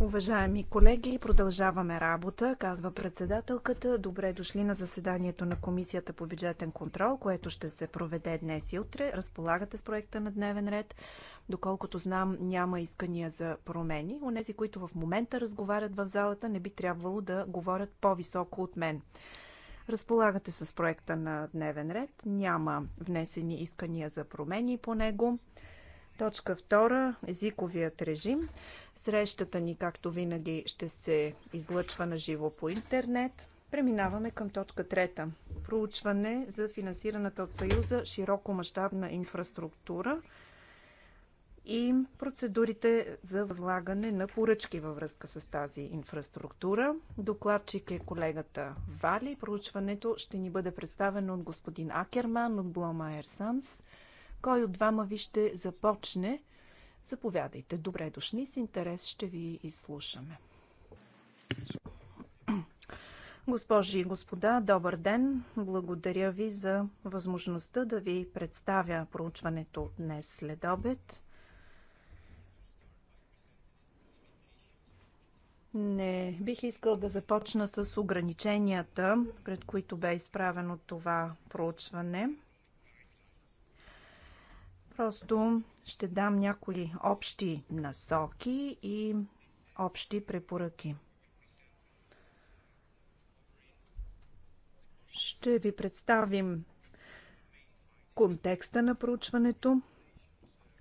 Уважаеми колеги, продължаваме работа, казва председателката. Добре дошли на заседанието на Комисията по бюджетен контрол, което ще се проведе днес и утре. Разполагате с проекта на дневен ред. Доколкото знам, няма искания за промени. Онези, които в момента разговарят в залата, не би трябвало да говорят по-високо от мен. Разполагате с проекта на дневен ред. Няма внесени искания за промени по него. Точка 2. Езиковият режим. Срещата ни, както винаги, ще се излъчва на живо по интернет. Преминаваме към точка трета. Проучване за финансираната от Съюза широко инфраструктура – и процедурите за възлагане на поръчки във връзка с тази инфраструктура. Докладчик е колегата Вали. Проучването ще ни бъде представено от господин Акерман от Блома Ерсанс. Кой от двама ви ще започне? Заповядайте. Добре дошли. С интерес ще ви изслушаме. Госпожи и господа, добър ден! Благодаря ви за възможността да ви представя проучването днес след обед. Не бих искал да започна с ограниченията, пред които бе изправено това проучване. Просто ще дам някои общи насоки и общи препоръки. Ще ви представим контекста на проучването,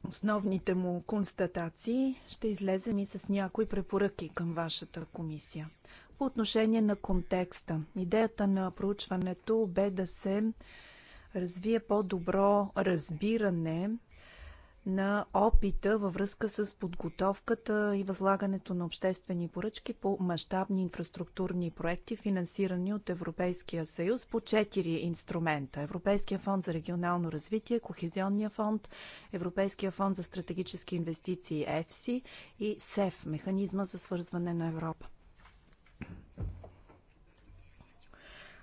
основните му констатации. Ще излезем и с някои препоръки към вашата комисия. По отношение на контекста, идеята на проучването бе да се развие по-добро разбиране на опита във връзка с подготовката и възлагането на обществени поръчки по мащабни инфраструктурни проекти, финансирани от Европейския съюз по четири инструмента. Европейския фонд за регионално развитие, Кохезионния фонд, Европейския фонд за стратегически инвестиции ЕФСИ и СЕФ, механизма за свързване на Европа.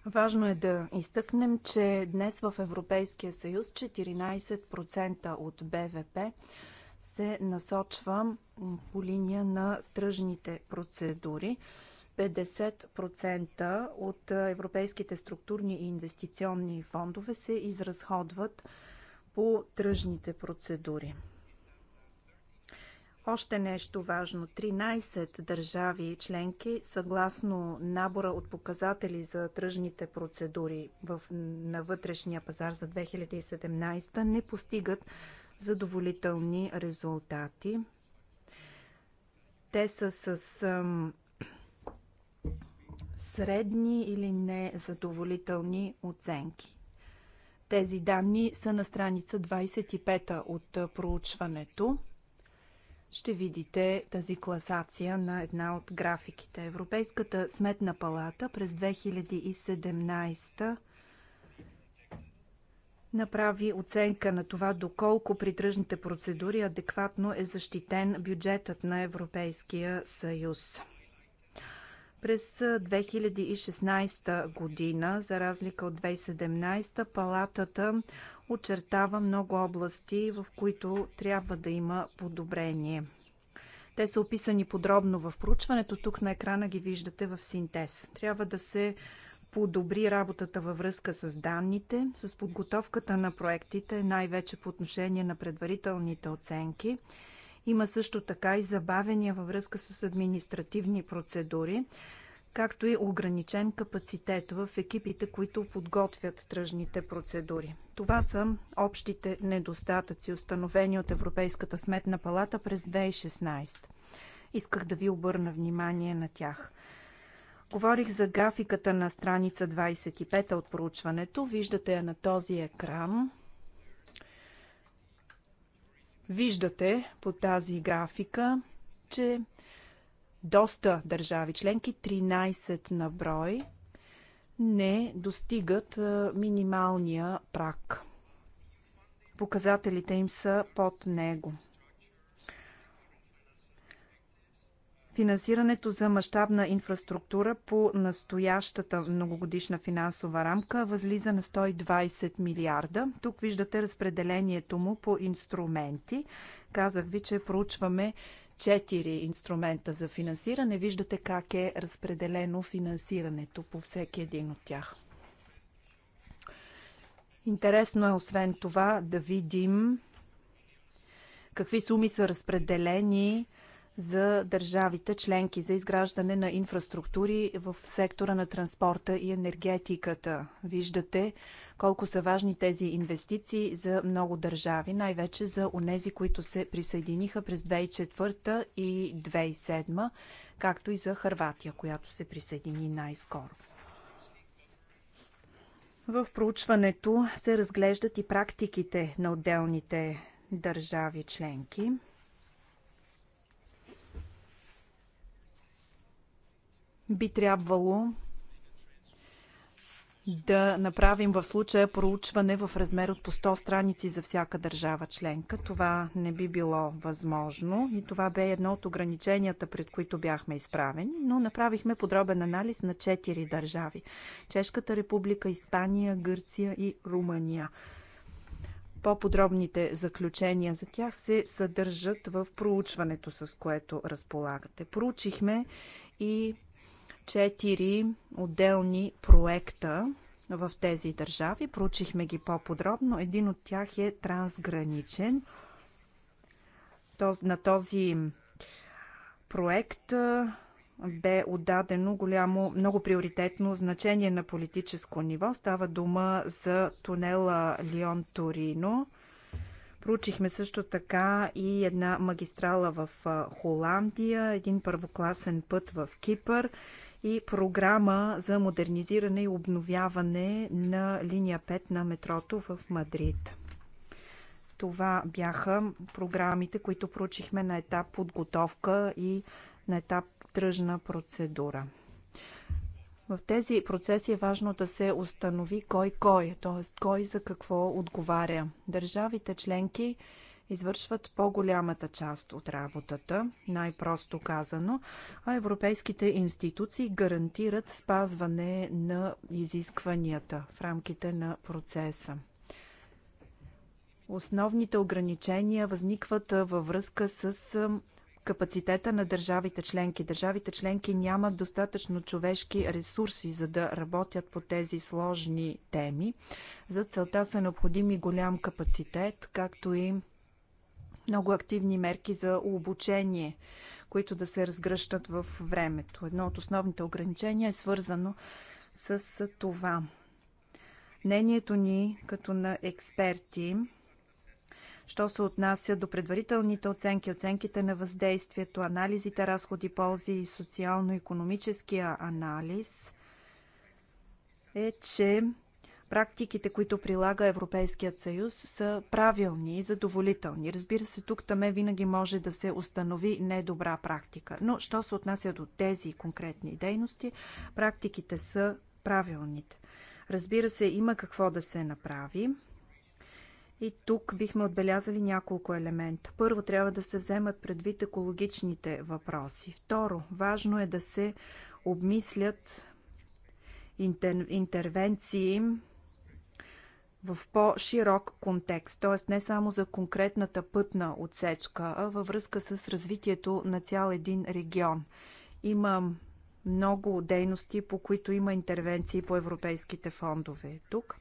Важно е да изтъкнем, че днес в Европейския съюз 14% от БВП се насочва по линия на тръжните процедури. 50% от европейските структурни и инвестиционни фондове се изразходват по тръжните процедури. Още нещо важно. 13 държави членки, съгласно набора от показатели за тръжните процедури в, на вътрешния пазар за 2017, не постигат задоволителни резултати. Те са с ам, средни или незадоволителни оценки. Тези данни са на страница 25 от проучването ще видите тази класация на една от графиките. Европейската сметна палата през 2017 направи оценка на това доколко при тръжните процедури адекватно е защитен бюджетът на Европейския съюз. През 2016 година, за разлика от 2017, палатата очертава много области, в които трябва да има подобрение. Те са описани подробно в проучването. Тук на екрана ги виждате в синтез. Трябва да се подобри работата във връзка с данните, с подготовката на проектите, най-вече по отношение на предварителните оценки. Има също така и забавения във връзка с административни процедури както и ограничен капацитет в екипите, които подготвят тръжните процедури. Това са общите недостатъци, установени от Европейската сметна палата през 2016. Исках да ви обърна внимание на тях. Говорих за графиката на страница 25 от проучването. Виждате я на този екран. Виждате по тази графика, че доста държави членки, 13 на брой, не достигат минималния прак. Показателите им са под него. Финансирането за мащабна инфраструктура по настоящата многогодишна финансова рамка възлиза на 120 милиарда. Тук виждате разпределението му по инструменти. Казах ви, че проучваме четири инструмента за финансиране. Виждате как е разпределено финансирането по всеки един от тях. Интересно е освен това да видим какви суми са разпределени за държавите членки за изграждане на инфраструктури в сектора на транспорта и енергетиката. Виждате колко са важни тези инвестиции за много държави, най-вече за онези, които се присъединиха през 2004 и 2007, както и за Харватия, която се присъедини най-скоро. В проучването се разглеждат и практиките на отделните държави членки. би трябвало да направим в случая проучване в размер от по 100 страници за всяка държава членка. Това не би било възможно и това бе едно от ограниченията, пред които бяхме изправени, но направихме подробен анализ на 4 държави. Чешката република, Испания, Гърция и Румъния. По-подробните заключения за тях се съдържат в проучването, с което разполагате. Проучихме и четири отделни проекта в тези държави. Проучихме ги по-подробно. Един от тях е трансграничен. На този проект бе отдадено голямо, много приоритетно значение на политическо ниво. Става дума за тунела Лион-Торино. Проучихме също така и една магистрала в Холандия, един първокласен път в Кипър, и програма за модернизиране и обновяване на линия 5 на метрото в Мадрид. Това бяха програмите, които проучихме на етап подготовка и на етап тръжна процедура. В тези процеси е важно да се установи кой кой, т.е. кой за какво отговаря. Държавите членки извършват по-голямата част от работата, най-просто казано, а европейските институции гарантират спазване на изискванията в рамките на процеса. Основните ограничения възникват във връзка с капацитета на държавите членки. Държавите членки нямат достатъчно човешки ресурси, за да работят по тези сложни теми. За целта са необходими голям капацитет, както и много активни мерки за обучение, които да се разгръщат в времето. Едно от основните ограничения е свързано с това. Мнението ни като на експерти, що се отнася до предварителните оценки, оценките на въздействието, анализите, разходи, ползи и социално-економическия анализ, е, че практиките, които прилага Европейският съюз, са правилни и задоволителни. Разбира се, тук таме винаги може да се установи недобра практика. Но, що се отнася до тези конкретни дейности, практиките са правилните. Разбира се, има какво да се направи. И тук бихме отбелязали няколко елемента. Първо, трябва да се вземат предвид екологичните въпроси. Второ, важно е да се обмислят интервенции в по-широк контекст, т.е. не само за конкретната пътна отсечка, а във връзка с развитието на цял един регион. Има много дейности, по които има интервенции по европейските фондове тук.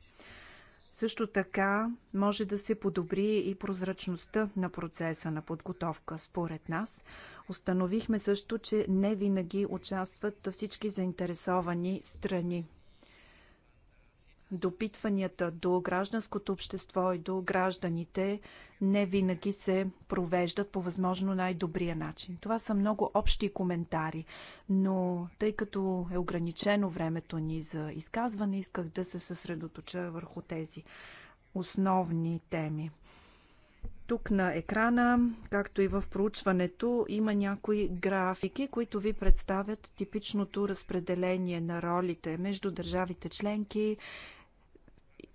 Също така може да се подобри и прозрачността на процеса на подготовка, според нас. Установихме също, че не винаги участват всички заинтересовани страни допитванията до гражданското общество и до гражданите не винаги се провеждат по възможно най-добрия начин. Това са много общи коментари, но тъй като е ограничено времето ни за изказване, исках да се съсредоточа върху тези основни теми. Тук на екрана, както и в проучването, има някои графики, които ви представят типичното разпределение на ролите между държавите членки,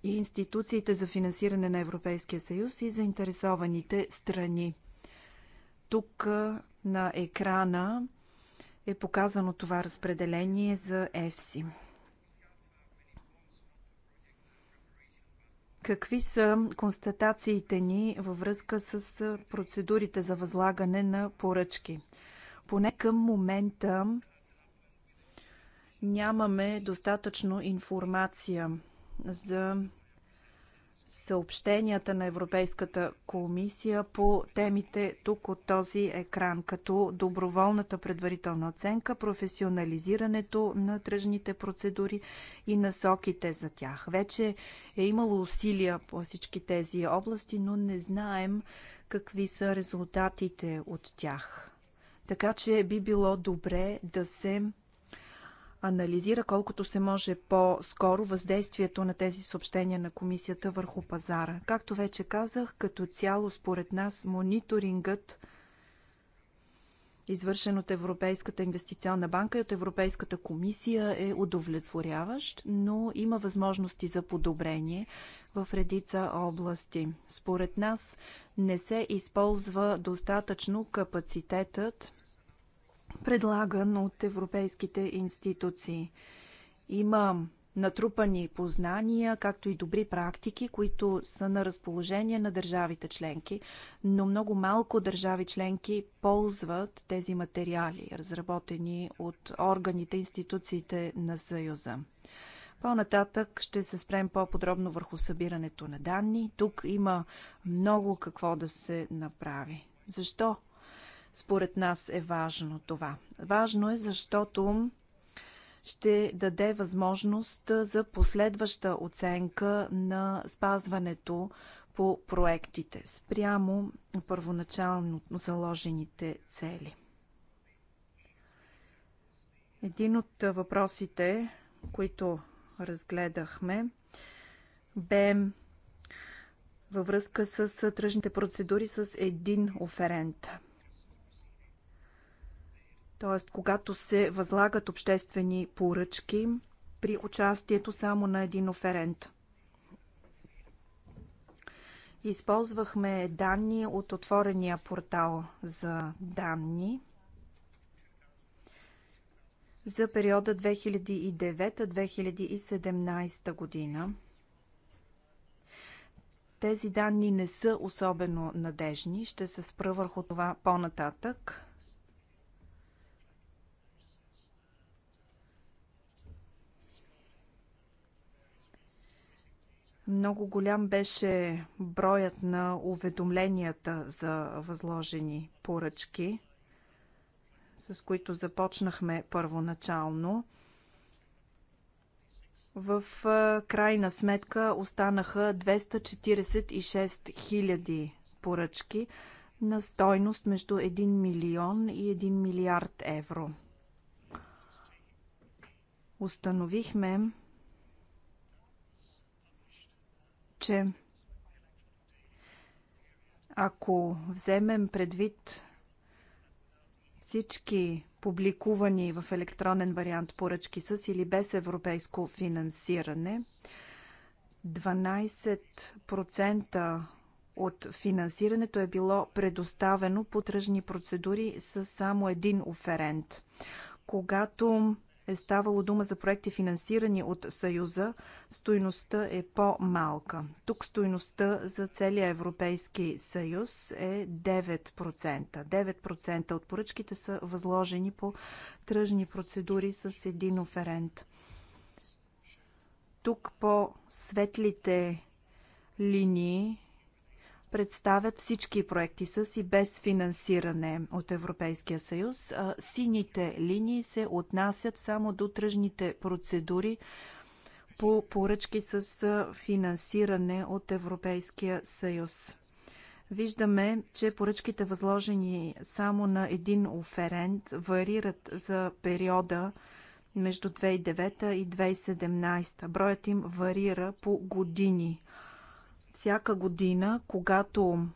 и институциите за финансиране на Европейския съюз и заинтересованите страни. Тук на екрана е показано това разпределение за ЕФСИ. Какви са констатациите ни във връзка с процедурите за възлагане на поръчки? Поне към момента нямаме достатъчно информация за съобщенията на Европейската комисия по темите тук от този екран, като доброволната предварителна оценка, професионализирането на тръжните процедури и насоките за тях. Вече е имало усилия по всички тези области, но не знаем какви са резултатите от тях. Така че би било добре да се анализира колкото се може по-скоро въздействието на тези съобщения на комисията върху пазара. Както вече казах, като цяло според нас мониторингът извършен от Европейската инвестиционна банка и от Европейската комисия е удовлетворяващ, но има възможности за подобрение в редица области. Според нас не се използва достатъчно капацитетът предлаган от европейските институции. Има натрупани познания, както и добри практики, които са на разположение на държавите членки, но много малко държави членки ползват тези материали, разработени от органите институциите на Съюза. По-нататък ще се спрем по-подробно върху събирането на данни. Тук има много какво да се направи. Защо според нас е важно това. Важно е, защото ще даде възможност за последваща оценка на спазването по проектите спрямо първоначално заложените цели. Един от въпросите, които разгледахме, бе във връзка с тръжните процедури с един оферент – Тоест, когато се възлагат обществени поръчки при участието само на един оферент. Използвахме данни от отворения портал за данни за периода 2009-2017 година. Тези данни не са особено надежни. Ще се спра върху това по-нататък. Много голям беше броят на уведомленията за възложени поръчки, с които започнахме първоначално. В крайна сметка останаха 246 000 поръчки на стойност между 1 милион и 1 милиард евро. Установихме, че ако вземем предвид всички публикувани в електронен вариант поръчки с или без европейско финансиране, 12% от финансирането е било предоставено по тръжни процедури с само един оферент. Когато е ставало дума за проекти финансирани от Съюза, стойността е по-малка. Тук стойността за целия Европейски съюз е 9%. 9% от поръчките са възложени по тръжни процедури с един оферент. Тук по светлите линии представят всички проекти с и без финансиране от Европейския съюз. Сините линии се отнасят само до тръжните процедури по поръчки с финансиране от Европейския съюз. Виждаме, че поръчките възложени само на един оферент варират за периода между 2009 и 2017. Броят им варира по години. Всяка година, когато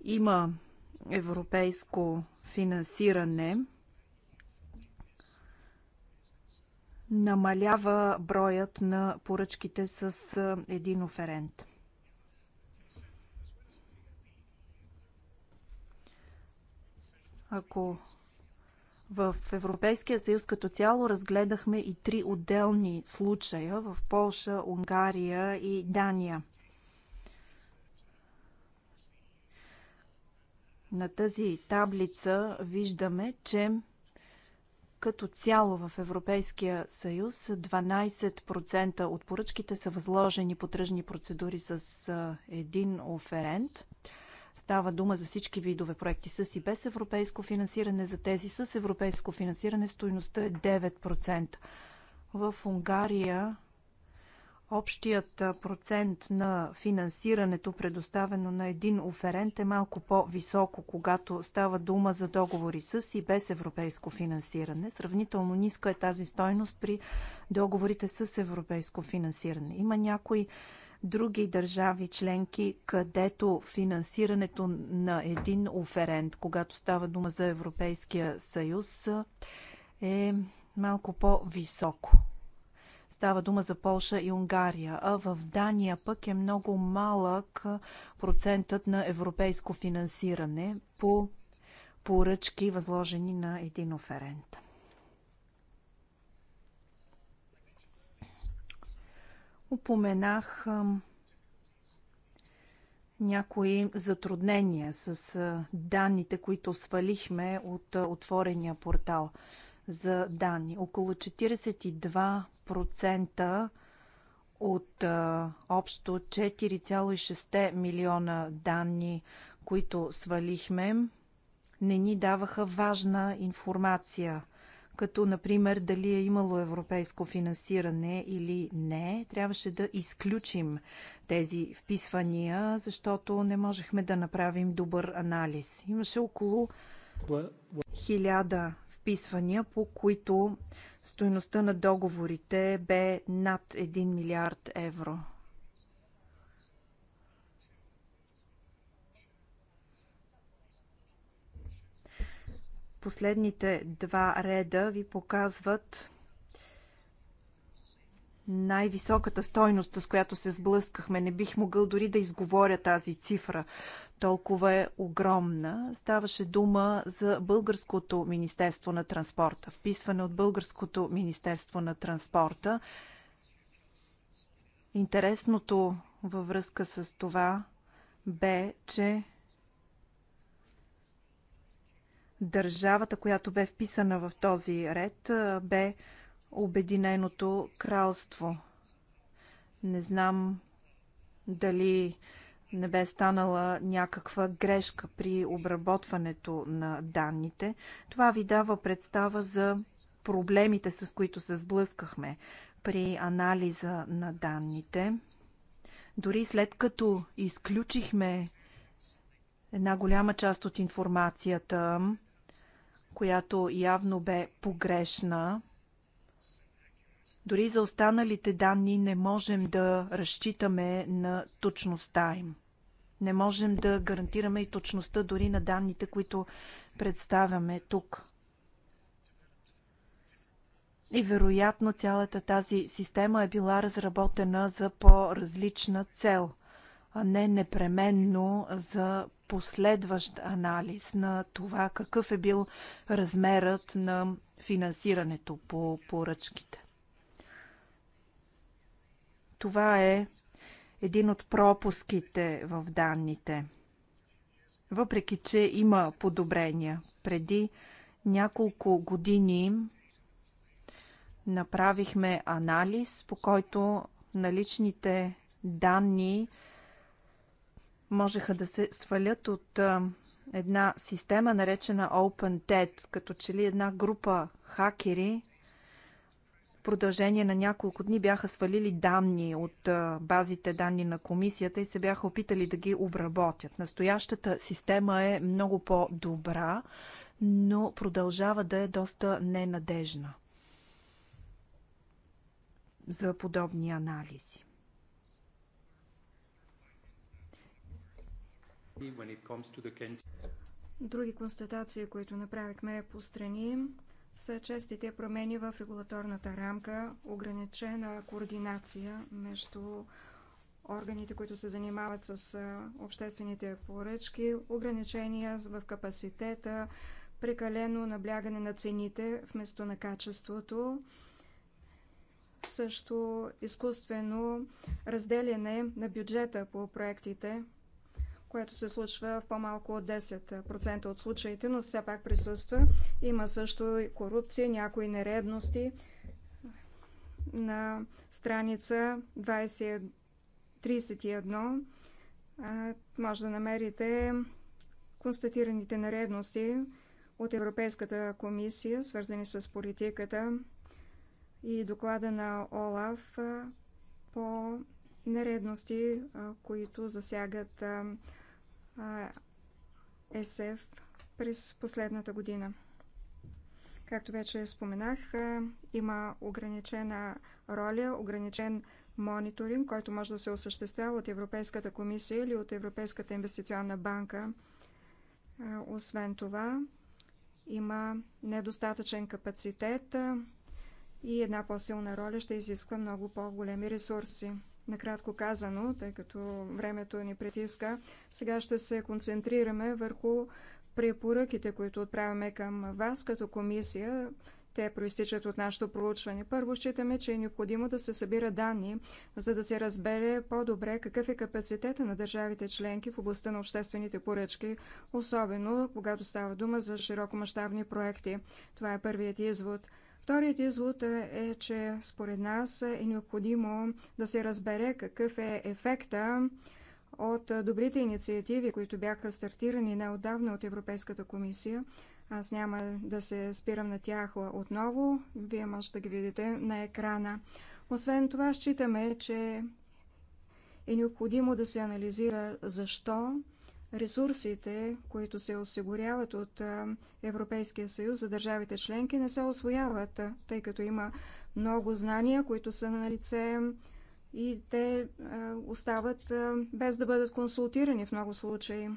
има европейско финансиране, намалява броят на поръчките с един оферент. Ако в Европейския съюз като цяло разгледахме и три отделни случая в Полша, Унгария и Дания. На тази таблица виждаме, че като цяло в Европейския съюз 12% от поръчките са възложени по тръжни процедури с един оферент – Става дума за всички видове проекти с и без европейско финансиране. За тези с европейско финансиране стоиността е 9%. В Унгария общият процент на финансирането, предоставено на един оферент, е малко по-високо, когато става дума за договори с и без европейско финансиране. Сравнително ниска е тази стойност при договорите с европейско финансиране. Има някои други държави членки, където финансирането на един оферент, когато става дума за Европейския съюз, е малко по-високо. Става дума за Полша и Унгария, а в Дания пък е много малък процентът на европейско финансиране по поръчки, възложени на един оферент. Упоменах някои затруднения с данните, които свалихме от отворения портал за данни. Около 42% от а, общо 4,6 милиона данни, които свалихме, не ни даваха важна информация като например дали е имало европейско финансиране или не, трябваше да изключим тези вписвания, защото не можехме да направим добър анализ. Имаше около хиляда вписвания, по които стоеността на договорите бе над 1 милиард евро. Последните два реда ви показват най-високата стойност, с която се сблъскахме. Не бих могъл дори да изговоря тази цифра. Толкова е огромна. Ставаше дума за Българското Министерство на транспорта. Вписване от Българското Министерство на транспорта. Интересното във връзка с това бе, че Държавата, която бе вписана в този ред, бе Обединеното кралство. Не знам дали не бе станала някаква грешка при обработването на данните. Това ви дава представа за проблемите, с които се сблъскахме при анализа на данните. Дори след като изключихме една голяма част от информацията, която явно бе погрешна. Дори за останалите данни не можем да разчитаме на точността им. Не можем да гарантираме и точността дори на данните, които представяме тук. И вероятно цялата тази система е била разработена за по-различна цел, а не непременно за последващ анализ на това какъв е бил размерът на финансирането по поръчките. Това е един от пропуските в данните. Въпреки, че има подобрения, преди няколко години направихме анализ, по който наличните данни можеха да се свалят от една система, наречена OpenTED, като че ли една група хакери в продължение на няколко дни бяха свалили данни от базите данни на комисията и се бяха опитали да ги обработят. Настоящата система е много по-добра, но продължава да е доста ненадежна за подобни анализи. Други констатации, които направихме по страни, са честите промени в регулаторната рамка, ограничена координация между органите, които се занимават с обществените поръчки, ограничения в капацитета, прекалено наблягане на цените вместо на качеството, също изкуствено разделяне на бюджета по проектите, което се случва в по-малко от 10% от случаите, но все пак присъства. Има също и корупция, някои нередности. На страница 2031, 31 може да намерите констатираните нередности от Европейската комисия, свързани с политиката и доклада на ОЛАФ по нередности, които засягат СФ през последната година. Както вече споменах, има ограничена роля, ограничен мониторинг, който може да се осъществява от Европейската комисия или от Европейската инвестиционна банка. Освен това, има недостатъчен капацитет и една по-силна роля ще изисква много по-големи ресурси накратко казано, тъй като времето ни притиска. Сега ще се концентрираме върху препоръките, които отправяме към вас като комисия. Те проистичат от нашето проучване. Първо считаме, че е необходимо да се събира данни, за да се разбере по-добре какъв е капацитета на държавите членки в областта на обществените поръчки, особено когато става дума за широкомащабни проекти. Това е първият извод. Вторият извод е, е, че според нас е необходимо да се разбере какъв е ефекта от добрите инициативи, които бяха стартирани неотдавна от Европейската комисия. Аз няма да се спирам на тях отново. Вие можете да ги видите на екрана. Освен това, считаме, че е необходимо да се анализира защо ресурсите, които се осигуряват от Европейския съюз за държавите членки, не се освояват, тъй като има много знания, които са на лице и те остават без да бъдат консултирани в много случаи.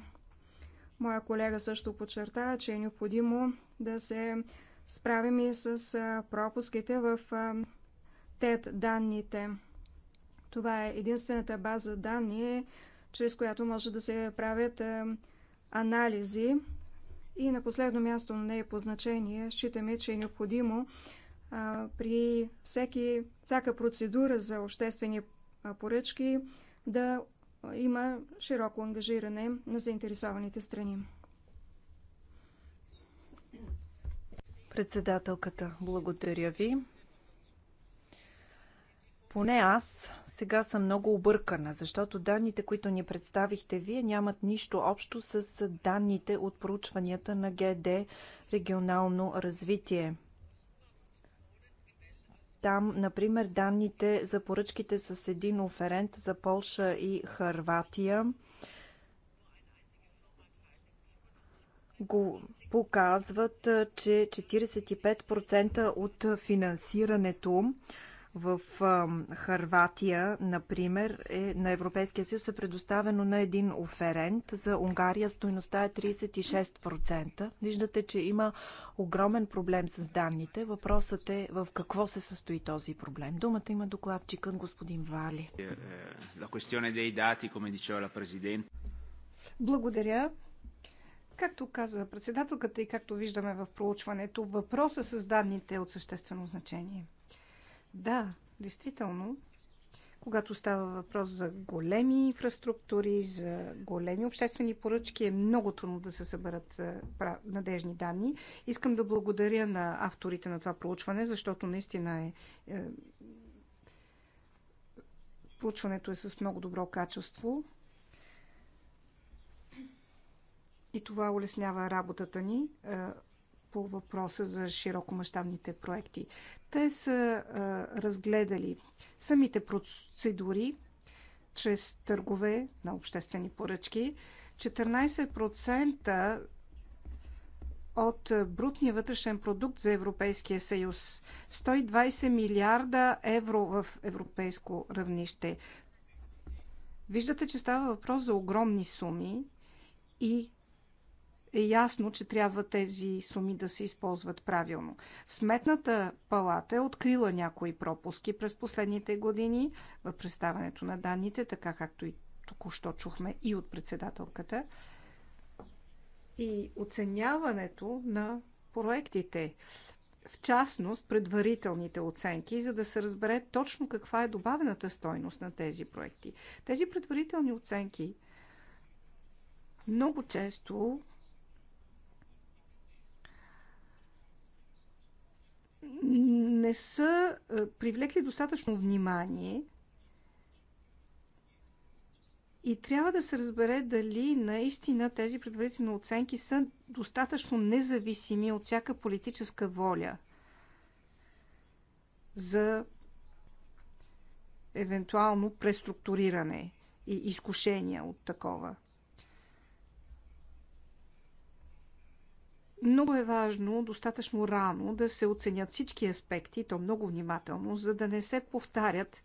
Моя колега също подчертава, че е необходимо да се справим и с пропуските в ТЕД данните. Това е единствената база данни, чрез която може да се правят е, анализи. И на последно място, но не е по значение, считаме, че е необходимо е, при всеки, всяка процедура за обществени е, поръчки да има широко ангажиране на заинтересованите страни. Председателката, благодаря ви. Поне аз сега съм много объркана, защото данните, които ни представихте вие, нямат нищо общо с данните от проучванията на ГД регионално развитие. Там, например, данните за поръчките с един оферент за Полша и Харватия го показват, че 45% от финансирането в Харватия, например, е, на Европейския съюз е предоставено на един оферент. За Унгария стоеността е 36%. Виждате, че има огромен проблем с данните. Въпросът е в какво се състои този проблем. Думата има докладчикът господин Вали. Е, е, Благодаря. Както каза председателката и както виждаме в проучването, въпроса с данните е от съществено значение. Да, действително, когато става въпрос за големи инфраструктури, за големи обществени поръчки, е много трудно да се съберат е, надежни данни. Искам да благодаря на авторите на това проучване, защото наистина е. е проучването е с много добро качество. И това улеснява работата ни. Е, по въпроса за широкомащабните проекти. Те са а, разгледали самите процедури чрез търгове на обществени поръчки. 14% от брутния вътрешен продукт за Европейския съюз. 120 милиарда евро в европейско равнище. Виждате, че става въпрос за огромни суми и е ясно, че трябва тези суми да се използват правилно. Сметната палата е открила някои пропуски през последните години в представането на данните, така както и току-що чухме и от председателката. И оценяването на проектите в частност предварителните оценки, за да се разбере точно каква е добавената стойност на тези проекти. Тези предварителни оценки много често не са е, привлекли достатъчно внимание и трябва да се разбере дали наистина тези предварителни оценки са достатъчно независими от всяка политическа воля за евентуално преструктуриране и изкушения от такова. Много е важно достатъчно рано да се оценят всички аспекти, то много внимателно, за да не се повтарят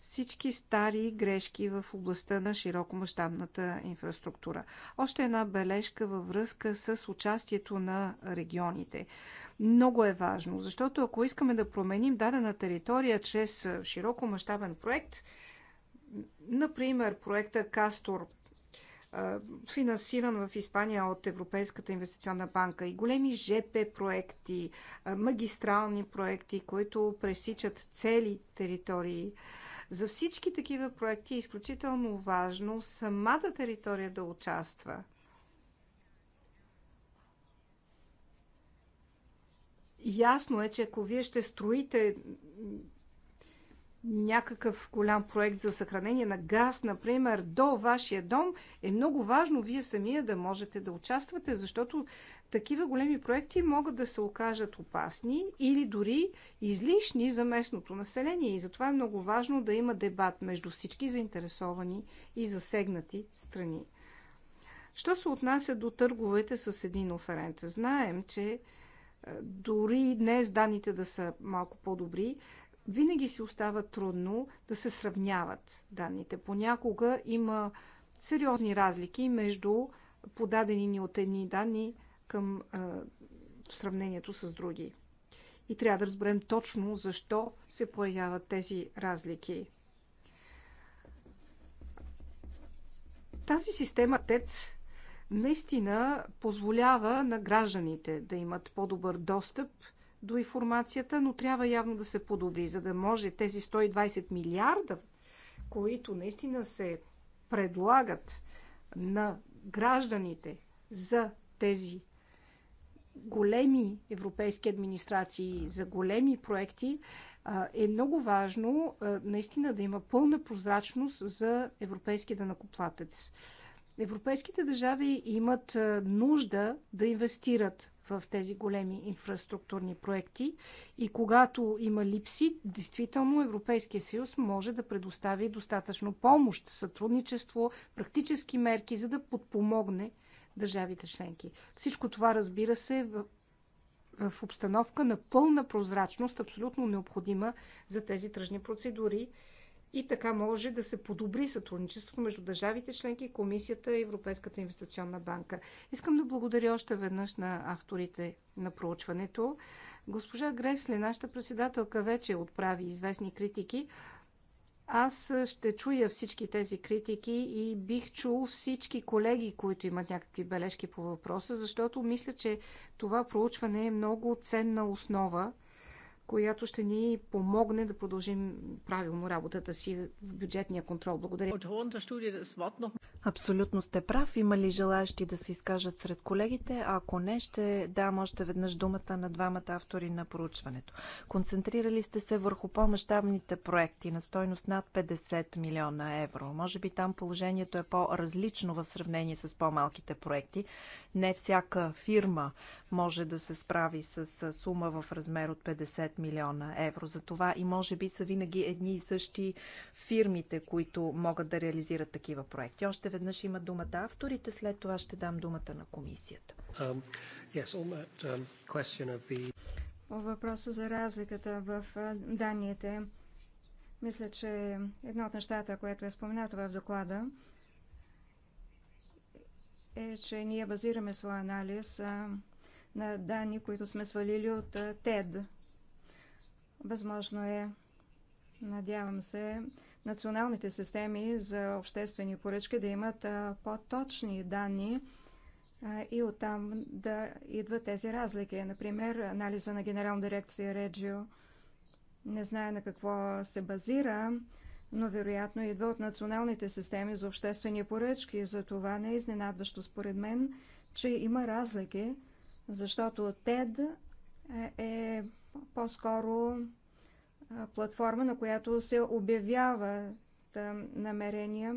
всички стари грешки в областта на широкомащабната инфраструктура. Още една бележка във връзка с участието на регионите. Много е важно, защото ако искаме да променим дадена територия чрез широкомащабен проект, например проекта Кастор финансиран в Испания от Европейската инвестиционна банка и големи ЖП проекти, магистрални проекти, които пресичат цели територии. За всички такива проекти е изключително важно самата територия да участва. Ясно е, че ако вие ще строите някакъв голям проект за съхранение на газ, например, до вашия дом, е много важно вие самия да можете да участвате, защото такива големи проекти могат да се окажат опасни или дори излишни за местното население. И затова е много важно да има дебат между всички заинтересовани и засегнати страни. Що се отнася до търговете с един оферент? Знаем, че е, дори днес данните да са малко по-добри, винаги си остава трудно да се сравняват данните. Понякога има сериозни разлики между подадени ни от едни данни към а, в сравнението с други. И трябва да разберем точно защо се появяват тези разлики. Тази система ТЕЦ наистина позволява на гражданите да имат по-добър достъп – до информацията, но трябва явно да се подобри, за да може тези 120 милиарда, които наистина се предлагат на гражданите за тези големи европейски администрации, за големи проекти, е много важно наистина да има пълна прозрачност за европейския данакоплатец. Европейските държави имат е, нужда да инвестират в тези големи инфраструктурни проекти и когато има липси, действително Европейския съюз може да предостави достатъчно помощ, сътрудничество, практически мерки, за да подпомогне държавите членки. Всичко това, разбира се, в, в обстановка на пълна прозрачност, абсолютно необходима за тези тръжни процедури и така може да се подобри сътрудничеството между държавите членки, Комисията и Европейската инвестиционна банка. Искам да благодаря още веднъж на авторите на проучването. Госпожа Гресли, нашата председателка, вече отправи известни критики. Аз ще чуя всички тези критики и бих чул всички колеги, които имат някакви бележки по въпроса, защото мисля, че това проучване е много ценна основа която ще ни помогне да продължим правилно работата си в бюджетния контрол. Благодаря. Абсолютно сте прав. Има ли желаящи да се изкажат сред колегите? Ако не, ще дам още веднъж думата на двамата автори на проучването. Концентрирали сте се върху по-масштабните проекти на стойност над 50 милиона евро. Може би там положението е по-различно в сравнение с по-малките проекти. Не всяка фирма може да се справи с сума в размер от 50 милиона евро. За това. и може би са винаги едни и същи фирмите, които могат да реализират такива проекти. Още веднъж има думата авторите, след това ще дам думата на комисията. Um, yes, that, um, Въпроса за разликата в данните. Мисля, че едно от нещата, което е споменато в доклада, е, че ние базираме своя анализ на данни, които сме свалили от ТЕД. Възможно е, надявам се, националните системи за обществени поръчки да имат по-точни данни и оттам да идват тези разлики. Например, анализа на Генерална дирекция Реджио не знае на какво се базира, но вероятно идва от националните системи за обществени поръчки. За това не е изненадващо според мен, че има разлики, защото TED е, е по-скоро платформа, на която се обявява намерения,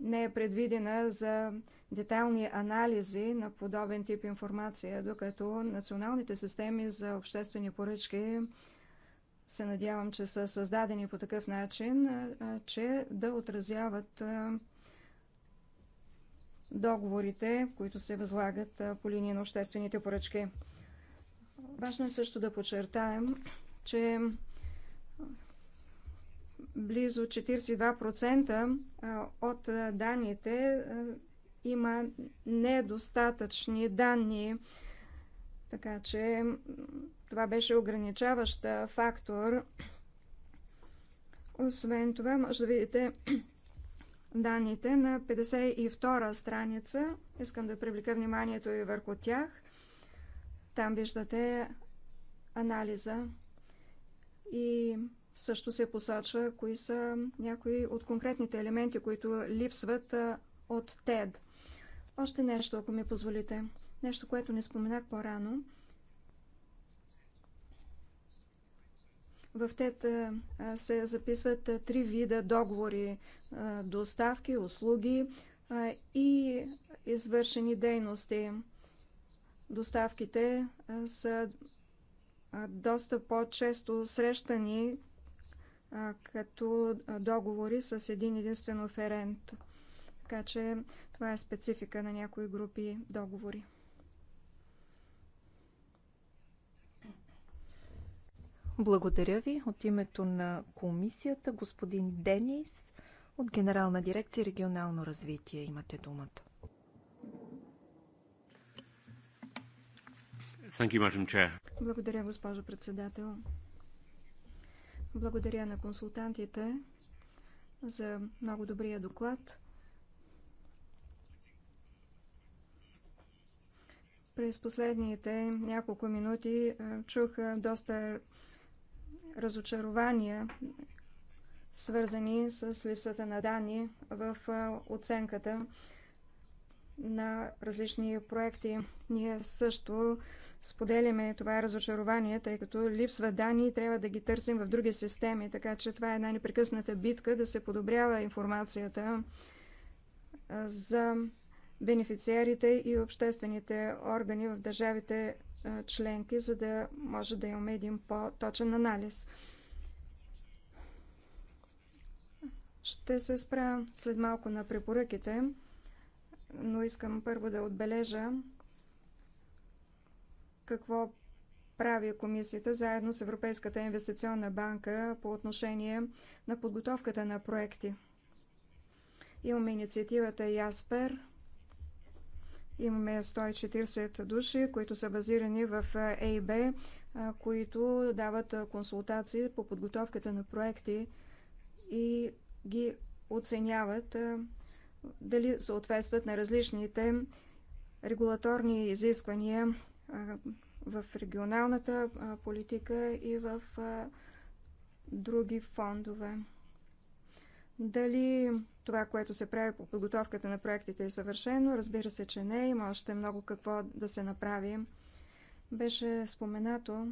не е предвидена за детайлни анализи на подобен тип информация, докато националните системи за обществени поръчки се надявам, че са създадени по такъв начин, че да отразяват договорите, които се възлагат по линия на обществените поръчки. Важно е също да подчертаем, че близо 42% от данните има недостатъчни данни, така че това беше ограничаващ фактор. Освен това, може да видите данните на 52-а страница. Искам да привлека вниманието и върху тях. Там виждате анализа и също се посочва кои са някои от конкретните елементи, които липсват от ТЕД. Още нещо, ако ми позволите. Нещо, което не споменах по-рано – В ТЕТ се записват три вида договори – доставки, услуги и извършени дейности. Доставките са доста по-често срещани като договори с един единствен оферент. Така че това е специфика на някои групи договори. Благодаря ви. От името на комисията, господин Денис от Генерална дирекция регионално развитие. Имате думата. You, Благодаря, госпожо председател. Благодаря на консултантите за много добрия доклад. През последните няколко минути чух доста разочарования, свързани с липсата на данни в оценката на различни проекти. Ние също споделяме това разочарование, тъй като липсва данни и трябва да ги търсим в други системи, така че това е една непрекъсната битка да се подобрява информацията за бенефициарите и обществените органи в държавите членки, за да може да имаме един по-точен анализ. Ще се спра след малко на препоръките, но искам първо да отбележа какво прави комисията заедно с Европейската инвестиционна банка по отношение на подготовката на проекти. Имаме инициативата Яспер, Имаме 140 души, които са базирани в ЕИБ, които дават консултации по подготовката на проекти и ги оценяват дали съответстват на различните регулаторни изисквания в регионалната политика и в други фондове. Дали това, което се прави по подготовката на проектите е съвършено? Разбира се, че не. Има още много какво да се направи. Беше споменато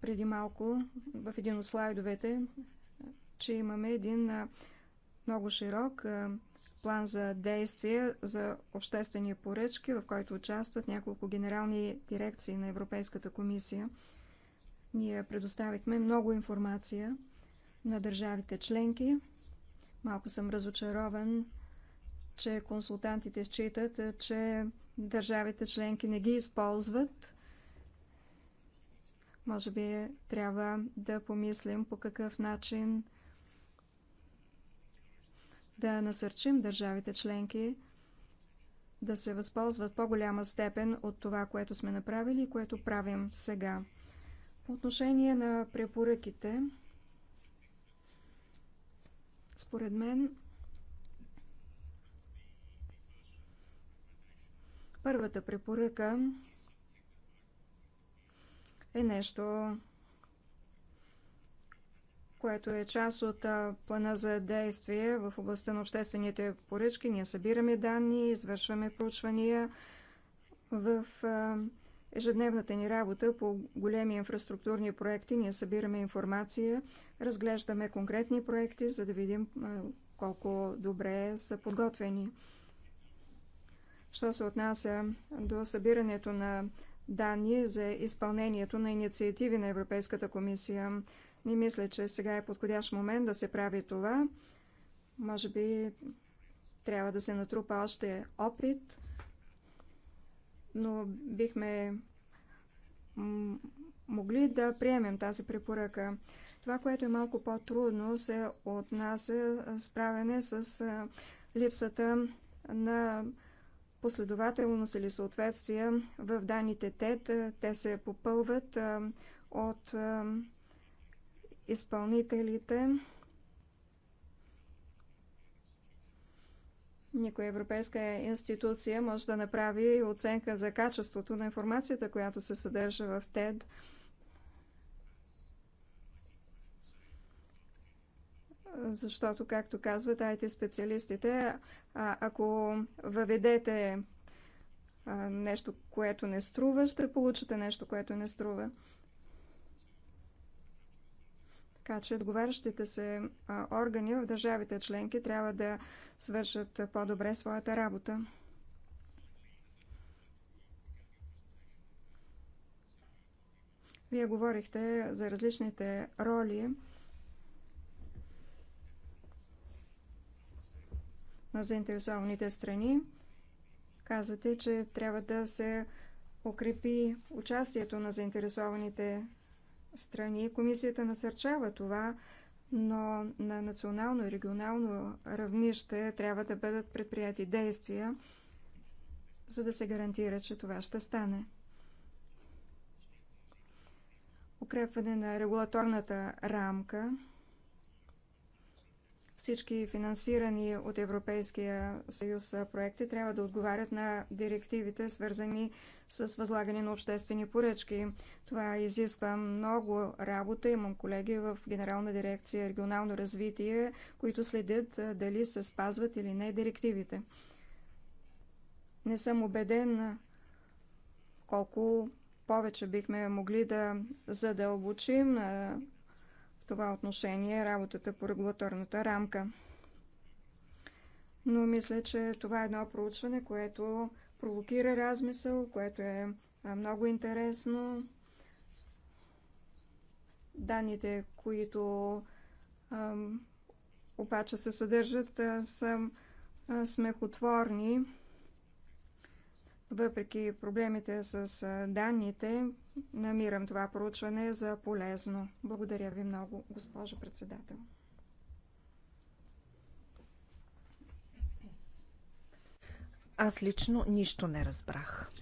преди малко в един от слайдовете, че имаме един много широк план за действие за обществени поръчки, в който участват няколко генерални дирекции на Европейската комисия. Ние предоставихме много информация – на държавите членки. Малко съм разочарован, че консултантите считат, че държавите членки не ги използват. Може би трябва да помислим по какъв начин да насърчим държавите членки да се възползват по-голяма степен от това, което сме направили и което правим сега. По отношение на препоръките, според мен, първата препоръка е нещо, което е част от плана за действие в областта на обществените поръчки. Ние събираме данни, извършваме проучвания в ежедневната ни работа по големи инфраструктурни проекти. Ние събираме информация, разглеждаме конкретни проекти, за да видим колко добре са подготвени. Що се отнася до събирането на данни за изпълнението на инициативи на Европейската комисия, не мисля, че сега е подходящ момент да се прави това. Може би трябва да се натрупа още опит но бихме могли да приемем тази препоръка. Това, което е малко по-трудно, се отнася справяне с липсата на последователност или съответствие в данните ТЕД. Те се попълват от изпълнителите Никоя европейска институция може да направи оценка за качеството на информацията, която се съдържа в ТЕД. Защото, както казват IT специалистите, ако въведете нещо, което не струва, ще получите нещо, което не струва. Така че договарящите се органи в държавите членки трябва да свършат по-добре своята работа. Вие говорихте за различните роли на заинтересованите страни. Казвате, че трябва да се укрепи участието на заинтересованите страни. Комисията насърчава това, но на национално и регионално равнище трябва да бъдат предприяти действия, за да се гарантира, че това ще стане. Укрепване на регулаторната рамка всички финансирани от Европейския съюз проекти трябва да отговарят на директивите, свързани с възлагане на обществени поръчки. Това изисква много работа. Имам колеги в Генерална дирекция регионално развитие, които следят дали се спазват или не директивите. Не съм убеден колко повече бихме могли да задълбочим това отношение е работата по регулаторната рамка. Но мисля, че това е едно проучване, което провокира размисъл, което е много интересно. Данните, които обаче се съдържат, са смехотворни. Въпреки проблемите с данните, намирам това проучване за полезно. Благодаря ви много, госпожо председател. Аз лично нищо не разбрах.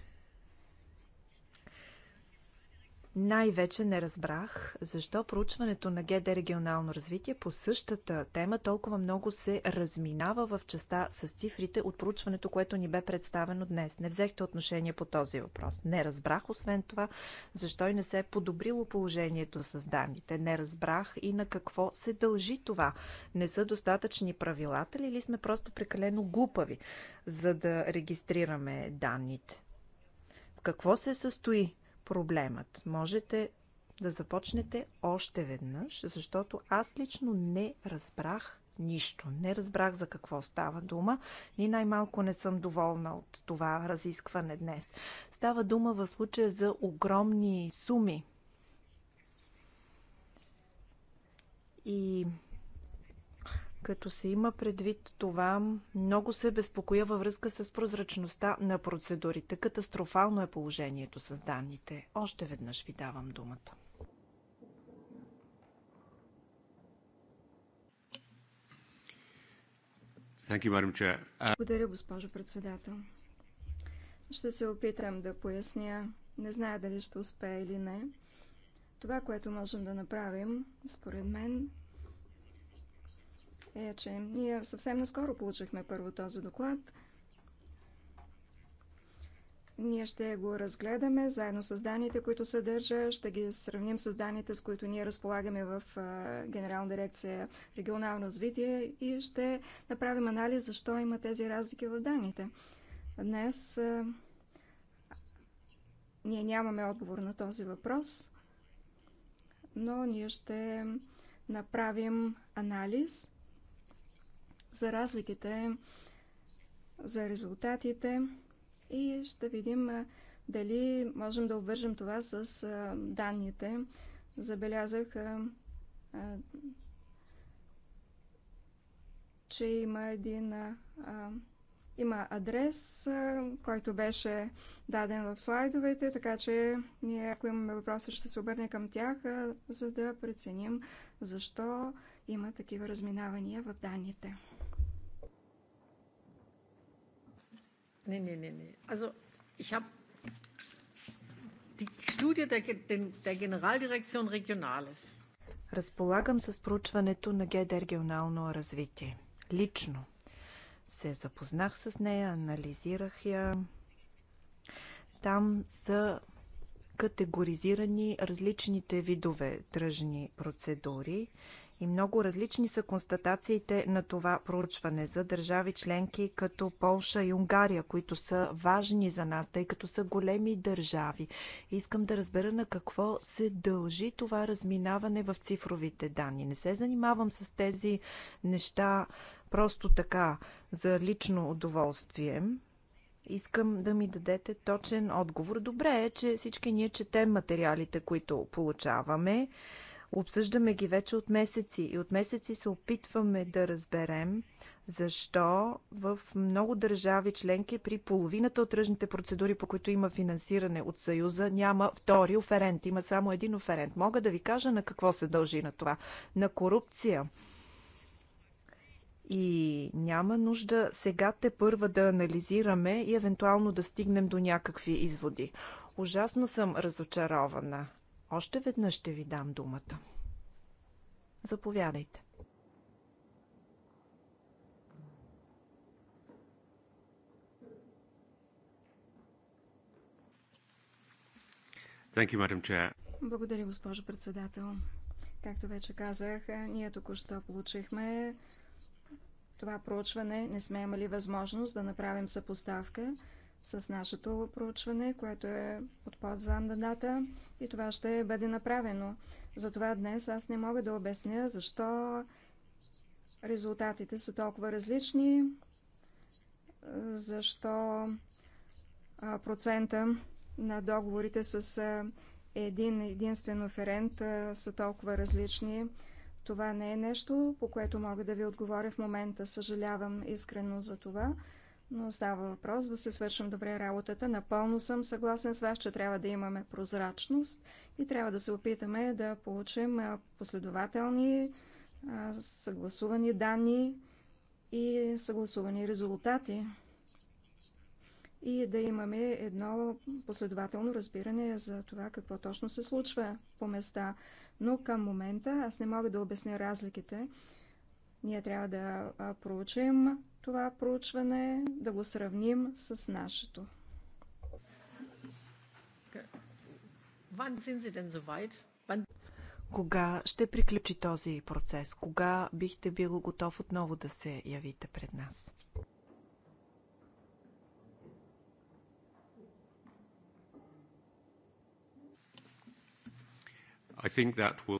Най-вече не разбрах защо проучването на ГД регионално развитие по същата тема толкова много се разминава в частта с цифрите от проучването, което ни бе представено днес. Не взехте отношение по този въпрос. Не разбрах, освен това, защо и не се е подобрило положението с данните. Не разбрах и на какво се дължи това. Не са достатъчни правилата ли или сме просто прекалено глупави, за да регистрираме данните? В какво се състои проблемът. Можете да започнете още веднъж, защото аз лично не разбрах нищо. Не разбрах за какво става дума, ни най-малко не съм доволна от това разискване днес. Става дума в случая за огромни суми. И като се има предвид това, много се безпокоя във връзка с прозрачността на процедурите. Катастрофално е положението с данните. Още веднъж ви давам думата. Uh, Благодаря, госпожо председател. Ще се опитам да поясня. Не зная дали ще успея или не. Това, което можем да направим, според мен, е, че ние съвсем наскоро получихме първо този доклад. Ние ще го разгледаме заедно с данните, които съдържа. Ще ги сравним с данните, с които ние разполагаме в Генерална дирекция регионално развитие и ще направим анализ защо има тези разлики в данните. Днес ние нямаме отговор на този въпрос, но ние ще направим анализ за разликите, за резултатите и ще видим дали можем да обвържем това с данните. Забелязах, че има един има адрес, който беше даден в слайдовете, така че ние, ако имаме въпроса, ще се обърнем към тях, за да преценим защо има такива разминавания в данните. Nee, nee, nee, nee. Also ich habe die Studie der, der Generaldirektion Regionales. Разполагам с проучването на ГД регионално развитие. Лично се запознах с нея, анализирах я. Там са категоризирани различните видове тръжни процедури и много различни са констатациите на това проучване за държави членки като Полша и Унгария, които са важни за нас, тъй като са големи държави. Искам да разбера на какво се дължи това разминаване в цифровите данни. Не се занимавам с тези неща просто така, за лично удоволствие. Искам да ми дадете точен отговор. Добре е, че всички ние четем материалите, които получаваме. Обсъждаме ги вече от месеци и от месеци се опитваме да разберем защо в много държави членки при половината от тръжните процедури, по които има финансиране от Съюза, няма втори оферент. Има само един оферент. Мога да ви кажа на какво се дължи на това. На корупция. И няма нужда сега те първа да анализираме и евентуално да стигнем до някакви изводи. Ужасно съм разочарована. Още веднъж ще ви дам думата. Заповядайте. Благодаря, госпожо председател. Както вече казах, ние току-що получихме това проучване. Не сме имали възможност да направим съпоставка с нашето проучване, което е от подзамданата и това ще бъде направено. Затова днес аз не мога да обясня защо резултатите са толкова различни, защо процента на договорите с един единствен оферент са толкова различни. Това не е нещо, по което мога да ви отговоря в момента. Съжалявам искрено за това но става въпрос да се свършим добре работата. Напълно съм съгласен с вас, че трябва да имаме прозрачност и трябва да се опитаме да получим последователни, съгласувани данни и съгласувани резултати и да имаме едно последователно разбиране за това какво точно се случва по места. Но към момента аз не мога да обясня разликите. Ние трябва да проучим това проучване, да го сравним с нашето. Кога ще приключи този процес? Кога бихте бил готов отново да се явите пред нас? Will...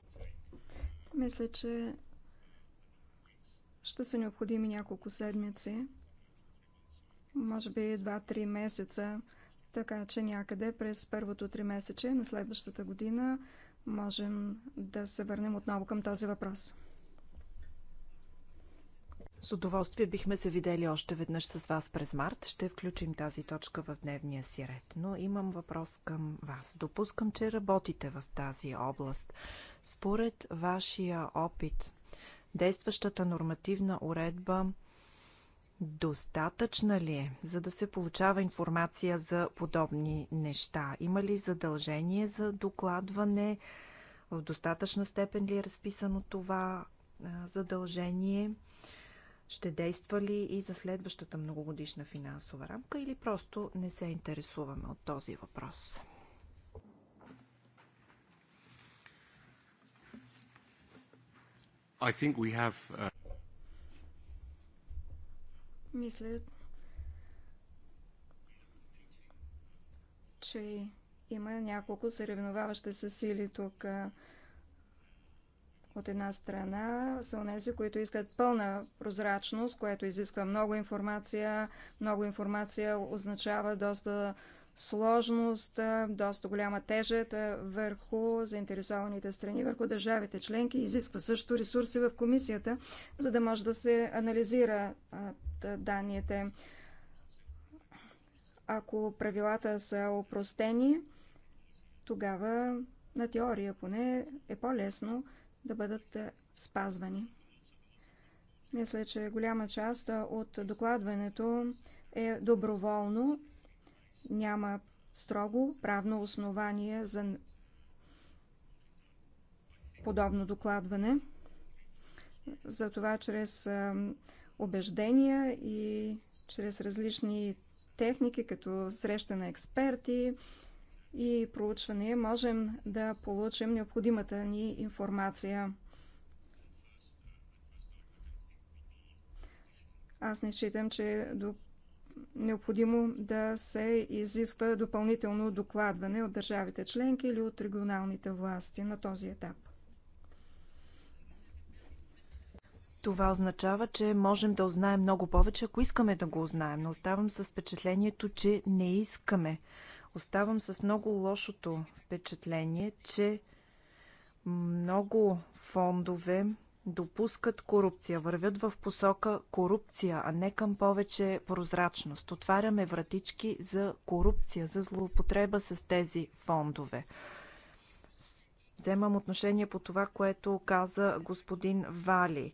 Мисля, че ще са необходими няколко седмици, може би 2-3 месеца, така че някъде през първото 3 месече на следващата година можем да се върнем отново към този въпрос. С удоволствие бихме се видели още веднъж с вас през март. Ще включим тази точка в дневния си ред. Но имам въпрос към вас. Допускам, че работите в тази област. Според вашия опит Действащата нормативна уредба достатъчна ли е, за да се получава информация за подобни неща? Има ли задължение за докладване? В достатъчна степен ли е разписано това задължение? Ще действа ли и за следващата многогодишна финансова рамка или просто не се интересуваме от този въпрос? I think we have, uh... Мисля, че има няколко съревноваващи се сили тук. От една страна са онези, които искат пълна прозрачност, което изисква много информация. Много информация означава доста сложност, доста голяма тежест върху заинтересованите страни, върху държавите членки. Изисква също ресурси в комисията, за да може да се анализира данните. Ако правилата са опростени, тогава на теория поне е по-лесно да бъдат спазвани. Мисля, че голяма част от докладването е доброволно няма строго правно основание за подобно докладване. Затова чрез убеждения и чрез различни техники, като среща на експерти и проучване, можем да получим необходимата ни информация. Аз не считам, че до необходимо да се изисква допълнително докладване от държавите членки или от регионалните власти на този етап. Това означава, че можем да узнаем много повече, ако искаме да го узнаем, но оставам с впечатлението, че не искаме. Оставам с много лошото впечатление, че много фондове допускат корупция, вървят в посока корупция, а не към повече прозрачност. Отваряме вратички за корупция, за злоупотреба с тези фондове. Вземам отношение по това, което каза господин Вали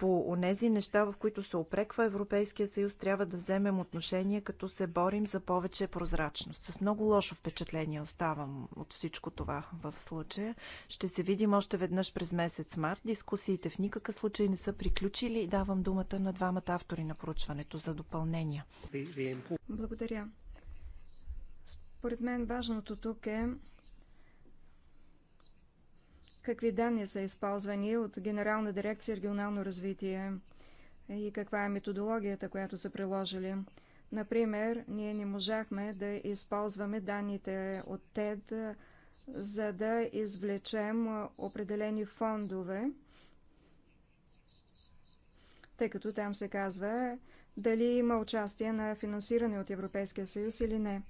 по онези неща, в които се опреква Европейския съюз, трябва да вземем отношение, като се борим за повече прозрачност. С много лошо впечатление оставам от всичко това в случая. Ще се видим още веднъж през месец март. Дискусиите в никакъв случай не са приключили. Давам думата на двамата автори на проучването за допълнения. Благодаря. Според мен важното тук е какви данни са използвани от Генерална дирекция регионално развитие и каква е методологията, която са приложили. Например, ние не можахме да използваме данните от ТЕД, за да извлечем определени фондове, тъй като там се казва дали има участие на финансиране от Европейския съюз или не.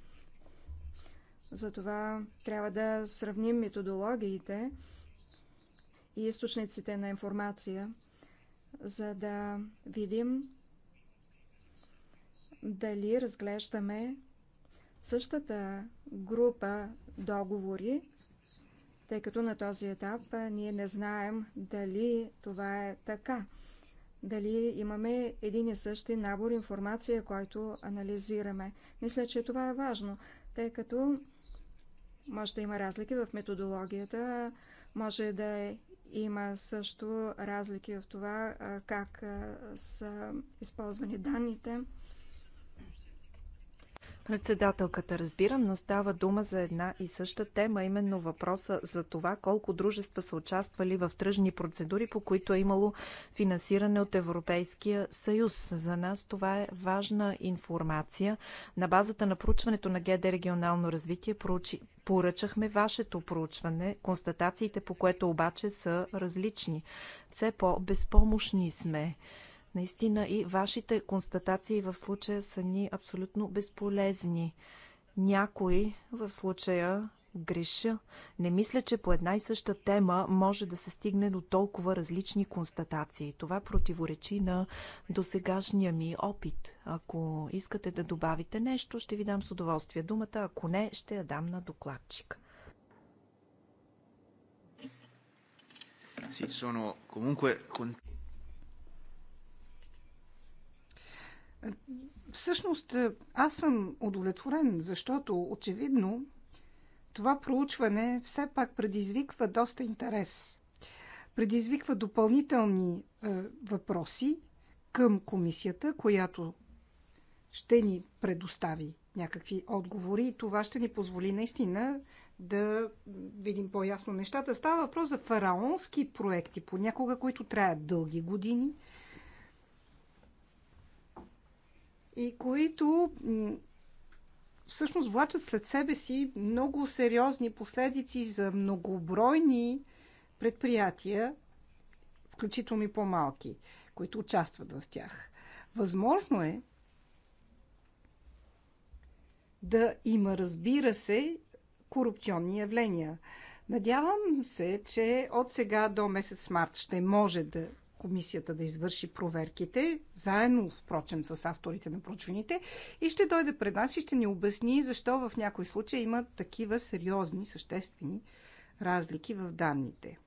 Затова трябва да сравним методологиите, и източниците на информация, за да видим дали разглеждаме същата група договори, тъй като на този етап ние не знаем дали това е така. Дали имаме един и същи набор информация, който анализираме. Мисля, че това е важно, тъй като може да има разлики в методологията, може да има също разлики в това как са използвани данните. Председателката разбирам, но става дума за една и съща тема, именно въпроса за това колко дружества са участвали в тръжни процедури, по които е имало финансиране от Европейския съюз. За нас това е важна информация. На базата на проучването на ГД регионално развитие проучи, поръчахме вашето проучване, констатациите по което обаче са различни. Все по-безпомощни сме. Наистина и вашите констатации в случая са ни абсолютно безполезни. Някой в случая греша. Не мисля, че по една и съща тема може да се стигне до толкова различни констатации. Това противоречи на досегашния ми опит. Ако искате да добавите нещо, ще ви дам с удоволствие думата. Ако не, ще я дам на докладчик. Всъщност, е, аз съм удовлетворен, защото очевидно това проучване все пак предизвиква доста интерес. Предизвиква допълнителни е, въпроси към комисията, която ще ни предостави някакви отговори и това ще ни позволи наистина да видим по-ясно нещата. Става въпрос за фараонски проекти, понякога които траят дълги години – и които всъщност влачат след себе си много сериозни последици за многобройни предприятия, включително и по-малки, които участват в тях. Възможно е да има, разбира се, корупционни явления. Надявам се, че от сега до месец март ще може да комисията да извърши проверките, заедно, впрочем, с авторите на прочвените, и ще дойде пред нас и ще ни обясни защо в някои случаи има такива сериозни, съществени разлики в данните.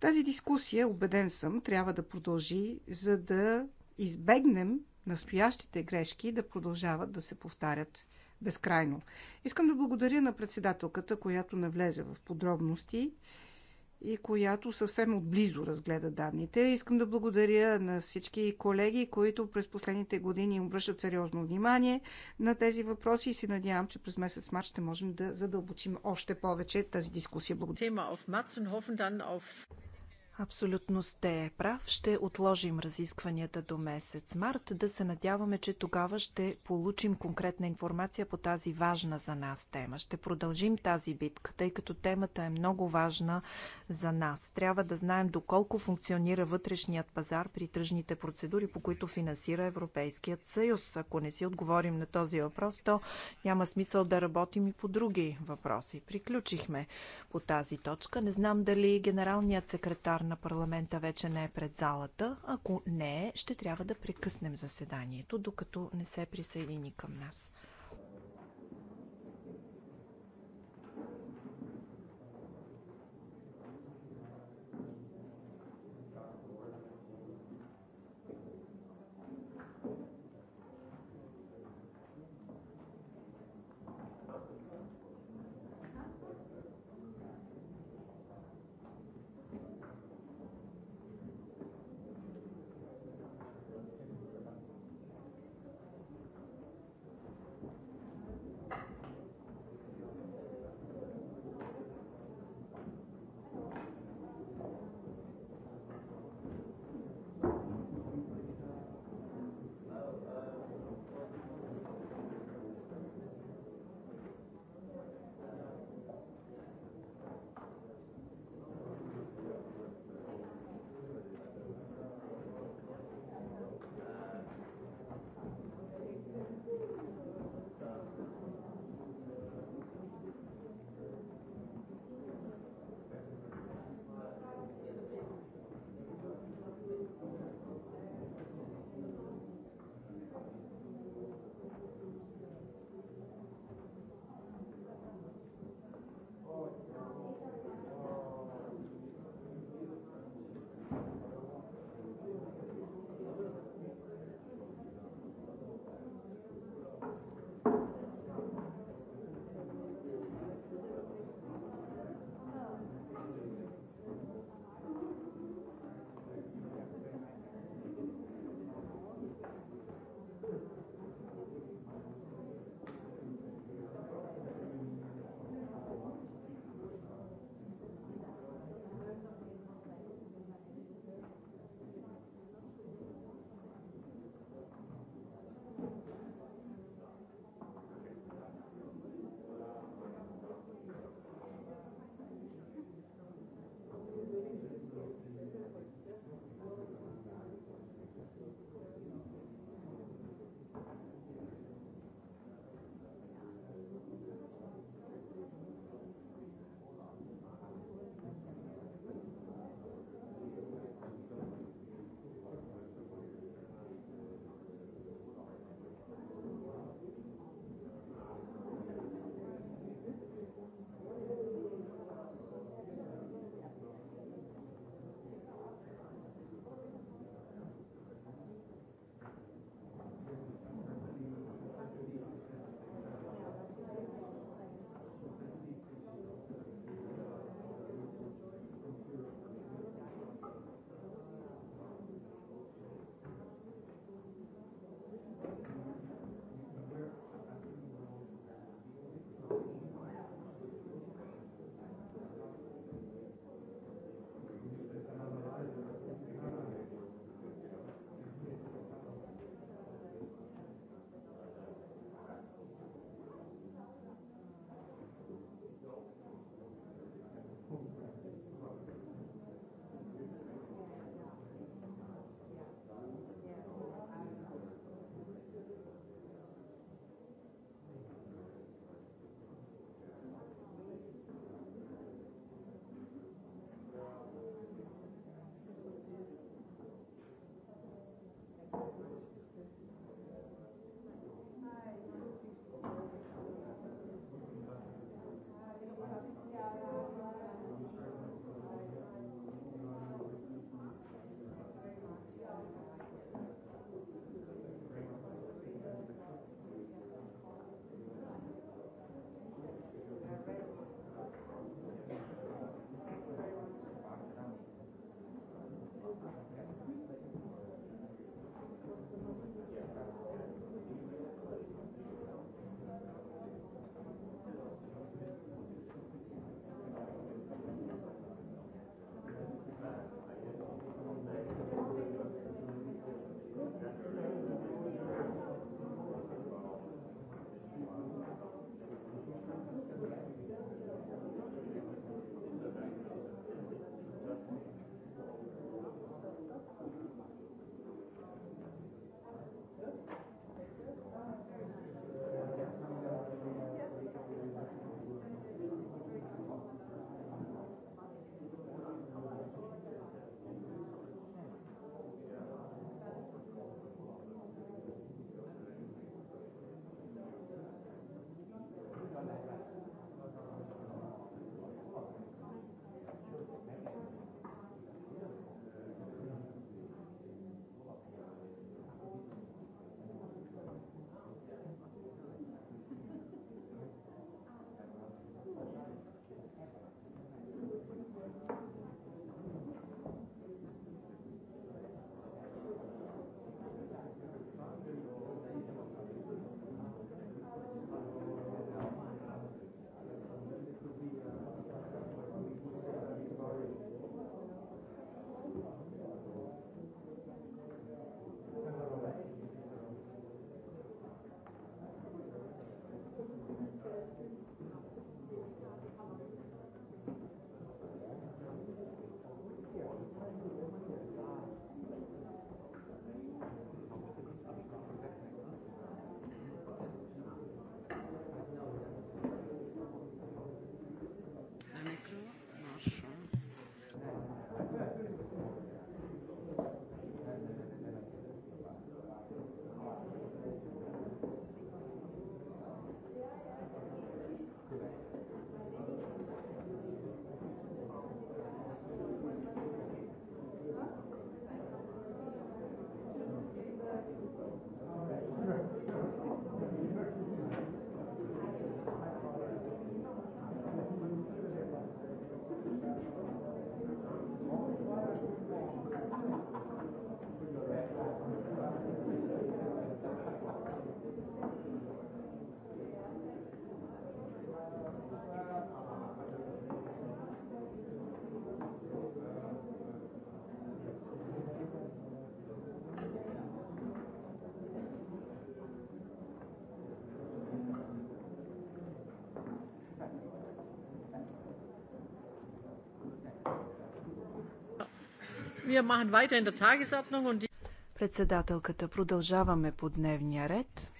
Тази дискусия, убеден съм, трябва да продължи, за да избегнем настоящите грешки да продължават да се повтарят безкрайно. Искам да благодаря на председателката, която навлезе в подробности и която съвсем отблизо разгледа данните. Искам да благодаря на всички колеги, които през последните години обръщат сериозно внимание на тези въпроси и се надявам, че през месец март ще можем да задълбочим още повече тази дискусия. Благодаря. Абсолютно сте прав. Ще отложим разискванията до месец март. Да се надяваме, че тогава ще получим конкретна информация по тази важна за нас тема. Ще продължим тази битка, тъй като темата е много важна за нас. Трябва да знаем доколко функционира вътрешният пазар при тръжните процедури, по които финансира Европейският съюз. Ако не си отговорим на този въпрос, то няма смисъл да работим и по други въпроси. Приключихме по тази точка. Не знам дали генералният секретар на парламента вече не е пред залата. Ако не е, ще трябва да прекъснем заседанието, докато не се присъедини към нас. Председателката, продължаваме по дневния ред.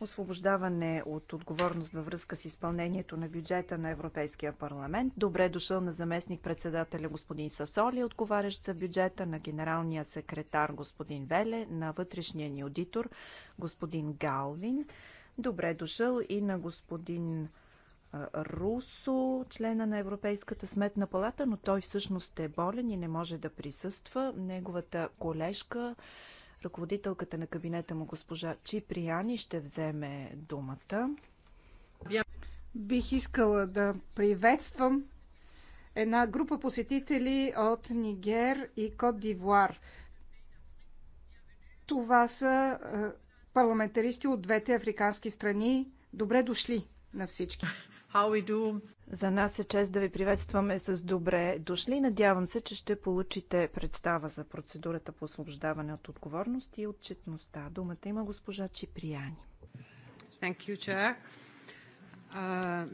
Освобождаване от отговорност във връзка с изпълнението на бюджета на Европейския парламент. Добре дошъл на заместник председателя господин Сасоли, отговарящ за бюджета на генералния секретар господин Веле, на вътрешния ни аудитор господин Галвин. Добре дошъл и на господин Русо, члена на Европейската сметна палата, но той всъщност е болен и не може да присъства. Неговата колежка, ръководителката на кабинета му госпожа Чиприяни, ще вземе думата. Бих искала да приветствам една група посетители от Нигер и Кот Дивуар. Това са е, парламентаристи от двете африкански страни. Добре дошли на всички! За нас е чест да ви приветстваме с добре дошли. Надявам се, че ще получите представа за процедурата по освобождаване от отговорност и отчетността. Думата има госпожа Чиприяни. You, uh...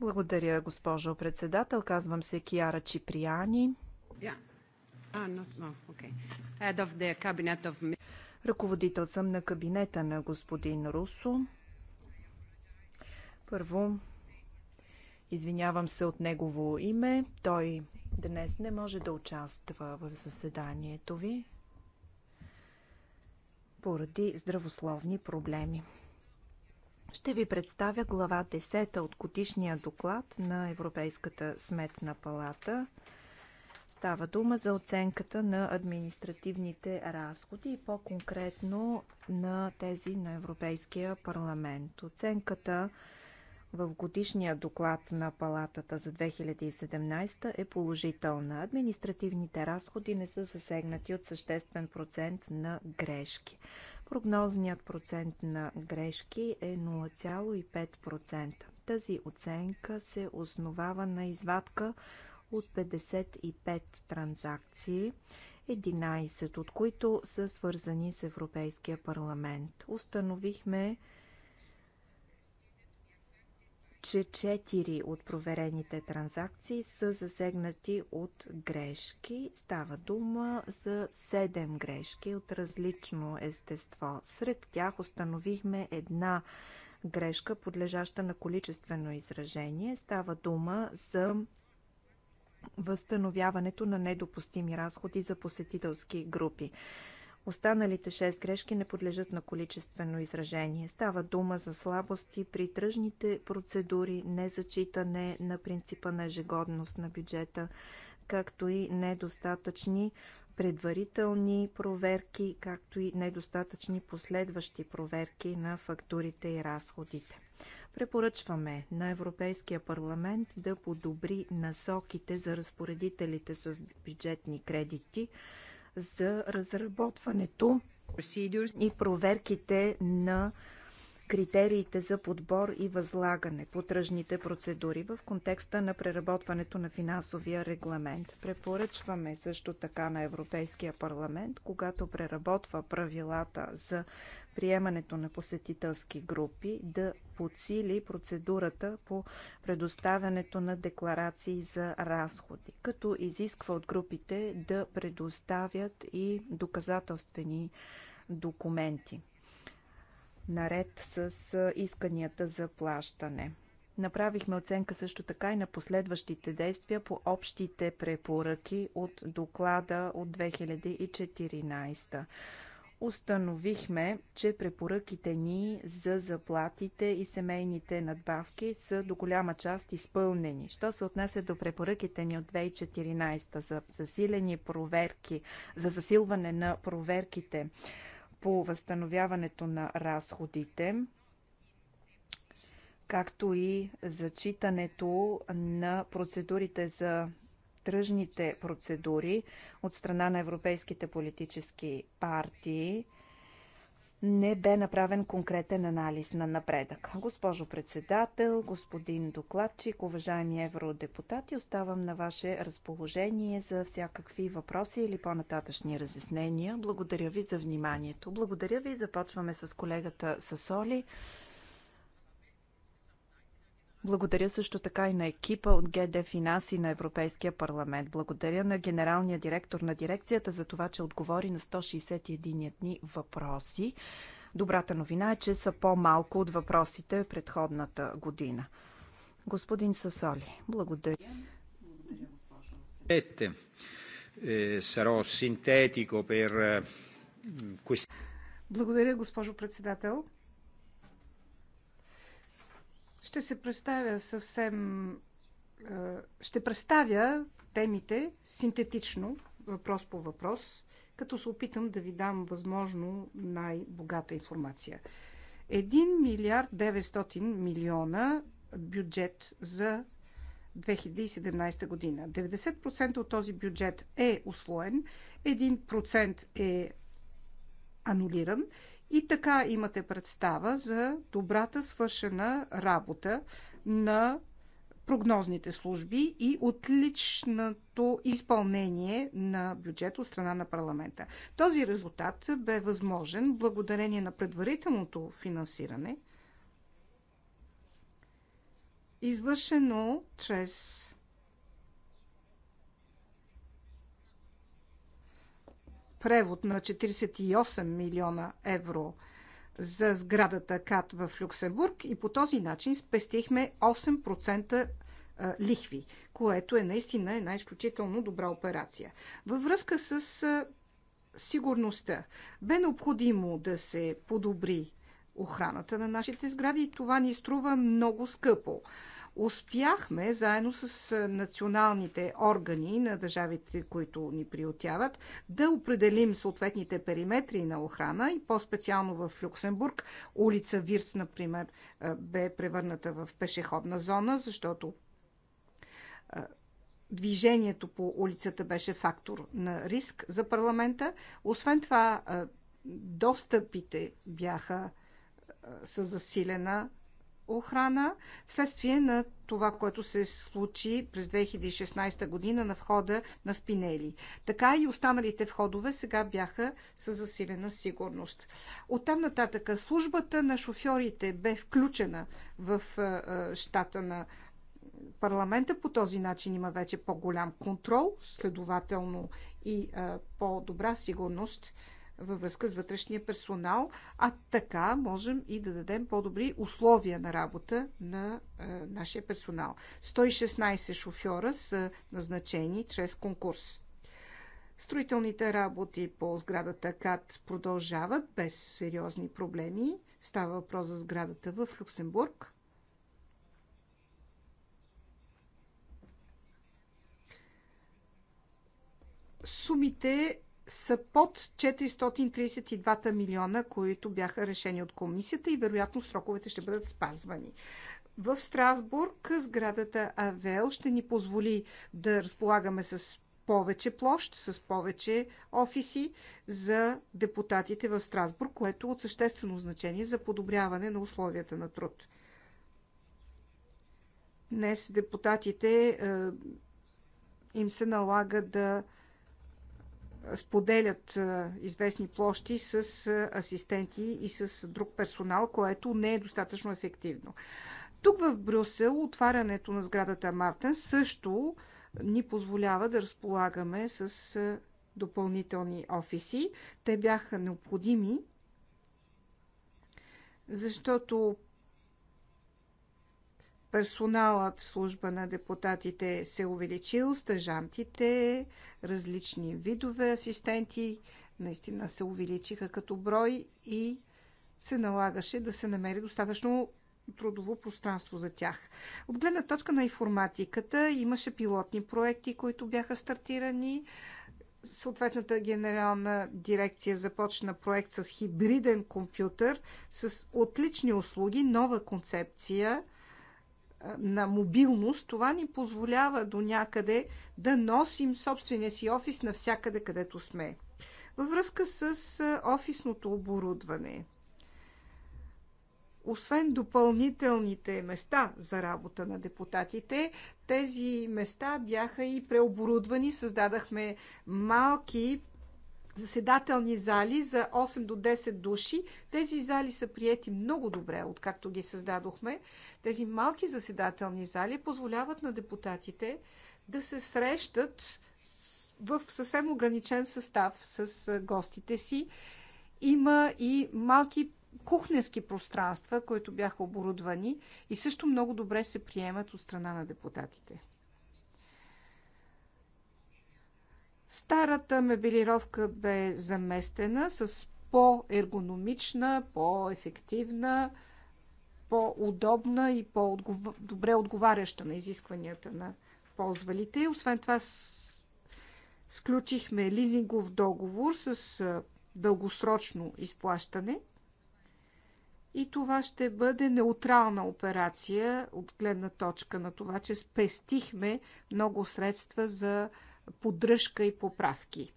Благодаря, госпожо председател. Казвам се Киара Чиприяни. Yeah. Ah, not, no. okay. of of... Ръководител съм на кабинета на господин Русо. Първо, извинявам се от негово име. Той днес не може да участва в заседанието ви поради здравословни проблеми. Ще ви представя глава 10 от годишния доклад на Европейската сметна палата. Става дума за оценката на административните разходи и по-конкретно на тези на Европейския парламент. Оценката в годишния доклад на палатата за 2017 е положителна. Административните разходи не са засегнати от съществен процент на грешки. Прогнозният процент на грешки е 0,5%. Тази оценка се основава на извадка от 55 транзакции 11 от които са свързани с Европейския парламент. Установихме че 4 от проверените транзакции са засегнати от грешки. Става дума за седем грешки от различно естество. Сред тях установихме една грешка, подлежаща на количествено изражение. Става дума за възстановяването на недопустими разходи за посетителски групи. Останалите 6 грешки не подлежат на количествено изражение. Става дума за слабости при тръжните процедури, незачитане на принципа на ежегодност на бюджета, както и недостатъчни предварителни проверки, както и недостатъчни последващи проверки на фактурите и разходите. Препоръчваме на Европейския парламент да подобри насоките за разпоредителите с бюджетни кредити, за разработването и проверките на критериите за подбор и възлагане по тръжните процедури в контекста на преработването на финансовия регламент. Препоръчваме също така на Европейския парламент, когато преработва правилата за приемането на посетителски групи да подсили процедурата по предоставянето на декларации за разходи, като изисква от групите да предоставят и доказателствени документи, наред с исканията за плащане. Направихме оценка също така и на последващите действия по общите препоръки от доклада от 2014 установихме, че препоръките ни за заплатите и семейните надбавки са до голяма част изпълнени. Що се отнася до препоръките ни от 2014 за засилени проверки, за засилване на проверките по възстановяването на разходите, както и зачитането на процедурите за тръжните процедури от страна на европейските политически партии не бе направен конкретен анализ на напредък. Госпожо председател, господин докладчик, уважаеми евродепутати, оставам на ваше разположение за всякакви въпроси или по-нататъчни разяснения. Благодаря ви за вниманието. Благодаря ви. Започваме с колегата Сасоли. Благодаря също така и на екипа от ГД Финанси на Европейския парламент. Благодаря на генералния директор на дирекцията за това, че отговори на 161 дни въпроси. Добрата новина е, че са по-малко от въпросите в предходната година. Господин Сасоли, благодаря. Благодаря, е, госпожо. Е, благодаря, госпожо председател. Ще се представя съвсем. Ще представя темите синтетично, въпрос по въпрос, като се опитам да ви дам възможно най-богата информация. 1 милиард 900 милиона бюджет за 2017 година. 90% от този бюджет е освоен, 1% е анулиран и така имате представа за добрата свършена работа на прогнозните служби и отличното изпълнение на бюджет от страна на парламента. Този резултат бе възможен благодарение на предварителното финансиране, извършено чрез превод на 48 милиона евро за сградата КАТ в Люксембург и по този начин спестихме 8% лихви, което е наистина една изключително добра операция. Във връзка с сигурността бе необходимо да се подобри охраната на нашите сгради и това ни струва много скъпо успяхме заедно с националните органи на държавите, които ни приютяват, да определим съответните периметри на охрана и по-специално в Люксембург. Улица Вирс, например, бе превърната в пешеходна зона, защото движението по улицата беше фактор на риск за парламента. Освен това, достъпите бяха със засилена охрана вследствие на това, което се случи през 2016 година на входа на Спинели. Така и останалите входове сега бяха с засилена сигурност. От там нататък службата на шофьорите бе включена в е, е, щата на парламента. По този начин има вече по-голям контрол, следователно и е, по-добра сигурност във връзка с вътрешния персонал, а така можем и да дадем по-добри условия на работа на а, е, нашия персонал. 116 шофьора са назначени чрез конкурс. Строителните работи по сградата КАТ продължават без сериозни проблеми. Става въпрос за сградата в Люксембург. Сумите са под 432 милиона, които бяха решени от комисията и вероятно сроковете ще бъдат спазвани. В Страсбург сградата Авел ще ни позволи да разполагаме с повече площ, с повече офиси за депутатите в Страсбург, което е от съществено значение за подобряване на условията на труд. Днес депутатите е, им се налага да споделят известни площи с асистенти и с друг персонал, което не е достатъчно ефективно. Тук в Брюсел отварянето на сградата Мартен също ни позволява да разполагаме с допълнителни офиси. Те бяха необходими, защото Персоналът в служба на депутатите се е увеличил, стъжантите, различни видове асистенти наистина се увеличиха като брой и се налагаше да се намери достатъчно трудово пространство за тях. От гледна точка на информатиката имаше пилотни проекти, които бяха стартирани. Съответната генерална дирекция започна проект с хибриден компютър, с отлични услуги, нова концепция на мобилност, това ни позволява до някъде да носим собствения си офис навсякъде, където сме. Във връзка с офисното оборудване, освен допълнителните места за работа на депутатите, тези места бяха и преоборудвани. Създадахме малки заседателни зали за 8 до 10 души. Тези зали са приети много добре, откакто ги създадохме. Тези малки заседателни зали позволяват на депутатите да се срещат в съвсем ограничен състав с гостите си. Има и малки кухненски пространства, които бяха оборудвани и също много добре се приемат от страна на депутатите. Старата мебелировка бе заместена с по-ергономична, по-ефективна, по-удобна и по-добре отговаряща на изискванията на ползвалите. Освен това, сключихме лизингов договор с дългосрочно изплащане. И това ще бъде неутрална операция от гледна точка на това, че спестихме много средства за поддръжка и поправки.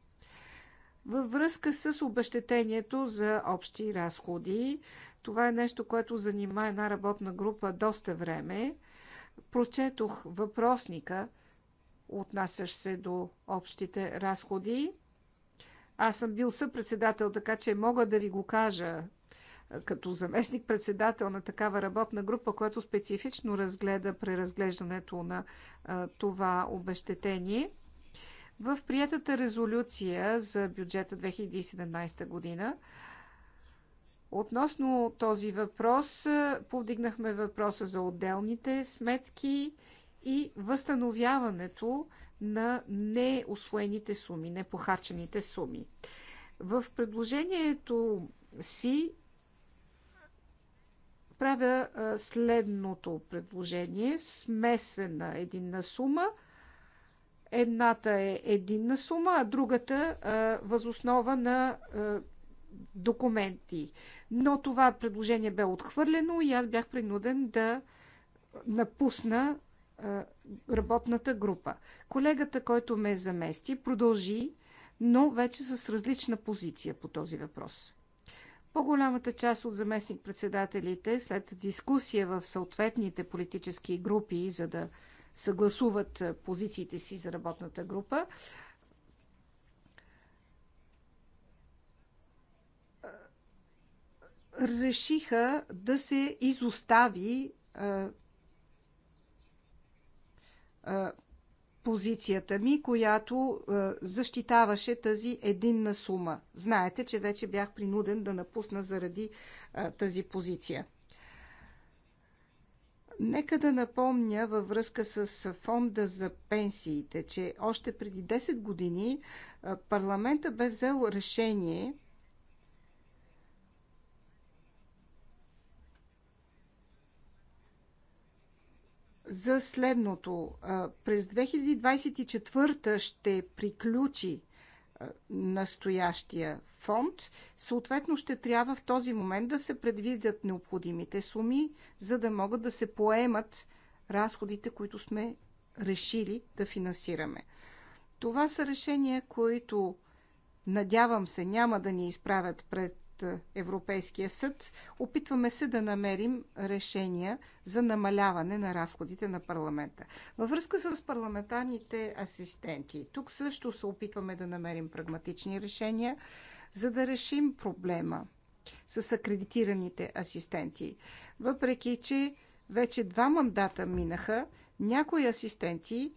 Във връзка с обещетението за общи разходи, това е нещо, което занима една работна група доста време. Прочетох въпросника, отнасящ се до общите разходи. Аз съм бил съпредседател, така че мога да ви го кажа като заместник-председател на такава работна група, която специфично разгледа преразглеждането на това обещетение – в приятата резолюция за бюджета 2017 година относно този въпрос повдигнахме въпроса за отделните сметки и възстановяването на неосвоените суми, непохарчените суми. В предложението си правя следното предложение смесена единна сума – Едната е единна сума, а другата възоснова на документи. Но това предложение бе отхвърлено и аз бях принуден да напусна работната група. Колегата, който ме замести, продължи, но вече с различна позиция по този въпрос. По-голямата част от заместник-председателите, след дискусия в съответните политически групи, за да съгласуват позициите си за работната група. решиха да се изостави позицията ми, която защитаваше тази единна сума. Знаете, че вече бях принуден да напусна заради тази позиция. Нека да напомня във връзка с фонда за пенсиите, че още преди 10 години парламента бе взел решение за следното. През 2024 ще приключи настоящия фонд, съответно ще трябва в този момент да се предвидят необходимите суми, за да могат да се поемат разходите, които сме решили да финансираме. Това са решения, които надявам се няма да ни изправят пред Европейския съд, опитваме се да намерим решения за намаляване на разходите на парламента. Във връзка с парламентарните асистенти, тук също се опитваме да намерим прагматични решения, за да решим проблема с акредитираните асистенти. Въпреки, че вече два мандата минаха, някои асистенти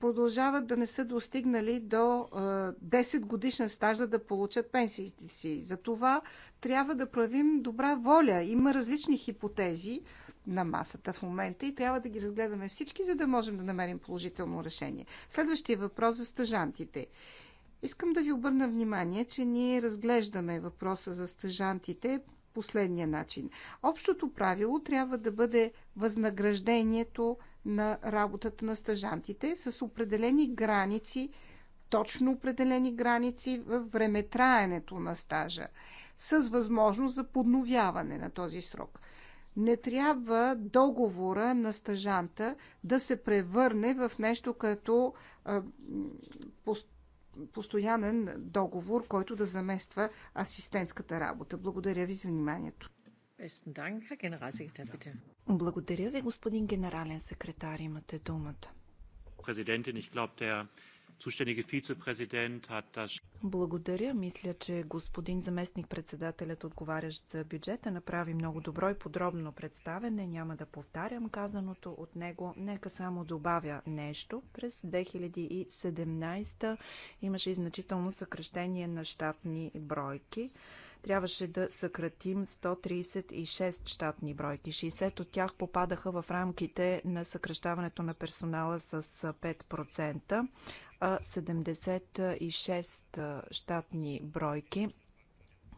продължават да не са достигнали до 10 годишна стаж, за да получат пенсиите си. За това трябва да правим добра воля. Има различни хипотези на масата в момента и трябва да ги разгледаме всички, за да можем да намерим положително решение. Следващия въпрос за стъжантите. Искам да ви обърна внимание, че ние разглеждаме въпроса за стъжантите последния начин. Общото правило трябва да бъде възнаграждението на работата на стъжантите с определени граници, точно определени граници в времетраенето на стажа, с възможност за подновяване на този срок. Не трябва договора на стажанта да се превърне в нещо като а, пост, постоянен договор, който да замества асистентската работа. Благодаря ви за вниманието. Благодаря ви, господин генерален секретар. Имате думата. Благодаря. Мисля, че господин заместник председателят, отговарящ за бюджета, направи много добро и подробно представене. Няма да повтарям казаното от него. Нека само добавя нещо. През 2017 имаше и значително съкръщение на щатни бройки трябваше да съкратим 136 щатни бройки. 60 от тях попадаха в рамките на съкръщаването на персонала с 5%, а 76 щатни бройки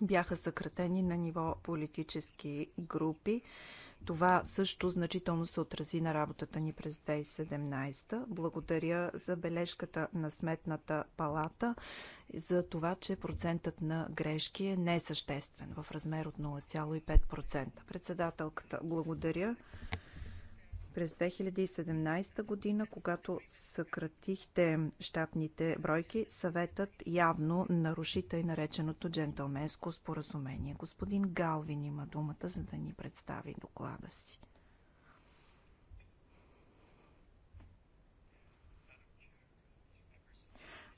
бяха съкратени на ниво политически групи. Това също значително се отрази на работата ни през 2017. Благодаря за бележката на Сметната палата за това, че процентът на грешки е несъществен в размер от 0,5%. Председателката, благодаря. През 2017 година, когато съкратихте щатните бройки, съветът явно наруши тъй нареченото джентълменско споразумение. Господин Галвин има думата, за да ни представи доклада си.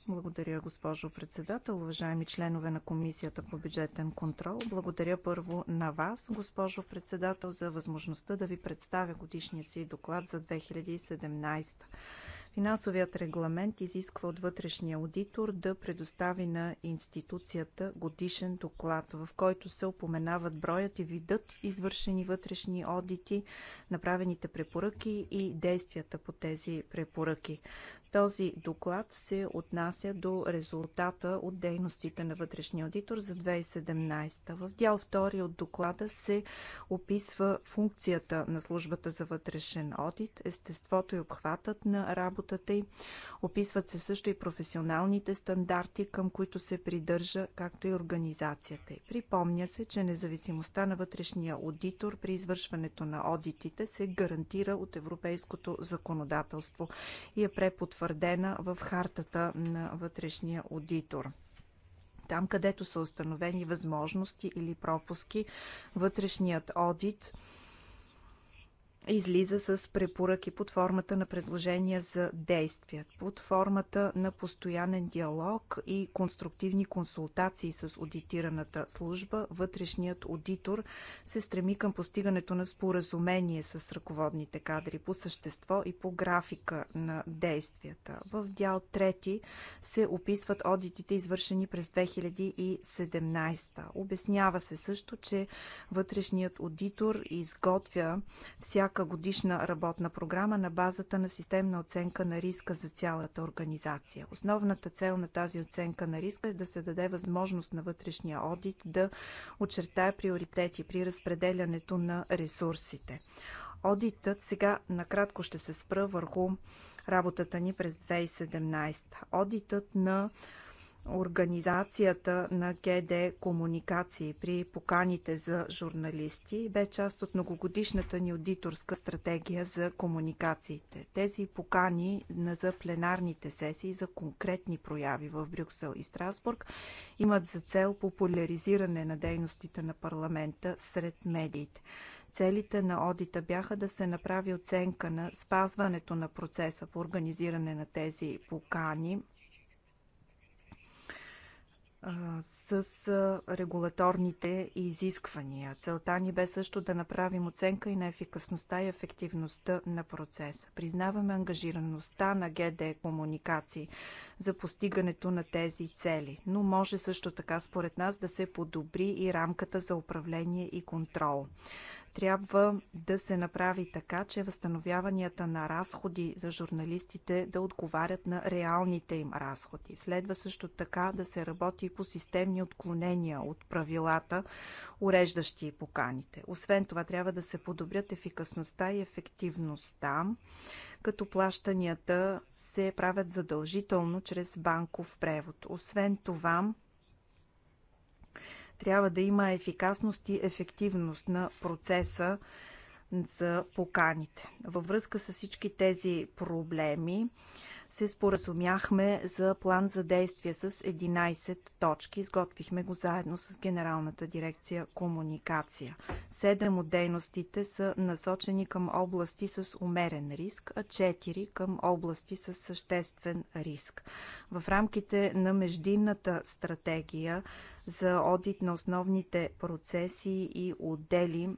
Благодаря, госпожо председател, уважаеми членове на Комисията по бюджетен контрол. Благодаря първо на вас, госпожо председател, за възможността да ви представя годишния си доклад за 2017. Финансовият регламент изисква от вътрешния аудитор да предостави на институцията годишен доклад, в който се упоменават броят и видът извършени вътрешни одити, направените препоръки и действията по тези препоръки. Този доклад се отнася до резултата от дейностите на вътрешния аудитор за 2017. В дял 2 от доклада се описва функцията на службата за вътрешен одит, естеството и обхватът на работата й. Описват се също и професионалните стандарти, към които се придържа, както и организацията й. Припомня се, че независимостта на вътрешния аудитор при извършването на одитите се гарантира от европейското законодателство и е препотвърдена утвърдена в хартата на вътрешния аудитор. Там, където са установени възможности или пропуски, вътрешният одит излиза с препоръки под формата на предложения за действия, под формата на постоянен диалог и конструктивни консултации с аудитираната служба. Вътрешният аудитор се стреми към постигането на споразумение с ръководните кадри по същество и по графика на действията. В дял 3 се описват одитите, извършени през 2017. Обяснява се също, че вътрешният аудитор изготвя всяка всяка годишна работна програма на базата на системна оценка на риска за цялата организация. Основната цел на тази оценка на риска е да се даде възможност на вътрешния одит да очертае приоритети при разпределянето на ресурсите. Одитът сега накратко ще се спра върху работата ни през 2017. Одитът на организацията на ГД Комуникации при поканите за журналисти бе част от многогодишната ни аудиторска стратегия за комуникациите. Тези покани за пленарните сесии за конкретни прояви в Брюксел и Страсбург имат за цел популяризиране на дейностите на парламента сред медиите. Целите на одита бяха да се направи оценка на спазването на процеса по организиране на тези покани с регулаторните изисквания. Целта ни бе също да направим оценка и на ефикасността и ефективността на процеса. Признаваме ангажираността на ГД Комуникации за постигането на тези цели. Но може също така, според нас, да се подобри и рамката за управление и контрол. Трябва да се направи така, че възстановяванията на разходи за журналистите да отговарят на реалните им разходи. Следва също така да се работи по системни отклонения от правилата, уреждащи поканите. Освен това, трябва да се подобрят ефикасността и ефективността като плащанията се правят задължително чрез банков превод. Освен това, трябва да има ефикасност и ефективност на процеса за поканите. Във връзка с всички тези проблеми, се споразумяхме за план за действие с 11 точки. Изготвихме го заедно с Генералната дирекция Комуникация. Седем от дейностите са насочени към области с умерен риск, а 4 към области с съществен риск. В рамките на междинната стратегия за одит на основните процеси и отдели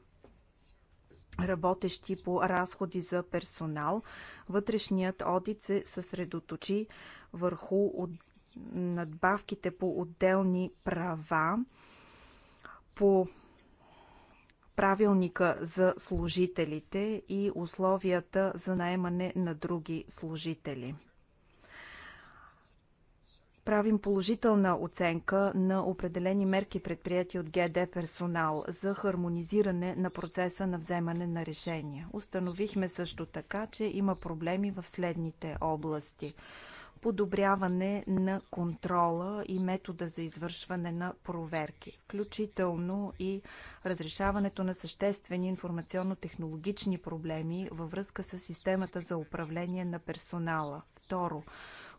работещи по разходи за персонал. Вътрешният одит се съсредоточи върху надбавките по отделни права, по правилника за служителите и условията за наемане на други служители правим положителна оценка на определени мерки, предприяти от ГД персонал за хармонизиране на процеса на вземане на решения. Установихме също така, че има проблеми в следните области подобряване на контрола и метода за извършване на проверки, включително и разрешаването на съществени информационно-технологични проблеми във връзка с системата за управление на персонала. Второ,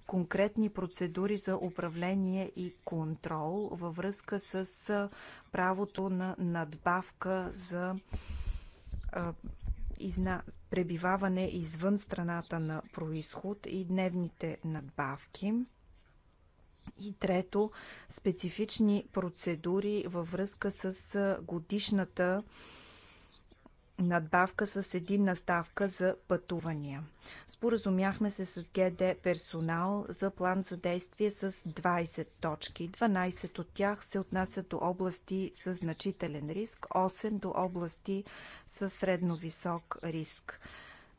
конкретни процедури за управление и контрол във връзка с правото на надбавка за изна... пребиваване извън страната на происход и дневните надбавки. И трето, специфични процедури във връзка с годишната надбавка с един наставка за пътувания. Споразумяхме се с ГД персонал за план за действие с 20 точки. 12 от тях се отнасят до области с значителен риск, 8 до области с средно висок риск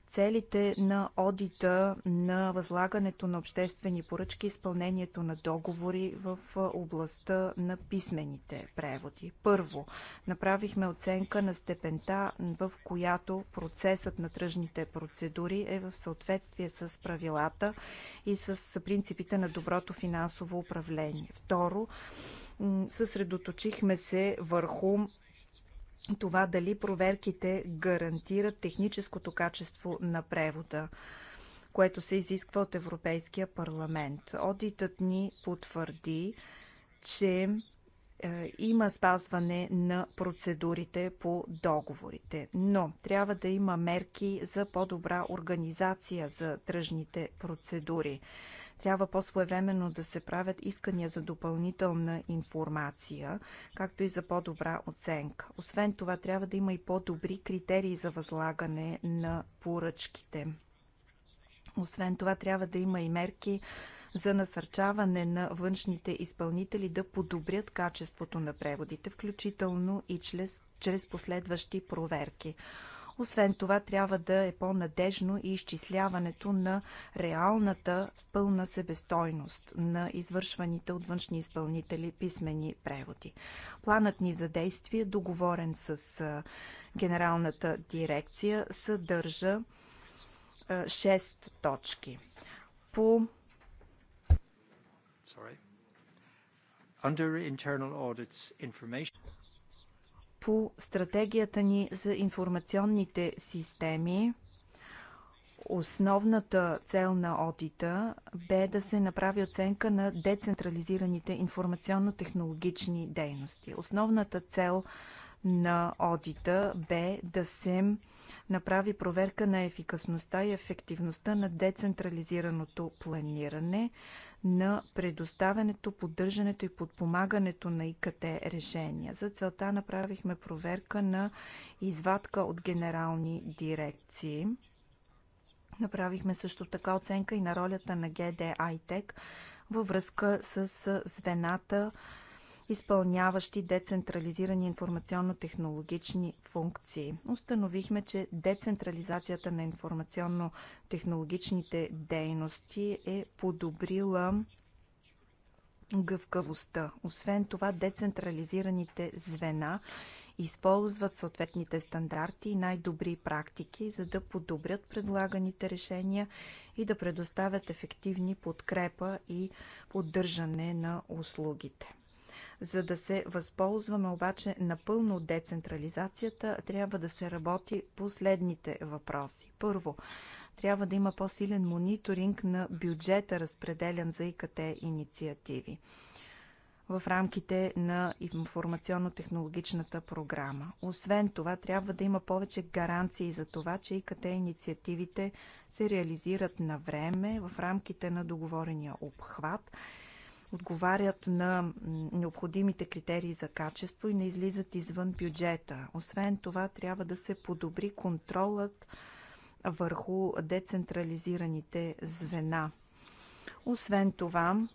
целите на одита на възлагането на обществени поръчки, изпълнението на договори в областта на писмените преводи. Първо, направихме оценка на степента, в която процесът на тръжните процедури е в съответствие с правилата и с принципите на доброто финансово управление. Второ, съсредоточихме се върху това дали проверките гарантират техническото качество на превода, което се изисква от Европейския парламент. Одитът ни потвърди, че е, има спазване на процедурите по договорите, но трябва да има мерки за по-добра организация за тръжните процедури. Трябва по-своевременно да се правят искания за допълнителна информация, както и за по-добра оценка. Освен това, трябва да има и по-добри критерии за възлагане на поръчките. Освен това, трябва да има и мерки за насърчаване на външните изпълнители да подобрят качеството на преводите, включително и чрез, чрез последващи проверки. Освен това, трябва да е по-надежно и изчисляването на реалната пълна себестойност на извършваните от външни изпълнители писмени преводи. Планът ни за действие, договорен с Генералната дирекция, съдържа 6 точки. По Under internal audits information по стратегията ни за информационните системи, основната цел на одита бе да се направи оценка на децентрализираните информационно-технологични дейности. Основната цел на одита бе да се направи проверка на ефикасността и ефективността на децентрализираното планиране, на предоставянето, поддържането и подпомагането на ИКТ решения. За целта направихме проверка на извадка от генерални дирекции. Направихме също така оценка и на ролята на ГД във връзка с звената изпълняващи децентрализирани информационно-технологични функции. Установихме, че децентрализацията на информационно-технологичните дейности е подобрила гъвкавостта. Освен това, децентрализираните звена използват съответните стандарти и най-добри практики, за да подобрят предлаганите решения и да предоставят ефективни подкрепа и поддържане на услугите. За да се възползваме обаче напълно от децентрализацията, трябва да се работи по следните въпроси. Първо, трябва да има по-силен мониторинг на бюджета, разпределен за ИКТ инициативи в рамките на информационно-технологичната програма. Освен това, трябва да има повече гаранции за това, че ИКТ инициативите се реализират на време в рамките на договорения обхват отговарят на необходимите критерии за качество и не излизат извън бюджета. Освен това, трябва да се подобри контролът върху децентрализираните звена. Освен това,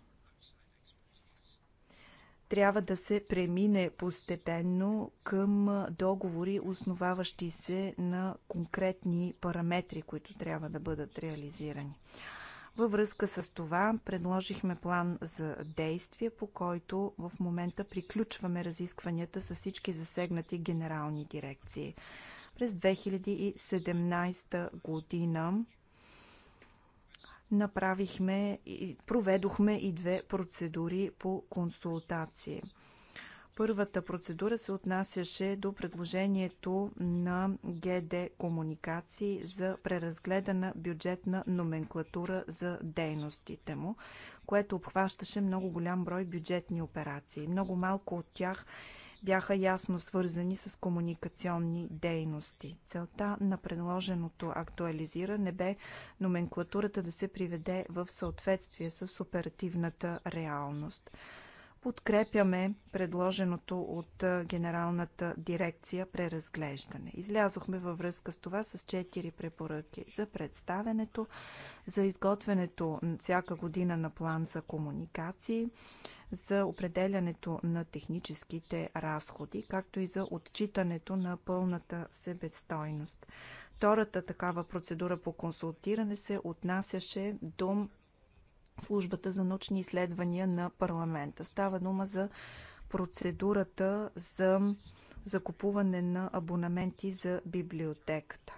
трябва да се премине постепенно към договори, основаващи се на конкретни параметри, които трябва да бъдат реализирани. Във връзка с това предложихме план за действие, по който в момента приключваме разискванията с всички засегнати генерални дирекции. През 2017 година направихме, проведохме и две процедури по консултации. Първата процедура се отнасяше до предложението на ГД Комуникации за преразгледана бюджетна номенклатура за дейностите му, което обхващаше много голям брой бюджетни операции. Много малко от тях бяха ясно свързани с комуникационни дейности. Целта на предложеното актуализиране бе номенклатурата да се приведе в съответствие с оперативната реалност подкрепяме предложеното от Генералната дирекция преразглеждане. Излязохме във връзка с това с четири препоръки за представенето, за изготвянето всяка година на план за комуникации, за определянето на техническите разходи, както и за отчитането на пълната себестойност. Втората такава процедура по консултиране се отнасяше до службата за научни изследвания на парламента. Става дума за процедурата за закупуване на абонаменти за библиотеката.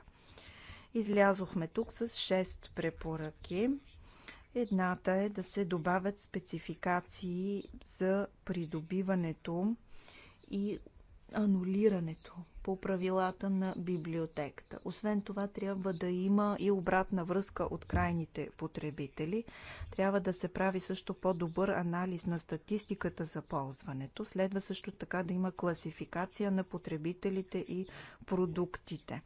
Излязохме тук с 6 препоръки. Едната е да се добавят спецификации за придобиването и анулирането по правилата на библиотеката. Освен това, трябва да има и обратна връзка от крайните потребители. Трябва да се прави също по-добър анализ на статистиката за ползването. Следва също така да има класификация на потребителите и продуктите.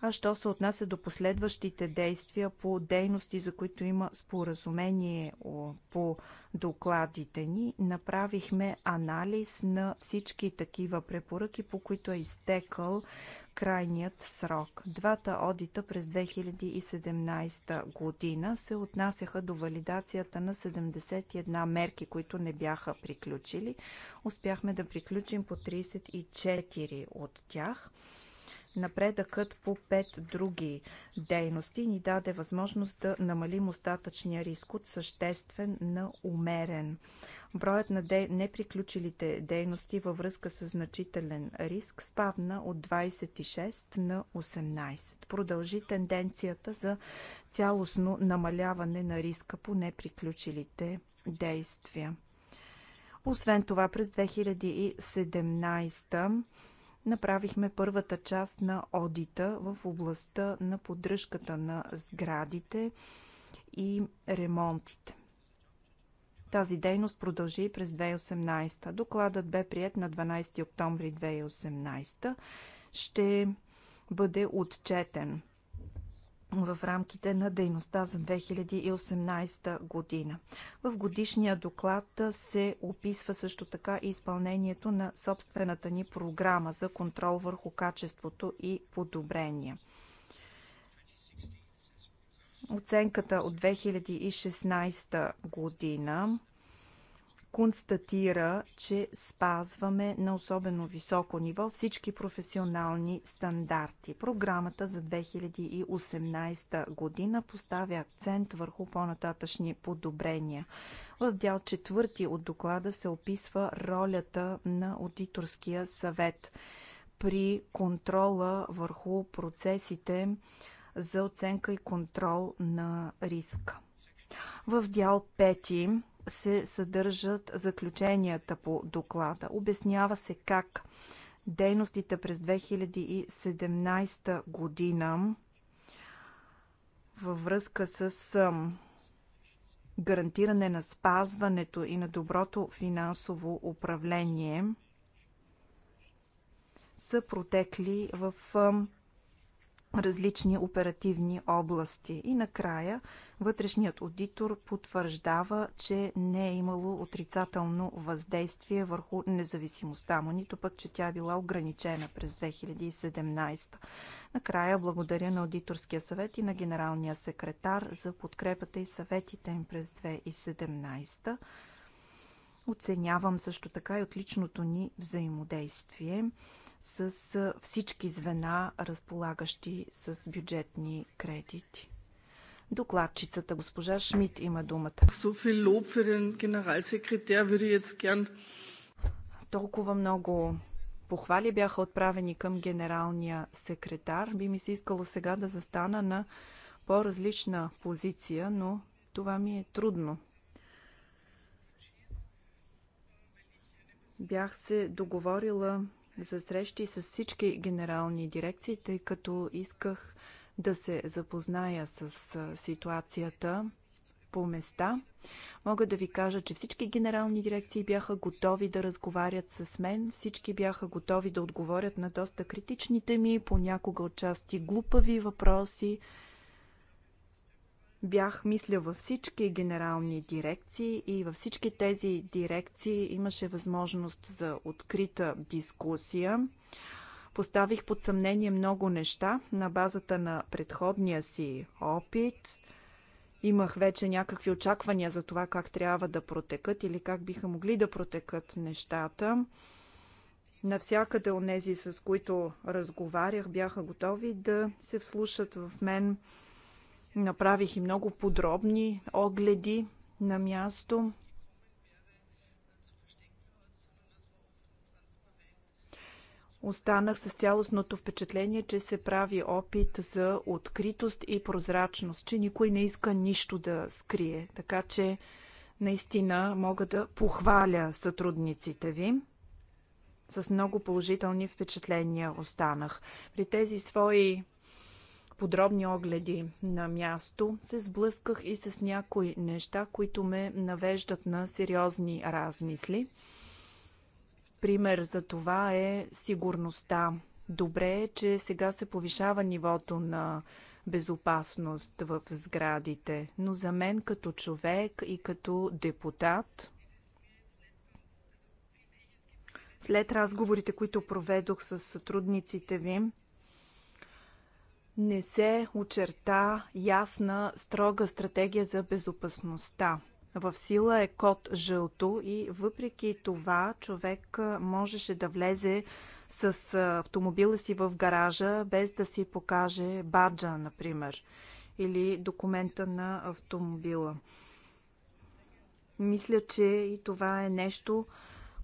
А що се отнася до последващите действия по дейности, за които има споразумение по докладите ни, направихме анализ на всички такива препоръки, по които е изтекал крайният срок. Двата одита през 2017 година се отнасяха до валидацията на 71 мерки, които не бяха приключили. Успяхме да приключим по 34 от тях. Напредъкът по пет други дейности ни даде възможност да намалим остатъчния риск от съществен на умерен. Броят на де... неприключилите дейности във връзка с значителен риск спадна от 26 на 18. Продължи тенденцията за цялостно намаляване на риска по неприключилите действия. Освен това, през 2017 направихме първата част на одита в областта на поддръжката на сградите и ремонтите. Тази дейност продължи и през 2018. Докладът бе прият на 12 октомври 2018. Ще бъде отчетен в рамките на дейността за 2018 година. В годишния доклад се описва също така и изпълнението на собствената ни програма за контрол върху качеството и подобрения. Оценката от 2016 година констатира, че спазваме на особено високо ниво всички професионални стандарти. Програмата за 2018 година поставя акцент върху по-нататъчни подобрения. В дял четвърти от доклада се описва ролята на аудиторския съвет при контрола върху процесите за оценка и контрол на риска. В дял пети се съдържат заключенията по доклада. Обяснява се как дейностите през 2017 година във връзка с гарантиране на спазването и на доброто финансово управление са протекли в различни оперативни области. И накрая вътрешният аудитор потвърждава, че не е имало отрицателно въздействие върху независимостта му, нито пък, че тя е била ограничена през 2017. Накрая благодаря на аудиторския съвет и на генералния секретар за подкрепата и съветите им през 2017. Оценявам също така и отличното ни взаимодействие с всички звена, разполагащи с бюджетни кредити. Докладчицата госпожа Шмидт има думата. Толкова много похвали бяха отправени към генералния секретар. Би ми се искало сега да застана на по-различна позиция, но това ми е трудно. Бях се договорила за срещи с всички генерални дирекции, тъй като исках да се запозная с ситуацията по места. Мога да ви кажа, че всички генерални дирекции бяха готови да разговарят с мен, всички бяха готови да отговорят на доста критичните ми, понякога отчасти глупави въпроси, Бях, мисля, във всички генерални дирекции и във всички тези дирекции имаше възможност за открита дискусия. Поставих под съмнение много неща на базата на предходния си опит. Имах вече някакви очаквания за това как трябва да протекат или как биха могли да протекат нещата. Навсякъде нези, с които разговарях, бяха готови да се вслушат в мен Направих и много подробни огледи на място. Останах с цялостното впечатление, че се прави опит за откритост и прозрачност, че никой не иска нищо да скрие. Така че наистина мога да похваля сътрудниците ви. С много положителни впечатления останах. При тези свои подробни огледи на място, се сблъсках и с някои неща, които ме навеждат на сериозни размисли. Пример за това е сигурността. Добре е, че сега се повишава нивото на безопасност в сградите, но за мен като човек и като депутат, след разговорите, които проведох с сътрудниците ви, не се очерта ясна, строга стратегия за безопасността. В сила е код жълто и въпреки това човек можеше да влезе с автомобила си в гаража, без да си покаже баджа, например, или документа на автомобила. Мисля, че и това е нещо,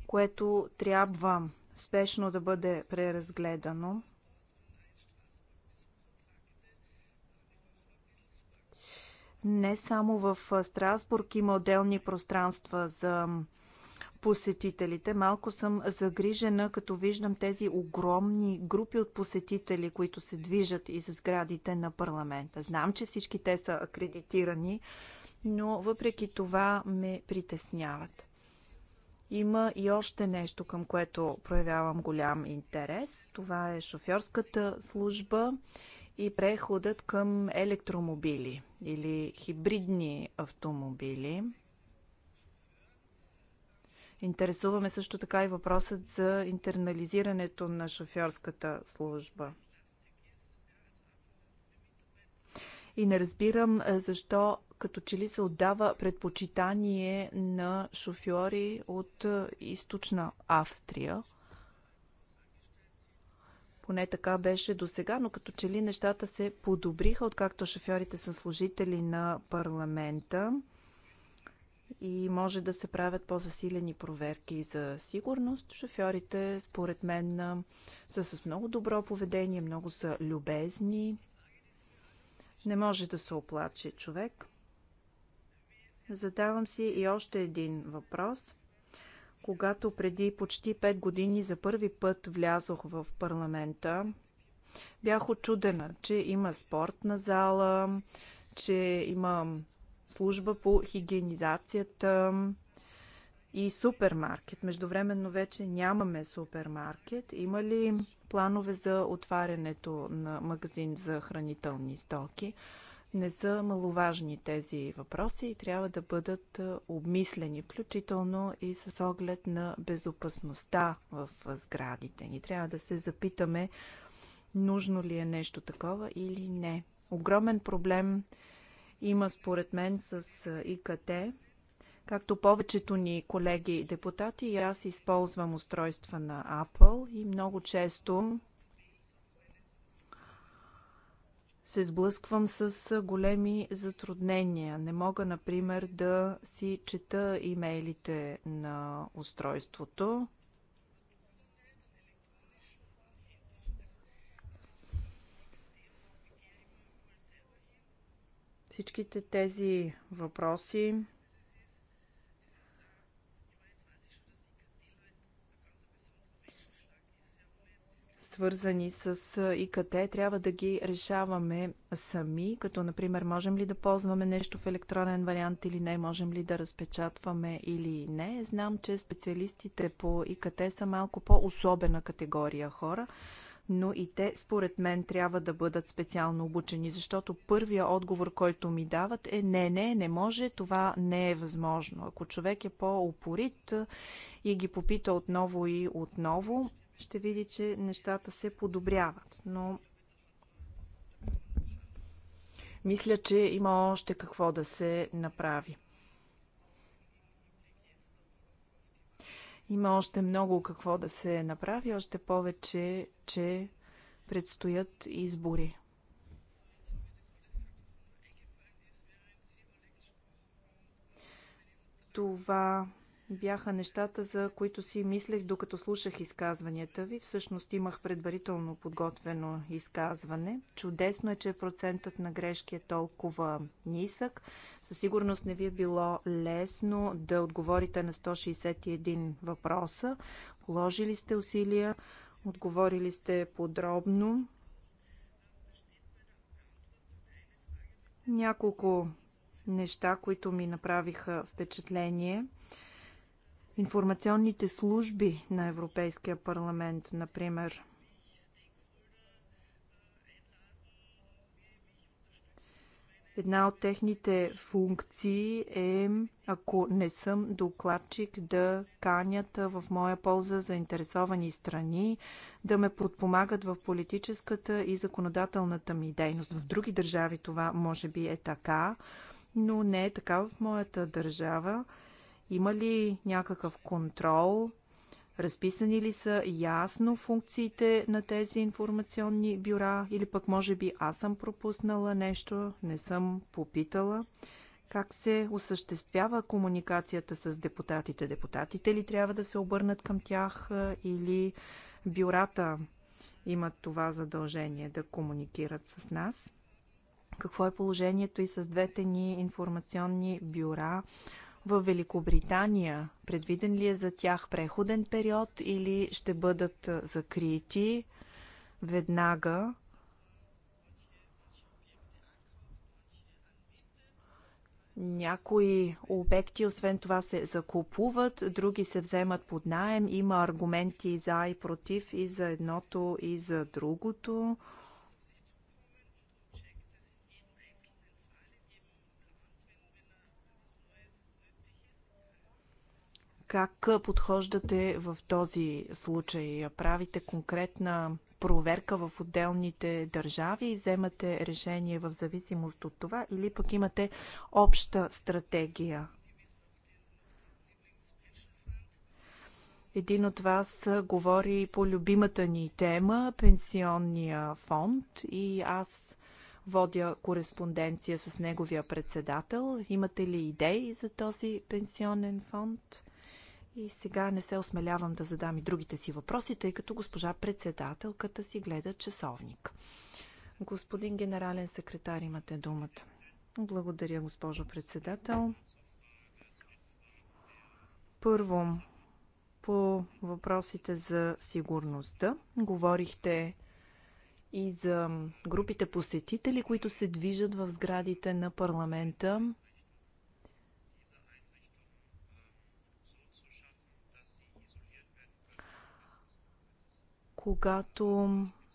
което трябва спешно да бъде преразгледано. Не само в Страсбург има отделни пространства за посетителите. Малко съм загрижена, като виждам тези огромни групи от посетители, които се движат из сградите на парламента. Знам, че всички те са акредитирани, но въпреки това ме притесняват. Има и още нещо, към което проявявам голям интерес. Това е шофьорската служба и преходът към електромобили или хибридни автомобили. Интересуваме също така и въпросът за интернализирането на шофьорската служба. И не разбирам е, защо като че ли се отдава предпочитание на шофьори от е, източна Австрия – поне така беше до сега, но като че ли нещата се подобриха, откакто шофьорите са служители на парламента и може да се правят по-засилени проверки за сигурност. Шофьорите, според мен, са с много добро поведение, много са любезни. Не може да се оплаче човек. Задавам си и още един въпрос когато преди почти 5 години за първи път влязох в парламента, бях очудена, че има спортна зала, че има служба по хигиенизацията и супермаркет. Междувременно вече нямаме супермаркет. Има ли планове за отварянето на магазин за хранителни стоки? Не са маловажни тези въпроси и трябва да бъдат обмислени, включително и с оглед на безопасността в сградите ни. Трябва да се запитаме нужно ли е нещо такова или не. Огромен проблем има според мен с ИКТ. Както повечето ни колеги и депутати, и аз използвам устройства на Apple и много често се сблъсквам с големи затруднения. Не мога, например, да си чета имейлите на устройството. Всичките тези въпроси свързани с ИКТ, трябва да ги решаваме сами, като например можем ли да ползваме нещо в електронен вариант или не, можем ли да разпечатваме или не. Знам, че специалистите по ИКТ са малко по-особена категория хора, но и те според мен трябва да бъдат специално обучени, защото първия отговор, който ми дават е не, не, не може, това не е възможно. Ако човек е по-опорит и ги попита отново и отново, ще види, че нещата се подобряват. Но мисля, че има още какво да се направи. Има още много какво да се направи, още повече, че предстоят избори. Това бяха нещата, за които си мислех, докато слушах изказванията ви. Всъщност имах предварително подготвено изказване. Чудесно е, че процентът на грешки е толкова нисък. Със сигурност не ви е било лесно да отговорите на 161 въпроса. Положили сте усилия, отговорили сте подробно. Няколко неща, които ми направиха впечатление – информационните служби на Европейския парламент, например. Една от техните функции е, ако не съм докладчик, да канят в моя полза заинтересовани страни, да ме подпомагат в политическата и законодателната ми дейност. В други държави това може би е така, но не е така в моята държава. Има ли някакъв контрол? Разписани ли са ясно функциите на тези информационни бюра? Или пък може би аз съм пропуснала нещо, не съм попитала? Как се осъществява комуникацията с депутатите? Депутатите ли трябва да се обърнат към тях е, или бюрата имат това задължение да комуникират с нас? Какво е положението и с двете ни информационни бюра? в Великобритания? Предвиден ли е за тях преходен период или ще бъдат закрити веднага? Някои обекти, освен това, се закупуват, други се вземат под найем. Има аргументи за и против, и за едното, и за другото. как подхождате в този случай? Правите конкретна проверка в отделните държави и вземате решение в зависимост от това или пък имате обща стратегия? Един от вас говори по любимата ни тема пенсионния фонд и аз водя кореспонденция с неговия председател. Имате ли идеи за този пенсионен фонд? И сега не се осмелявам да задам и другите си въпроси, тъй като госпожа председателката си гледа часовник. Господин генерален секретар, имате думата. Благодаря, госпожо председател. Първо, по въпросите за сигурността. Говорихте и за групите посетители, които се движат в сградите на парламента. когато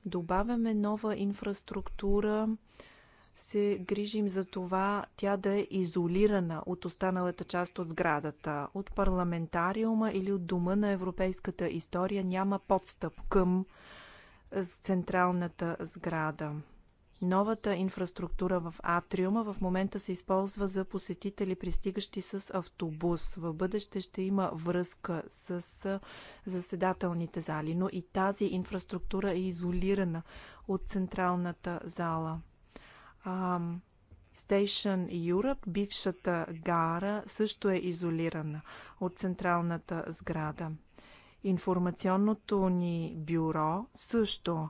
добавяме нова инфраструктура, се грижим за това тя да е изолирана от останалата част от сградата. От парламентариума или от дома на европейската история няма подстъп към централната сграда. Новата инфраструктура в Атриума в момента се използва за посетители, пристигащи с автобус. В бъдеще ще има връзка с заседателните зали, но и тази инфраструктура е изолирана от централната зала. Station Europe, бившата гара, също е изолирана от централната сграда. Информационното ни бюро също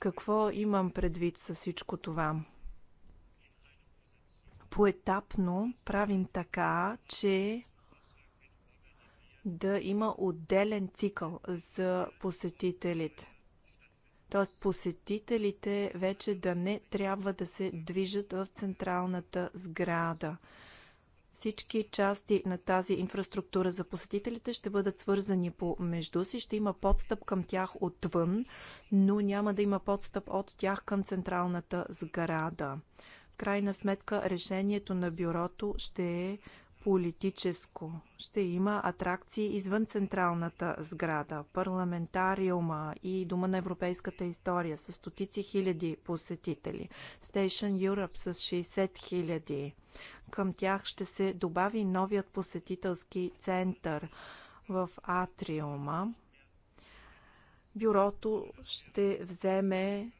какво имам предвид с всичко това? Поетапно правим така, че да има отделен цикъл за посетителите. Тоест посетителите вече да не трябва да се движат в централната сграда. Всички части на тази инфраструктура за посетителите ще бъдат свързани по между си, ще има подстъп към тях отвън, но няма да има подстъп от тях към централната сграда. В крайна сметка решението на бюрото ще е политическо. Ще има атракции извън централната сграда, парламентариума и Дома на европейската история с стотици хиляди посетители, Station Europe с 60 хиляди. Към тях ще се добави новият посетителски център в Атриума. Бюрото ще вземе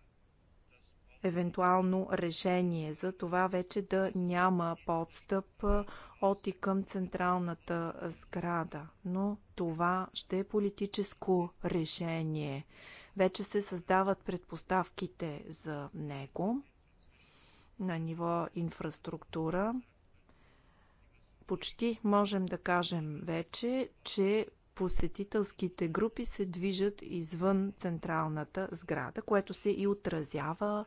евентуално решение за това вече да няма подстъп от и към централната сграда. Но това ще е политическо решение. Вече се създават предпоставките за него на ниво инфраструктура почти можем да кажем вече, че посетителските групи се движат извън централната сграда, което се и отразява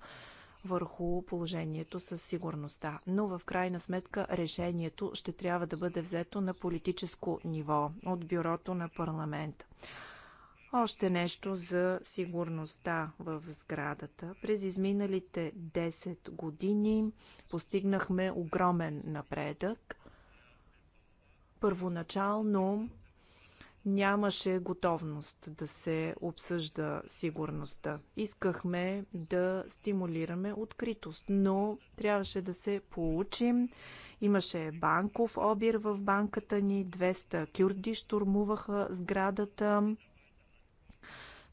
върху положението със сигурността. Но в крайна сметка решението ще трябва да бъде взето на политическо ниво от бюрото на парламента. Още нещо за сигурността в сградата. През изминалите 10 години постигнахме огромен напредък. Първоначално нямаше готовност да се обсъжда сигурността. Искахме да стимулираме откритост, но трябваше да се получим. Имаше банков обир в банката ни, 200 кюрди штурмуваха сградата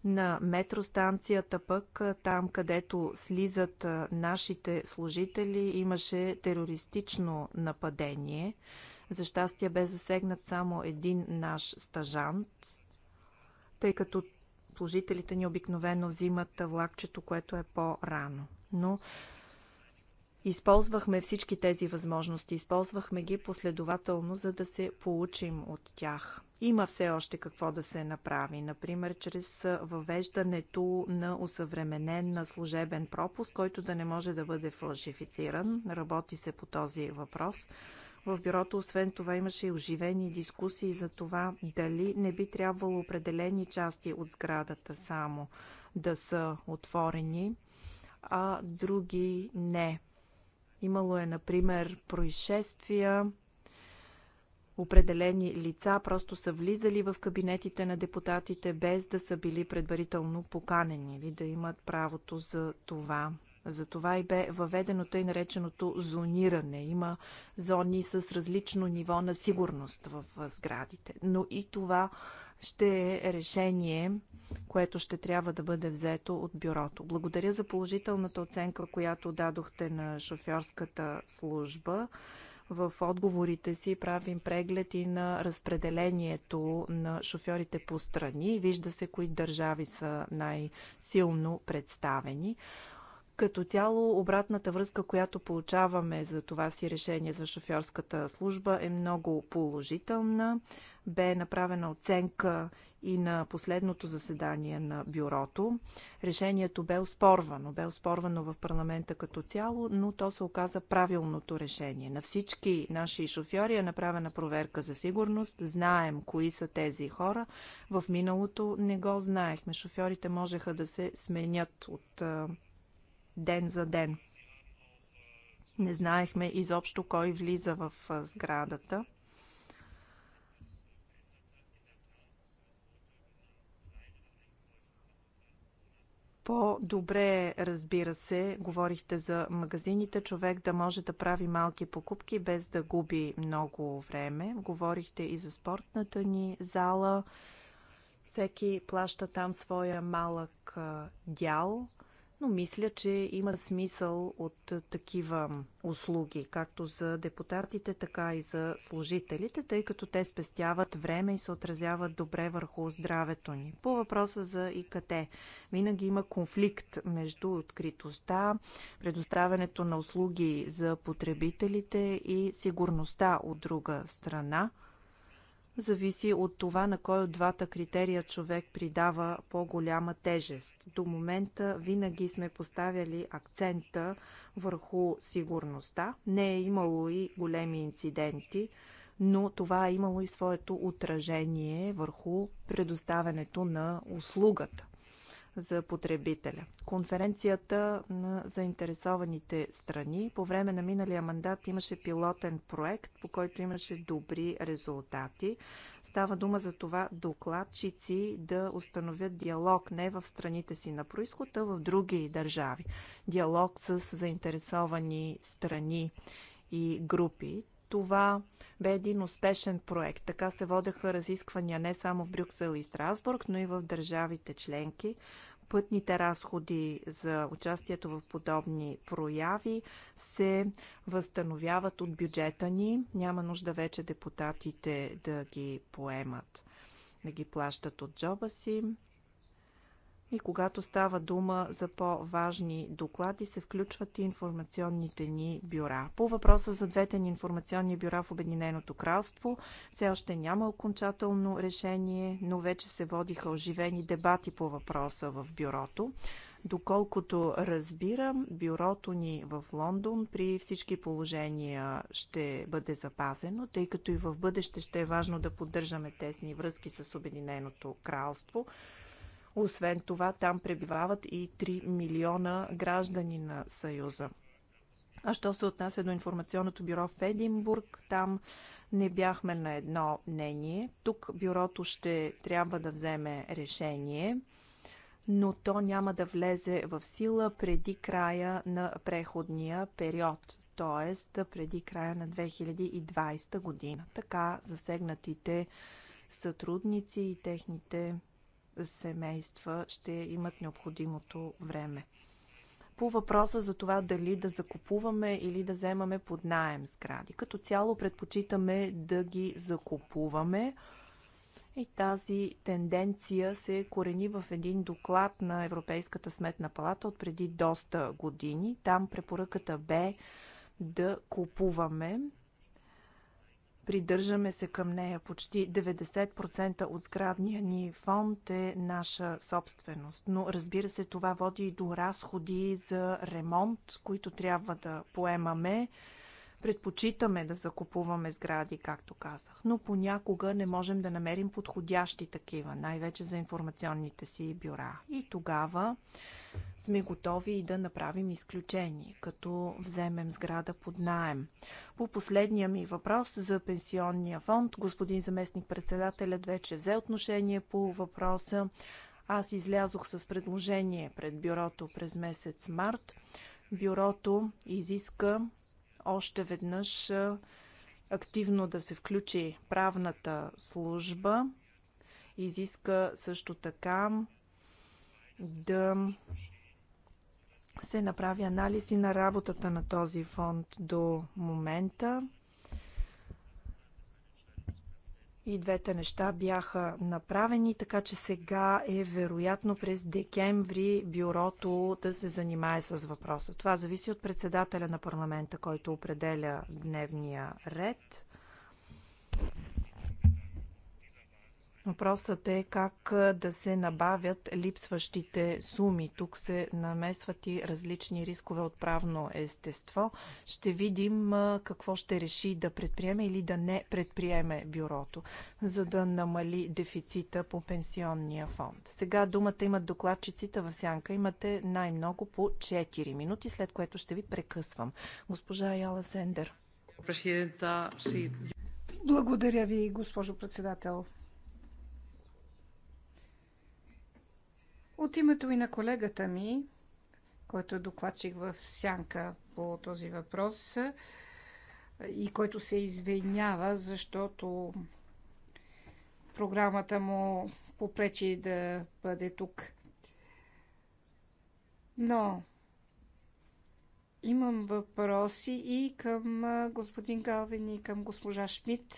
на метростанцията пък, там където слизат нашите служители, имаше терористично нападение – за щастие бе засегнат само един наш стажант, тъй като служителите ни обикновено взимат влакчето, което е по-рано. Но използвахме всички тези възможности, използвахме ги последователно, за да се получим от тях. Има все още какво да се направи, например, чрез въвеждането на усъвременен на служебен пропуск, който да не може да бъде фалшифициран. Работи се по този въпрос. В бюрото освен това имаше и оживени дискусии за това дали не би трябвало определени части от сградата само да са отворени, а други не. Имало е, например, происшествия, определени лица просто са влизали в кабинетите на депутатите без да са били предварително поканени или да имат правото за това. Затова и бе въведено тъй нареченото зониране. Има зони с различно ниво на сигурност в сградите. Но и това ще е решение, което ще трябва да бъде взето от бюрото. Благодаря за положителната оценка, която дадохте на шофьорската служба. В отговорите си правим преглед и на разпределението на шофьорите по страни. Вижда се кои държави са най-силно представени. Като цяло, обратната връзка, която получаваме за това си решение за шофьорската служба е много положителна. Бе направена оценка и на последното заседание на бюрото. Решението бе оспорвано. Бе оспорвано в парламента като цяло, но то се оказа правилното решение. На всички наши шофьори е направена проверка за сигурност. Знаем кои са тези хора. В миналото не го знаехме. Шофьорите можеха да се сменят от ден за ден. Не знаехме изобщо кой влиза в сградата. по-добре, разбира се, говорихте за магазините, човек да може да прави малки покупки без да губи много време. Говорихте и за спортната ни зала. Всеки плаща там своя малък дял но мисля, че има смисъл от такива услуги, както за депутатите, така и за служителите, тъй като те спестяват време и се отразяват добре върху здравето ни. По въпроса за ИКТ, винаги има конфликт между откритостта, предоставянето на услуги за потребителите и сигурността от друга страна – зависи от това на кой от двата критерия човек придава по-голяма тежест. До момента винаги сме поставяли акцента върху сигурността. Не е имало и големи инциденти, но това е имало и своето отражение върху предоставянето на услугата за потребителя. Конференцията на заинтересованите страни по време на миналия мандат имаше пилотен проект, по който имаше добри резултати. Става дума за това докладчици да установят диалог не в страните си на происход, а в други държави. Диалог с заинтересовани страни и групи. Това бе един успешен проект. Така се водеха разисквания не само в Брюксел и Страсбург, но и в държавите членки. Пътните разходи за участието в подобни прояви се възстановяват от бюджета ни. Няма нужда вече депутатите да ги поемат, да ги плащат от джоба си. И когато става дума за по-важни доклади, се включват и информационните ни бюра. По въпроса за двете ни информационни бюра в Обединеното кралство, все още няма окончателно решение, но вече се водиха оживени дебати по въпроса в бюрото. Доколкото разбирам, бюрото ни в Лондон при всички положения ще бъде запазено, тъй като и в бъдеще ще е важно да поддържаме тесни връзки с Обединеното кралство. Освен това, там пребивават и 3 милиона граждани на Съюза. А що се отнася до информационното бюро в Единбург, там не бяхме на едно мнение. Тук бюрото ще трябва да вземе решение, но то няма да влезе в сила преди края на преходния период, т.е. преди края на 2020 година. Така засегнатите сътрудници и техните семейства ще имат необходимото време. По въпроса за това дали да закупуваме или да вземаме под найем сгради. Като цяло предпочитаме да ги закупуваме. И тази тенденция се корени в един доклад на Европейската сметна палата от преди доста години. Там препоръката бе да купуваме Придържаме се към нея. Почти 90% от сградния ни фонд е наша собственост. Но разбира се, това води и до разходи за ремонт, които трябва да поемаме. Предпочитаме да закупуваме сгради, както казах, но понякога не можем да намерим подходящи такива, най-вече за информационните си бюра. И тогава сме готови да направим изключение, като вземем сграда под найем. По последния ми въпрос за пенсионния фонд, господин заместник председателят вече взе отношение по въпроса. Аз излязох с предложение пред бюрото през месец март. Бюрото изиска още веднъж активно да се включи правната служба. Изиска също така да се направи анализи на работата на този фонд до момента. И двете неща бяха направени, така че сега е вероятно през декември бюрото да се занимае с въпроса. Това зависи от председателя на парламента, който определя дневния ред. Въпросът е как да се набавят липсващите суми. Тук се намесват и различни рискове от правно естество. Ще видим какво ще реши да предприеме или да не предприеме бюрото, за да намали дефицита по пенсионния фонд. Сега думата имат докладчиците в сянка. Имате най-много по 4 минути, след което ще ви прекъсвам. Госпожа Яла Сендер. Благодаря ви, госпожо председател. От името и на колегата ми, който е докладчик в сянка по този въпрос е, и който се извинява, защото програмата му попречи да бъде тук. Но имам въпроси и към господин Галвин и към госпожа Шмидт.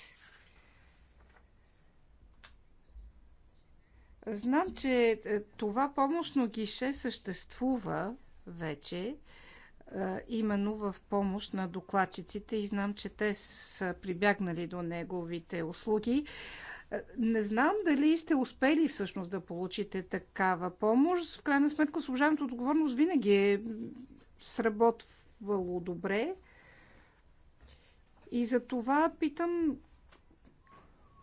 Знам, че е, това помощно гише съществува вече е, именно в помощ на докладчиците и знам, че те са прибягнали до неговите услуги. Е, не знам дали сте успели всъщност да получите такава помощ. В крайна сметка служебната отговорност винаги е сработвало добре. И за това питам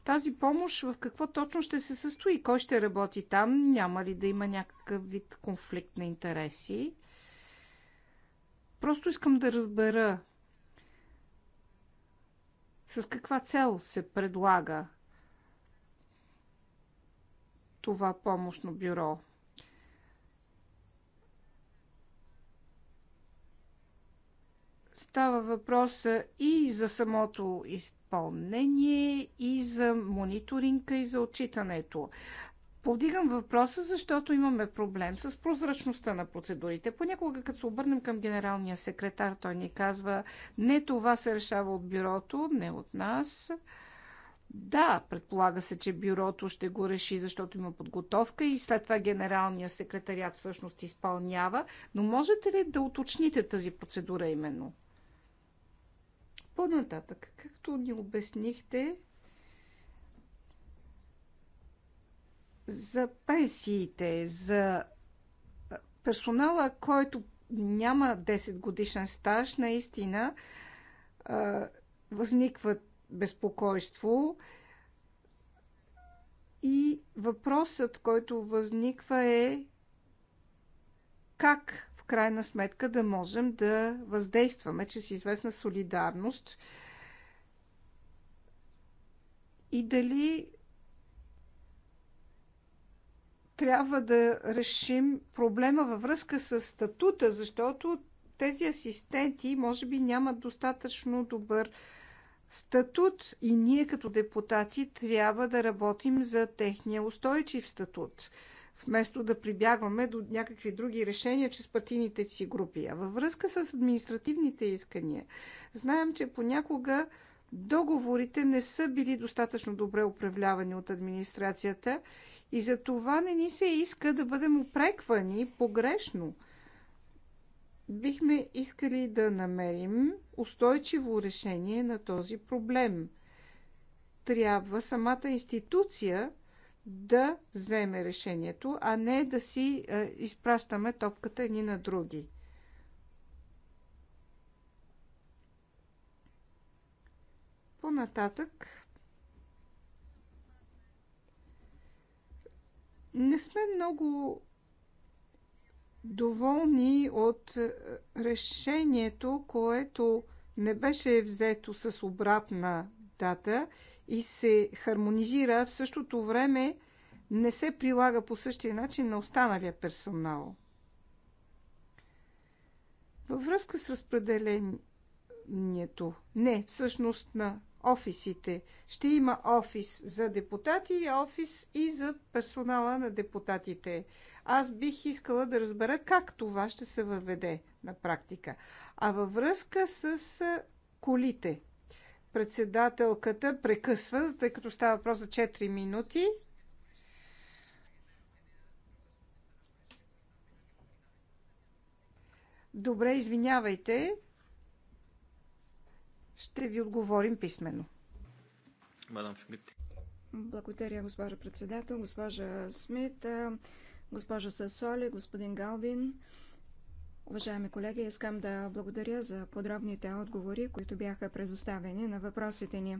тази помощ в какво точно ще се състои? Кой ще работи там? Няма ли да има някакъв вид конфликт на интереси? Просто искам да разбера с каква цел се предлага това помощно бюро. Става въпроса и за самото из изпълнение и за мониторинга и за отчитането. Повдигам въпроса, защото имаме проблем с прозрачността на процедурите. Понякога, като се обърнем към генералния секретар, той ни казва, не това се решава от бюрото, не от нас. Да, предполага се, че бюрото ще го реши, защото има подготовка и след това генералният секретарят всъщност изпълнява. Но можете ли да уточните тази процедура именно? По-нататък, както ни обяснихте, за пенсиите, за персонала, който няма 10 годишен стаж, наистина възниква безпокойство. И въпросът, който възниква е как крайна сметка да можем да въздействаме чрез известна солидарност и дали трябва да решим проблема във връзка с статута, защото тези асистенти може би нямат достатъчно добър статут и ние като депутати трябва да работим за техния устойчив статут – вместо да прибягваме до някакви други решения чрез партийните си групи. А във връзка с административните искания, знаем, че понякога договорите не са били достатъчно добре управлявани от администрацията и за това не ни се иска да бъдем опреквани погрешно. Бихме искали да намерим устойчиво решение на този проблем. Трябва самата институция – да вземе решението, а не да си е, изпращаме топката ни на други. По-нататък не сме много доволни от е, решението, което не беше взето с обратна дата и се хармонизира, в същото време не се прилага по същия начин на останалия персонал. Във връзка с разпределението, не, всъщност на офисите. Ще има офис за депутати и офис и за персонала на депутатите. Аз бих искала да разбера как това ще се въведе на практика. А във връзка с колите. Председателката прекъсва, тъй като става въпрос за 4 минути. Добре, извинявайте. Ще ви отговорим писменно. Мадам Шмидт. Благодаря, госпожа председател, госпожа Смит, госпожа Сасоли, господин Галвин. Уважаеми колеги, искам да благодаря за подробните отговори, които бяха предоставени на въпросите ни.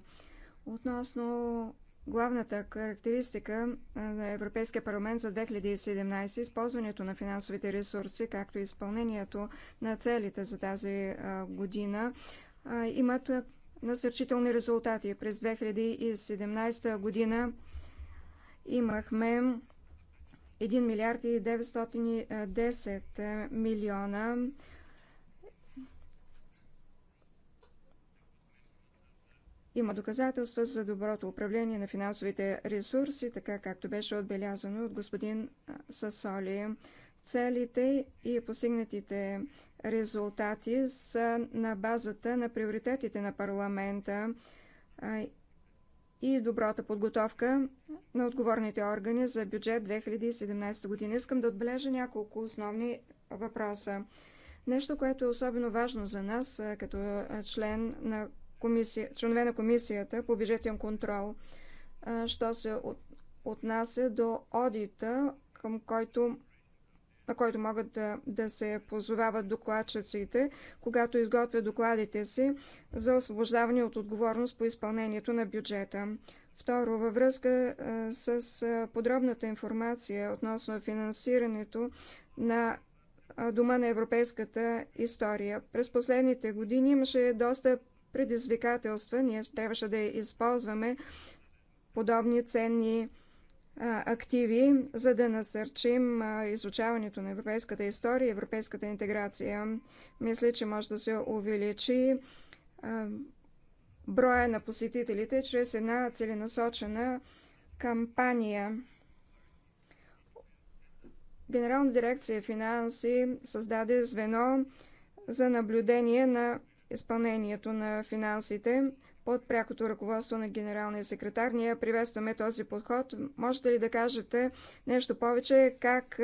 Относно главната характеристика на Европейския парламент за 2017, използването на финансовите ресурси, както и изпълнението на целите за тази година, имат насърчителни резултати. През 2017 година имахме 1 милиард и 910 милиона Има доказателства за доброто управление на финансовите ресурси, така както беше отбелязано от господин Сасоли. Целите и постигнатите резултати са на базата на приоритетите на парламента и добрата подготовка на отговорните органи за бюджет 2017 година. Искам да отбележа няколко основни въпроса. Нещо, което е особено важно за нас, като член на комисия, членове на комисията по бюджетен контрол, що се отнася до одита, към който на който могат да, да се позовават докладчиците, когато изготвят докладите си за освобождаване от отговорност по изпълнението на бюджета. Второ, във връзка с подробната информация относно финансирането на Дома на европейската история. През последните години имаше доста предизвикателства. Ние трябваше да използваме подобни ценни активи, за да насърчим изучаването на европейската история и европейската интеграция. Мисля, че може да се увеличи броя на посетителите чрез една целенасочена кампания. Генерална дирекция финанси създаде звено за наблюдение на изпълнението на финансите под прякото ръководство на генералния секретар. Ние приветстваме този подход. Можете ли да кажете нещо повече как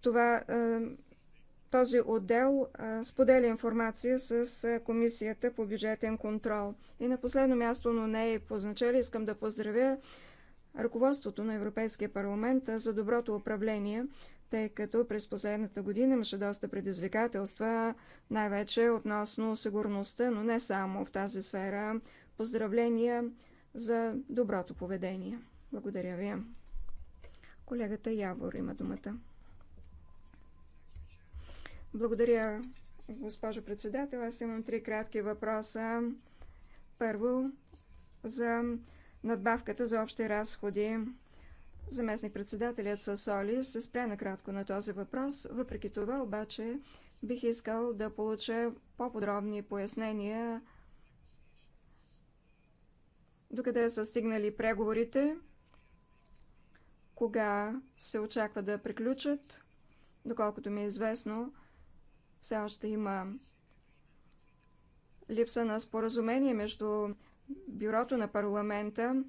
това, този отдел споделя информация с Комисията по бюджетен контрол? И на последно място, но не е по значение, искам да поздравя ръководството на Европейския парламент за доброто управление тъй като през последната година имаше доста предизвикателства, най-вече относно сигурността, но не само в тази сфера. Поздравления за доброто поведение. Благодаря ви. Колегата Явор има думата. Благодаря, госпожо председател. Аз имам три кратки въпроса. Първо, за надбавката за общи разходи. Заместник-председателят Сасоли се спря накратко на този въпрос. Въпреки това, обаче, бих искал да получа по-подробни пояснения докъде са стигнали преговорите, кога се очаква да приключат. Доколкото ми е известно, все още има липса на споразумение между Бюрото на парламента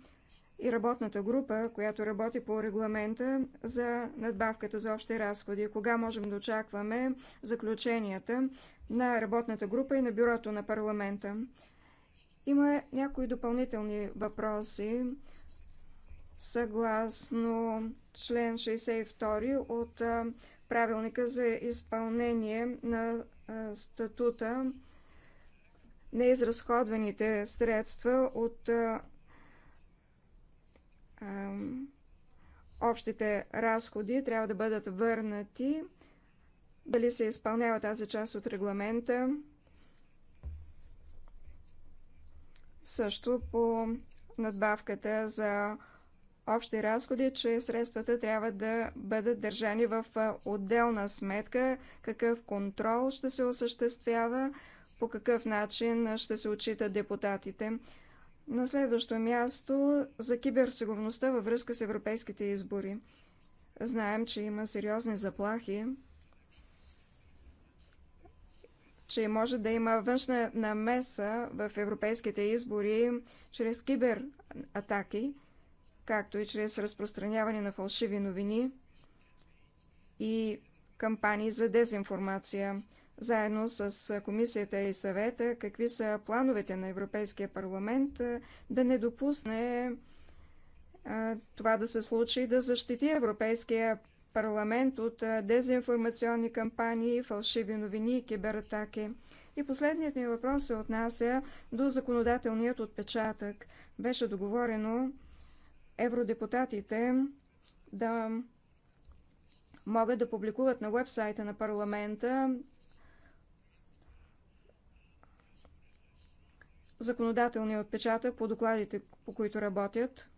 и работната група, която работи по регламента за надбавката за общи разходи. Кога можем да очакваме заключенията на работната група и на бюрото на парламента? Има някои допълнителни въпроси съгласно член 62 от правилника за изпълнение на статута неизразходваните средства от общите разходи трябва да бъдат върнати, дали се изпълнява тази част от регламента. Също по надбавката за общи разходи, че средствата трябва да бъдат държани в отделна сметка, какъв контрол ще се осъществява, по какъв начин ще се отчитат депутатите. На следващо място за киберсигурността във връзка с европейските избори. Знаем, че има сериозни заплахи, че може да има външна намеса в европейските избори чрез кибератаки, както и чрез разпространяване на фалшиви новини и кампании за дезинформация заедно с комисията и съвета, какви са плановете на Европейския парламент да не допусне това да се случи, да защити Европейския парламент от дезинформационни кампании, фалшиви новини и кибератаки. И последният ми въпрос се отнася до законодателният отпечатък. Беше договорено евродепутатите да могат да публикуват на вебсайта на парламента законодателния отпечатък по докладите, по които работят.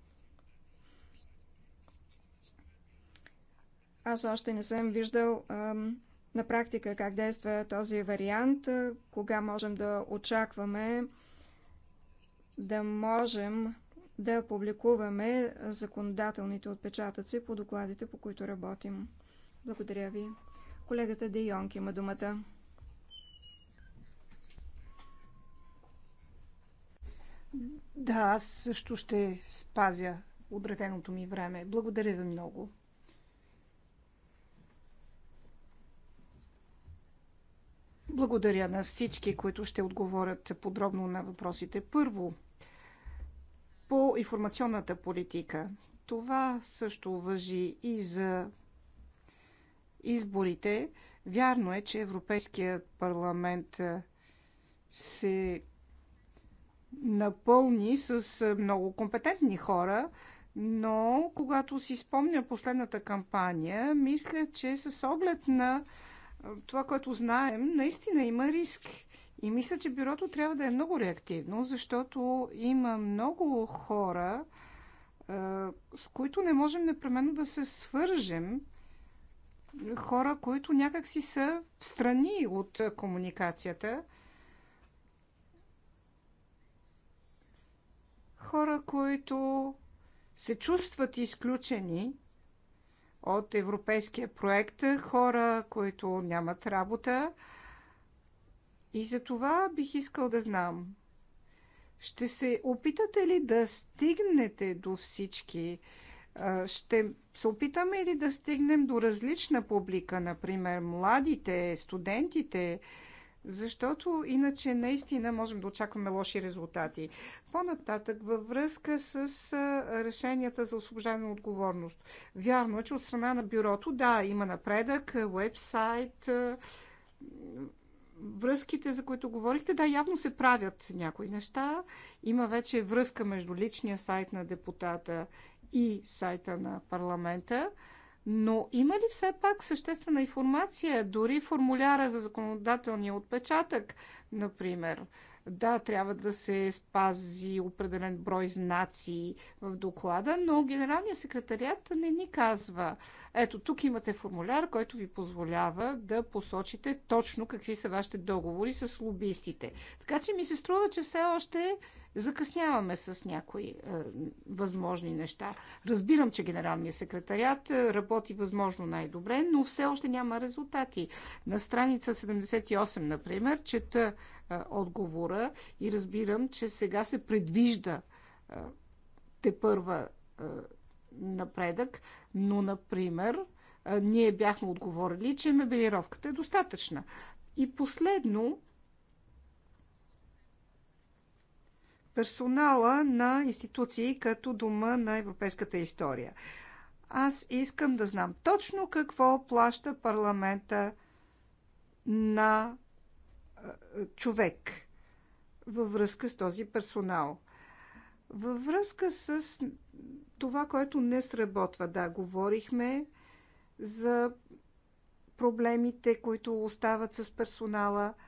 Аз още не съм виждал ам, на практика как действа този вариант, а, кога можем да очакваме да можем да публикуваме законодателните отпечатъци по докладите, по които работим. Благодаря ви. Колегата Де Йонг има думата. Да, аз също ще спазя обратеното ми време. Благодаря ви много. Благодаря на всички, които ще отговорят подробно на въпросите. Първо, по информационната политика. Това също въжи и за изборите. Вярно е, че Европейският парламент се напълни с е, много компетентни хора, но когато си спомня последната кампания, мисля, че с оглед на е, това, което знаем, наистина има риск. И мисля, че бюрото трябва да е много реактивно, защото има много хора, е, с които не можем непременно да се свържем. Хора, които някакси са в страни от комуникацията – Хора, които се чувстват изключени от европейския проект, хора, които нямат работа. И за това бих искал да знам. Ще се опитате ли да стигнете до всички? Ще се опитаме ли да стигнем до различна публика, например младите, студентите, защото иначе наистина можем да очакваме лоши резултати. По-нататък, във връзка с решенията за освобождане отговорност. Вярно е, че от страна на бюрото, да, има напредък, вебсайт, връзките, за които говорихте, да, явно се правят някои неща. Има вече връзка между личния сайт на депутата и сайта на парламента. Но има ли все пак съществена информация, дори формуляра за законодателния отпечатък, например? Да, трябва да се спази определен брой знаци в доклада, но Генералният секретарият не ни казва. Ето, тук имате формуляр, който ви позволява да посочите точно какви са вашите договори с лобистите. Така че ми се струва, че все още Закъсняваме с някои е, възможни неща. Разбирам, че генералният секретарят е, работи възможно най-добре, но все още няма резултати. На страница 78, например, чета е, отговора и разбирам, че сега се предвижда е, те първа е, напредък, но, например, е, ние бяхме отговорили, че мебелировката е достатъчна. И последно, персонала на институции като Дома на европейската история. Аз искам да знам точно какво плаща парламента на човек във връзка с този персонал. Във връзка с това, което не сработва, да, говорихме за проблемите, които остават с персонала –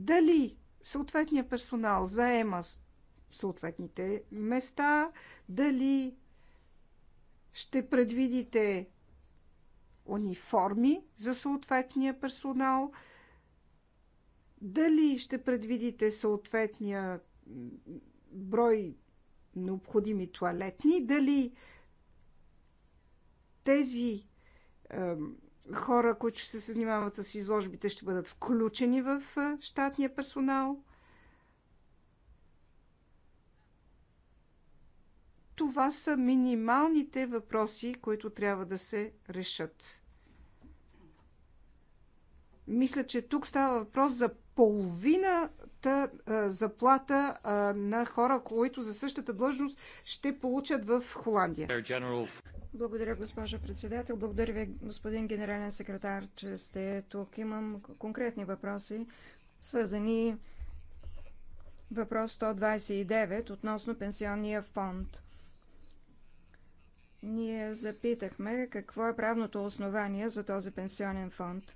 дали съответният персонал заема съответните места, дали ще предвидите униформи за съответния персонал, дали ще предвидите съответния брой необходими туалетни, дали тези хора, които ще се занимават с изложбите, ще бъдат включени в щатния персонал. Това са минималните въпроси, които трябва да се решат. Мисля, че тук става въпрос за половината заплата на хора, които за същата длъжност ще получат в Холандия. Благодаря, госпожа председател. Благодаря ви, господин генерален секретар, че сте тук. Имам конкретни въпроси, свързани въпрос 129 относно пенсионния фонд. Ние запитахме какво е правното основание за този пенсионен фонд,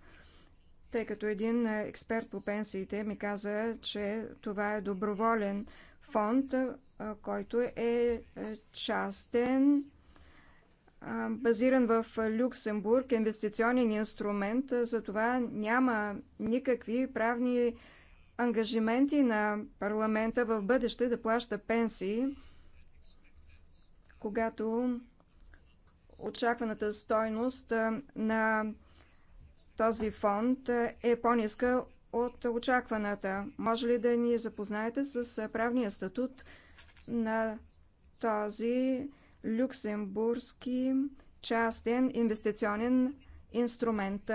тъй като един експерт по пенсиите ми каза, че това е доброволен фонд, който е, е частен базиран в Люксембург инвестиционен инструмент, за това няма никакви правни ангажименти на парламента в бъдеще да плаща пенсии, когато очакваната стойност на този фонд е по-ниска от очакваната. Може ли да ни запознаете с правния статут на този фонд? люксембургски частен инвестиционен инструмент.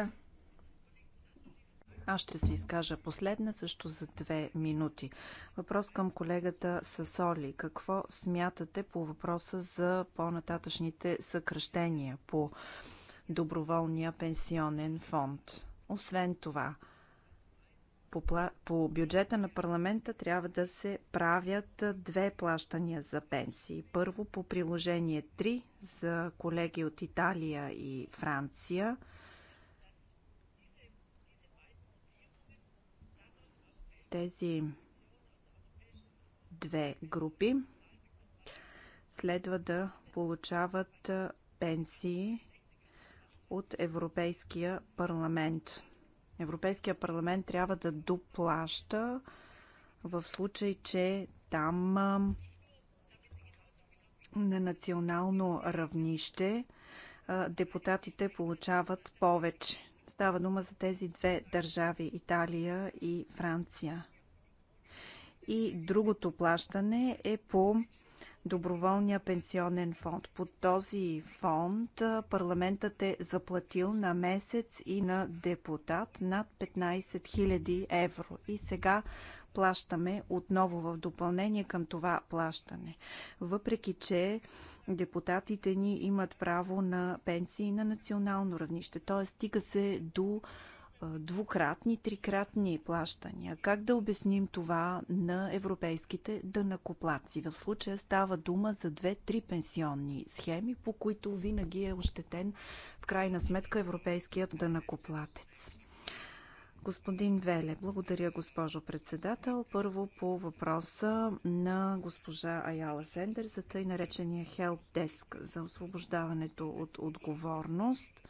Аз ще се изкажа последна също за две минути. Въпрос към колегата Сасоли. Какво смятате по въпроса за по-нататъчните съкръщения по доброволния пенсионен фонд? Освен това, по, по бюджета на парламента трябва да се правят две плащания за пенсии. Първо по приложение 3 за колеги от Италия и Франция. Тези две групи следва да получават пенсии от Европейския парламент. Европейския парламент трябва да доплаща в случай, че там на национално равнище депутатите получават повече. Става дума за тези две държави Италия и Франция. И другото плащане е по доброволния пенсионен фонд. По този фонд парламентът е заплатил на месец и на депутат над 15 000 евро. И сега плащаме отново в допълнение към това плащане. Въпреки, че депутатите ни имат право на пенсии на национално равнище, т.е. стига се до двукратни, трикратни плащания. Как да обясним това на европейските дънакоплаци? В случая става дума за две-три пенсионни схеми, по които винаги е ощетен в крайна сметка европейският дънакоплатец. Господин Веле, благодаря госпожо председател. Първо по въпроса на госпожа Аяла Сендер за тъй наречения Help Desk за освобождаването от отговорност.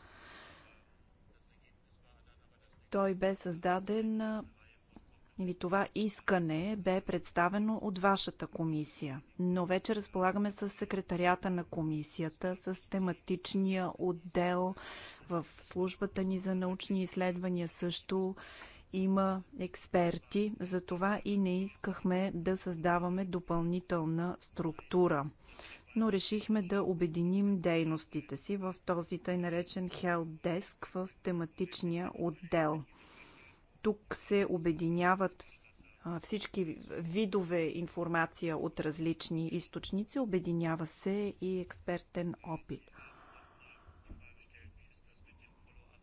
Той бе създаден или това искане бе представено от вашата комисия, но вече разполагаме с секретарията на комисията, с тематичния отдел в службата ни за научни изследвания също има експерти, затова и не искахме да създаваме допълнителна структура но решихме да обединим дейностите си в този тъй наречен Help Desk в тематичния отдел. Тук се обединяват всички видове информация от различни източници, обединява се и експертен опит.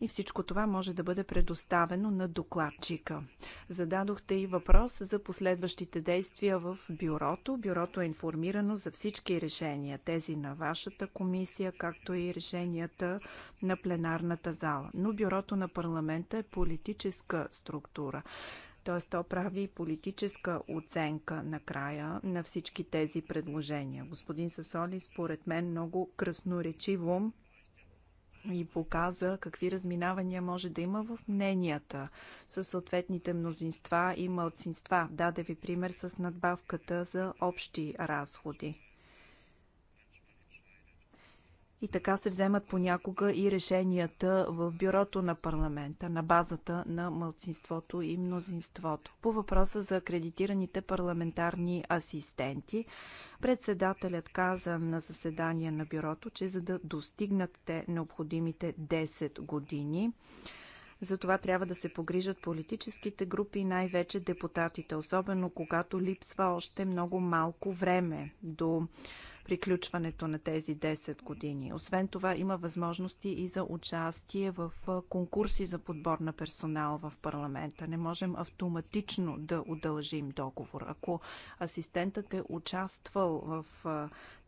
И всичко това може да бъде предоставено на докладчика. Зададохте и въпрос за последващите действия в бюрото. Бюрото е информирано за всички решения, тези на вашата комисия, както и решенията на пленарната зала. Но бюрото на парламента е политическа структура т.е. то прави политическа оценка накрая на всички тези предложения. Господин Сасоли, според мен, много красноречиво и показа какви разминавания може да има в мненията с съответните мнозинства и мълцинства. Даде ви пример с надбавката за общи разходи. И така се вземат понякога и решенията в бюрото на парламента, на базата на мълцинството и мнозинството. По въпроса за акредитираните парламентарни асистенти, Председателят каза на заседание на бюрото, че за да достигнат те необходимите 10 години, за това трябва да се погрижат политическите групи и най-вече депутатите, особено когато липсва още много малко време до приключването на тези 10 години. Освен това, има възможности и за участие в конкурси за подбор на персонал в парламента. Не можем автоматично да удължим договор. Ако асистентът е участвал в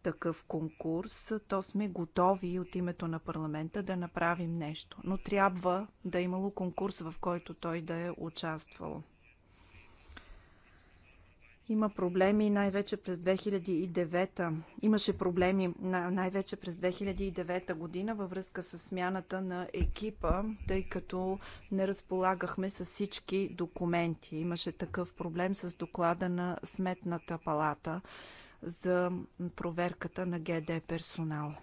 такъв конкурс, то сме готови от името на парламента да направим нещо. Но трябва да е имало конкурс, в който той да е участвал. Има проблеми най-вече през 2009. Имаше проблеми най-вече през 2009 година във връзка с смяната на екипа, тъй като не разполагахме с всички документи. Имаше такъв проблем с доклада на Сметната палата за проверката на ГД персонал.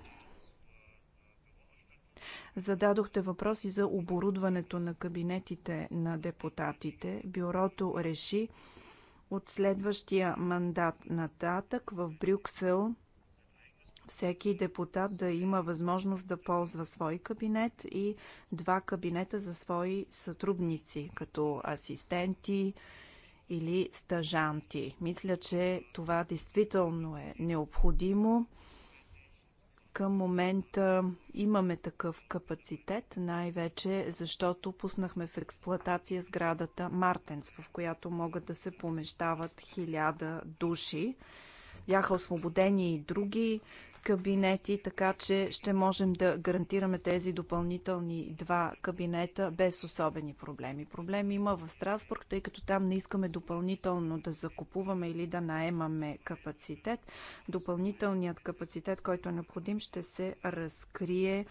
Зададохте въпроси за оборудването на кабинетите на депутатите. Бюрото реши от следващия мандат нататък в Брюксел всеки депутат да има възможност да ползва свой кабинет и два кабинета за свои сътрудници, като асистенти или стажанти. Мисля, че това действително е необходимо. Към момента имаме такъв капацитет, най-вече защото пуснахме в експлоатация сградата Мартенс, в която могат да се помещават хиляда души. Бяха освободени и други кабинети, така че ще можем да гарантираме тези допълнителни два кабинета без особени проблеми. Проблеми има в Страсбург, тъй като там не искаме допълнително да закупуваме или да наемаме капацитет. Допълнителният капацитет, който е необходим, ще се разкрие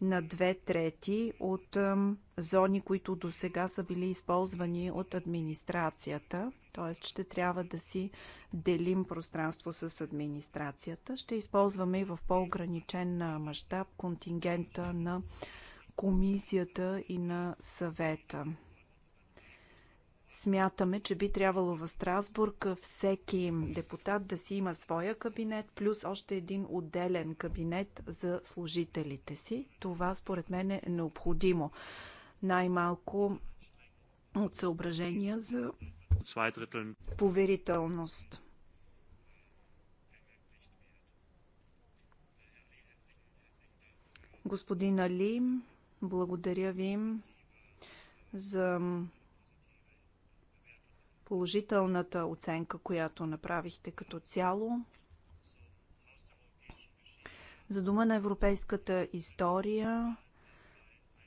на две трети от зони, които до сега са били използвани от администрацията т.е. ще трябва да си делим пространство с администрацията. Ще използваме и в по-ограничен мащаб контингента на комисията и на съвета. Смятаме, че би трябвало в Страсбург всеки депутат да си има своя кабинет, плюс още един отделен кабинет за служителите си. Това според мен е необходимо. Най-малко от съображения за Поверителност. Господин Али, благодаря ви за положителната оценка, която направихте като цяло. За дума на европейската история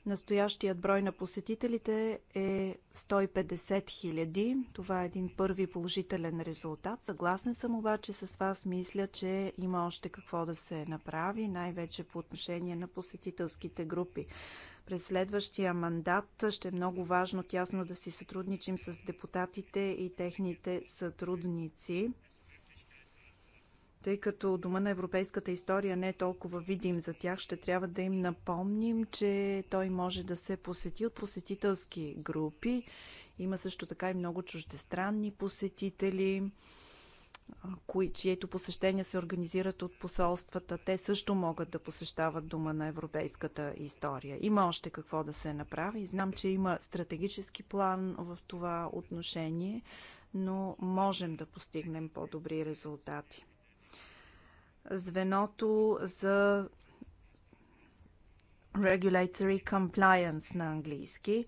Настоящият брой на посетителите е 150 хиляди. Това е един първи положителен резултат. Съгласен съм обаче с вас. Мисля, че има още какво да се направи, най-вече по отношение на посетителските групи. През следващия мандат ще е много важно тясно да си сътрудничим с депутатите и техните сътрудници. Тъй като Дома на европейската история не е толкова видим за тях, ще трябва да им напомним, че той може да се посети от посетителски групи. Има също така и много чуждестранни посетители кои, чието посещения се организират от посолствата, те също могат да посещават дома на европейската история. Има още какво да се направи. Знам, че има стратегически план в това отношение, но можем да постигнем по-добри резултати звеното за Regulatory Compliance на английски.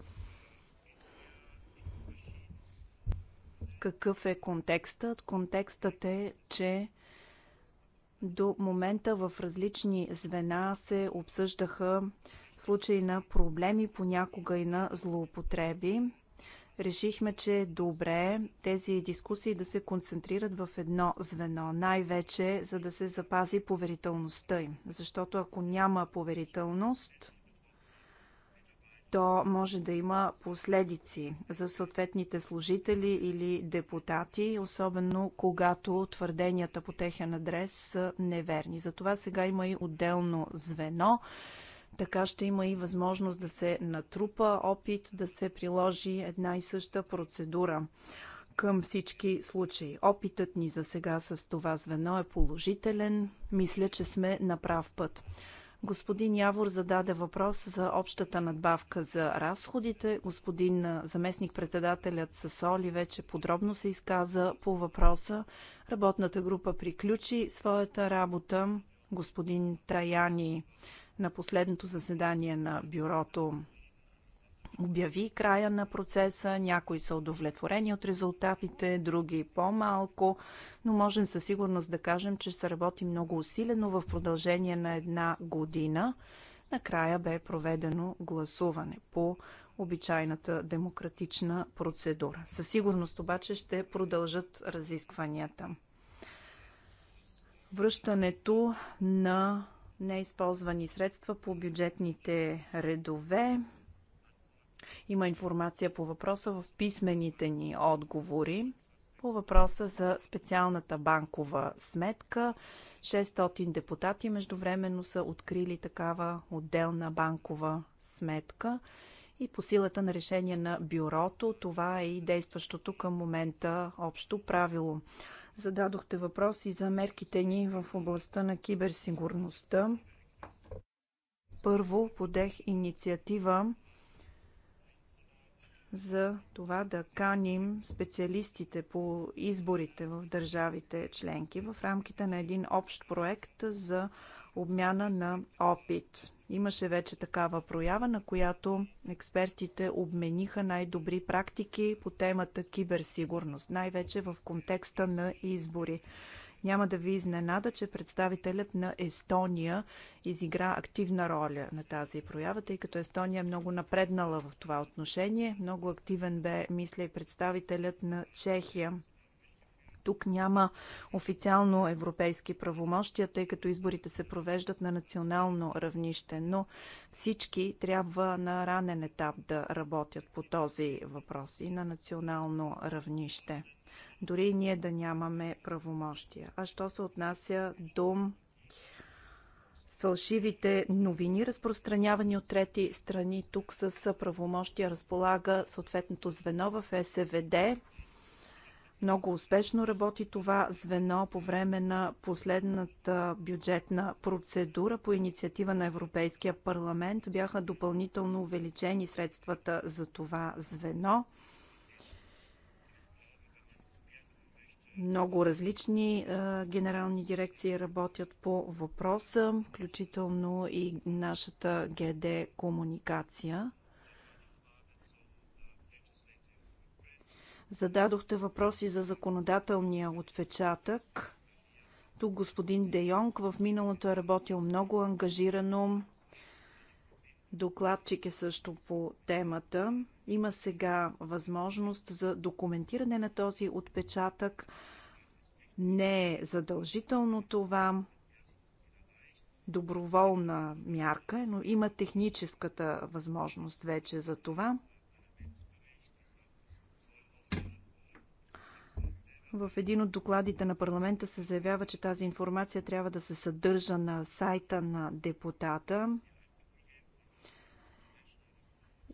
Какъв е контекстът? Контекстът е, че до момента в различни звена се обсъждаха случаи на проблеми, понякога и на злоупотреби решихме, че е добре тези дискусии да се концентрират в едно звено, най-вече за да се запази поверителността им. Защото ако няма поверителност, то може да има последици за съответните служители или депутати, особено когато твърденията по техен адрес са неверни. Затова сега има и отделно звено, така ще има и възможност да се натрупа опит, да се приложи една и съща процедура към всички случаи. Опитът ни за сега с това звено е положителен. Мисля, че сме на прав път. Господин Явор зададе въпрос за общата надбавка за разходите. Господин заместник-председателят Сасоли вече подробно се изказа по въпроса. Работната група приключи своята работа. Господин Таяни на последното заседание на бюрото обяви края на процеса. Някои са удовлетворени от резултатите, други по-малко, но можем със сигурност да кажем, че се работи много усилено в продължение на една година. Накрая бе проведено гласуване по обичайната демократична процедура. Със сигурност обаче ще продължат разискванията. Връщането на неизползвани средства по бюджетните редове. Има информация по въпроса в писмените ни отговори. По въпроса за специалната банкова сметка, 600 депутати междувременно са открили такава отделна банкова сметка и по силата на решение на бюрото това е и действащото към момента общо правило. Зададохте въпроси за мерките ни в областта на киберсигурността. Първо подех инициатива за това да каним специалистите по изборите в държавите членки в рамките на един общ проект за обмяна на опит. Имаше вече такава проява, на която експертите обмениха най-добри практики по темата киберсигурност, най-вече в контекста на избори. Няма да ви изненада, че представителят на Естония изигра активна роля на тази проява, тъй като Естония е много напреднала в това отношение. Много активен бе, мисля, и представителят на Чехия. Тук няма официално европейски правомощия, тъй като изборите се провеждат на национално равнище, но всички трябва на ранен етап да работят по този въпрос и на национално равнище. Дори и ние да нямаме правомощия. А що се отнася до с фалшивите новини, разпространявани от трети страни. Тук с правомощия разполага съответното звено в СВД. Много успешно работи това звено по време на последната бюджетна процедура по инициатива на Европейския парламент. Бяха допълнително увеличени средствата за това звено. Много различни е, генерални дирекции работят по въпроса, включително и нашата ГД комуникация. Зададохте въпроси за законодателния отпечатък. Тук господин Де Йонг в миналото е работил много ангажирано. Докладчик е също по темата. Има сега възможност за документиране на този отпечатък. Не е задължително това, доброволна мярка, е, но има техническата възможност вече за това. В един от докладите на парламента се заявява, че тази информация трябва да се съдържа на сайта на депутата.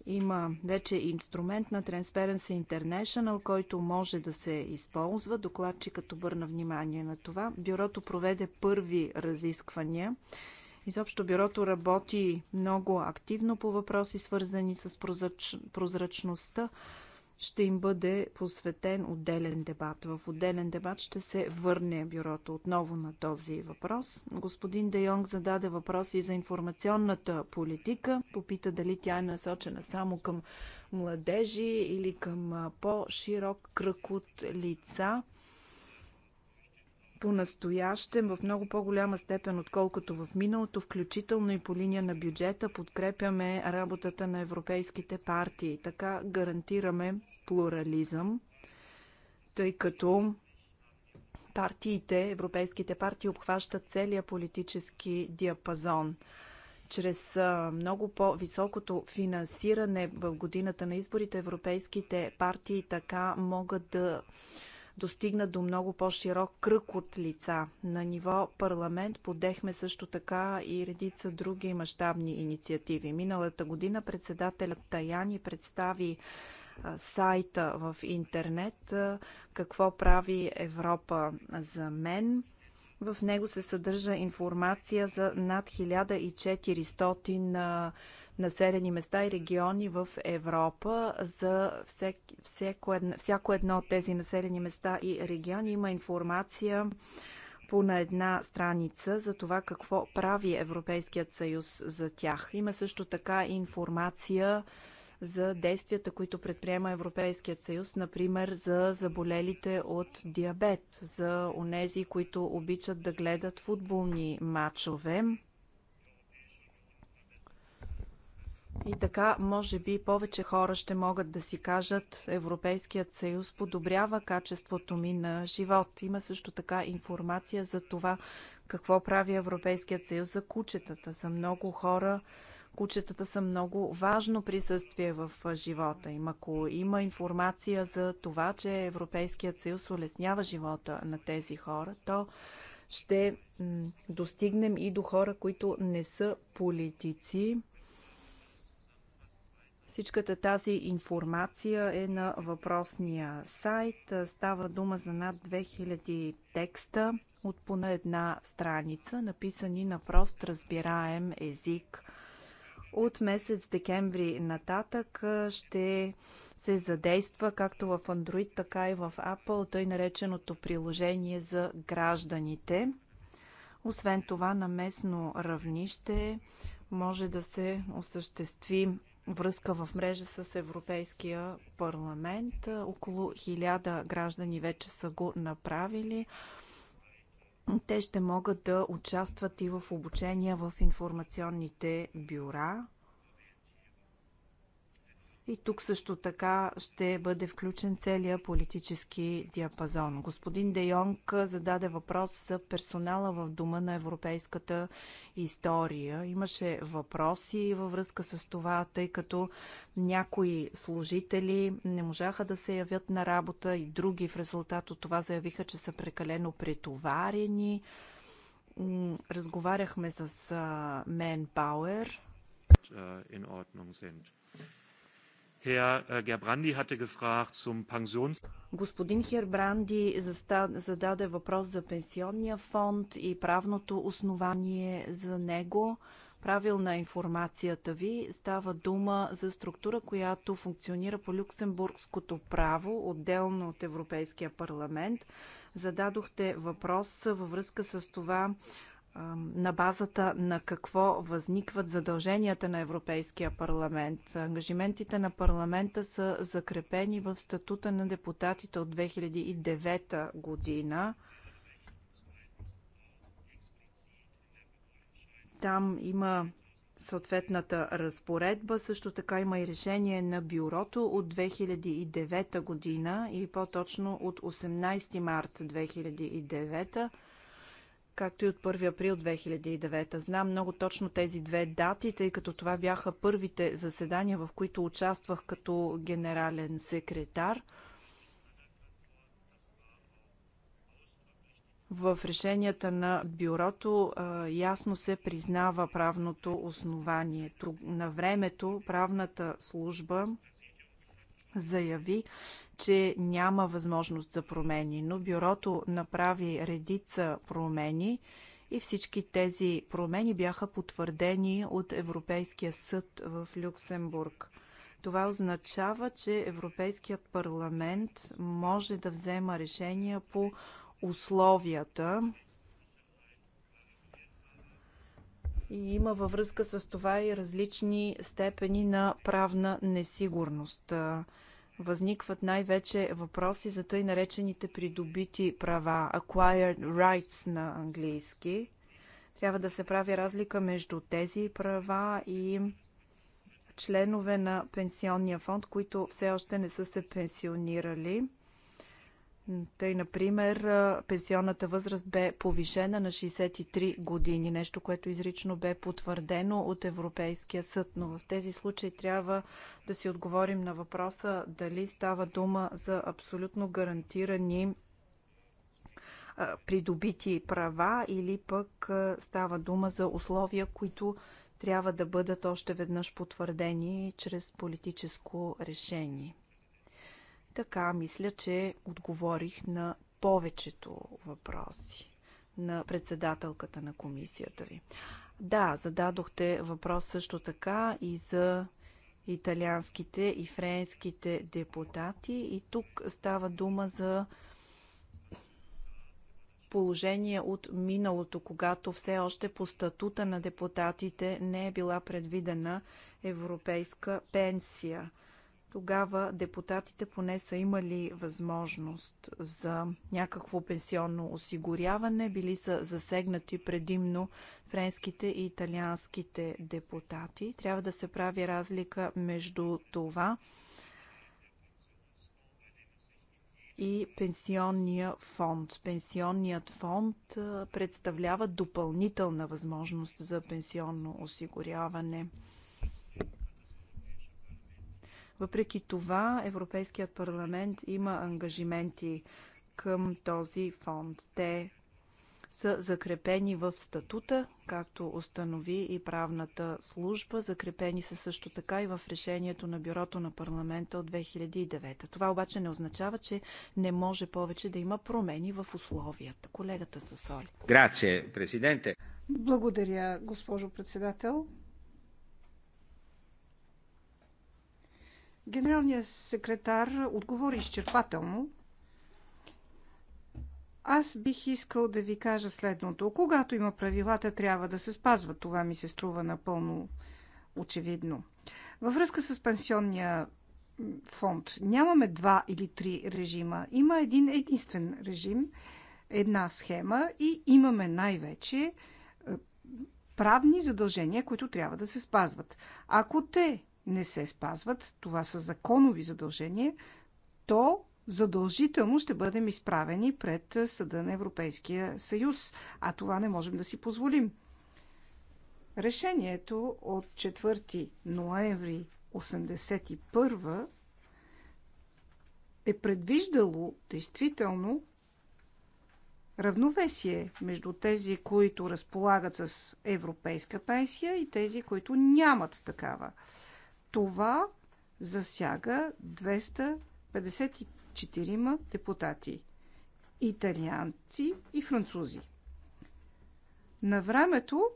Има вече инструмент на Transparency International, който може да се използва. Докладчикът обърна внимание на това. Бюрото проведе първи разисквания. Изобщо бюрото работи много активно по въпроси, свързани с прозрач... прозрачността ще им бъде посветен отделен дебат. В отделен дебат ще се върне бюрото отново на този въпрос. Господин Де Йонг зададе въпроси за информационната политика. Попита дали тя е насочена само към младежи или към по-широк кръг от лица по-настоящем в много по-голяма степен, отколкото в миналото, включително и по линия на бюджета, подкрепяме работата на европейските партии. Така гарантираме плурализъм, тъй като партиите, европейските партии обхващат целия политически диапазон чрез много по-високото финансиране в годината на изборите, европейските партии така могат да достигна до много по-широк кръг от лица. На ниво парламент подехме също така и редица други мащабни инициативи. Миналата година председателят Таяни представи сайта в интернет Какво прави Европа за мен? В него се съдържа информация за над 1400 населени места и региони в Европа. За всяко едно, всяко едно от тези населени места и региони има информация по на една страница за това какво прави Европейският съюз за тях. Има също така информация за действията, които предприема Европейският съюз, например за заболелите от диабет, за онези, които обичат да гледат футболни матчове. И така, може би, повече хора ще могат да си кажат, Европейският съюз подобрява качеството ми на живот. Има също така информация за това, какво прави Европейският съюз за кучетата. За много хора кучетата са много важно присъствие в живота им. Ако има информация за това, че Европейският съюз улеснява живота на тези хора, то ще достигнем и до хора, които не са политици, Всичката тази информация е на въпросния сайт. Става дума за над 2000 текста от поне една страница, написани на прост разбираем език. От месец декември нататък ще се задейства както в Android, така и в Apple, тъй нареченото приложение за гражданите. Освен това, на местно равнище може да се осъществи връзка в мрежа с Европейския парламент. Около хиляда граждани вече са го направили. Те ще могат да участват и в обучения в информационните бюра. И тук също така ще бъде включен целият политически диапазон. Господин Де Йонг зададе въпрос за персонала в Дома на европейската история. Имаше въпроси във връзка с това, тъй като някои служители не можаха да се явят на работа и други в резултат от това заявиха, че са прекалено претоварени. Разговаряхме с Мен Пауер. In Ordnung sind. Äh, Господин Хербранди зададе въпрос за пенсионния фонд и правното основание за него. Правилна информацията ви става дума за структура, която функционира по люксембургското право, отделно от Европейския парламент. Зададохте въпрос във връзка с това на базата на какво възникват задълженията на Европейския парламент. Ангажиментите на парламента са закрепени в статута на депутатите от 2009 година. Там има съответната разпоредба. Също така има и решение на бюрото от 2009 година и по-точно от 18 март 2009 година както и от 1 април 2009. Знам много точно тези две дати, тъй като това бяха първите заседания, в които участвах като генерален секретар. В решенията на бюрото а, ясно се признава правното основание. На времето правната служба заяви, че няма възможност за промени, но бюрото направи редица промени и всички тези промени бяха потвърдени от Европейския съд в Люксембург. Това означава, че Европейският парламент може да взема решения по условията и има във връзка с това и различни степени на правна несигурност възникват най-вече въпроси за тъй наречените придобити права, acquired rights на английски. Трябва да се прави разлика между тези права и членове на пенсионния фонд, които все още не са се пенсионирали. Тъй, например, пенсионната възраст бе повишена на 63 години, нещо, което изрично бе потвърдено от Европейския съд. Но в тези случаи трябва да си отговорим на въпроса дали става дума за абсолютно гарантирани придобити права или пък става дума за условия, които трябва да бъдат още веднъж потвърдени чрез политическо решение. Така, мисля, че отговорих на повечето въпроси на председателката на комисията ви. Да, зададохте въпрос също така и за италианските и френските депутати. И тук става дума за положение от миналото, когато все още по статута на депутатите не е била предвидена европейска пенсия – тогава депутатите поне са имали възможност за някакво пенсионно осигуряване, били са засегнати предимно френските и италианските депутати. Трябва да се прави разлика между това и пенсионния фонд. Пенсионният фонд представлява допълнителна възможност за пенсионно осигуряване – въпреки това, Европейският парламент има ангажименти към този фонд. Те са закрепени в статута, както установи и правната служба. Закрепени са също така и в решението на бюрото на парламента от 2009. Това обаче не означава, че не може повече да има промени в условията. Колегата Сасоли. Грация, президенте. Благодаря, госпожо председател. Генералният секретар отговори изчерпателно. Аз бих искал да ви кажа следното. Когато има правилата, трябва да се спазват. Това ми се струва напълно очевидно. Във връзка с пенсионния фонд нямаме два или три режима. Има един единствен режим, една схема и имаме най-вече е, правни задължения, които трябва да се спазват. Ако те не се спазват, това са законови задължения, то задължително ще бъдем изправени пред Съда на Европейския съюз, а това не можем да си позволим. Решението от 4 ноември 81 е предвиждало действително равновесие между тези, които разполагат с европейска пенсия и тези, които нямат такава. Това засяга 254 депутати – италианци и французи. На времето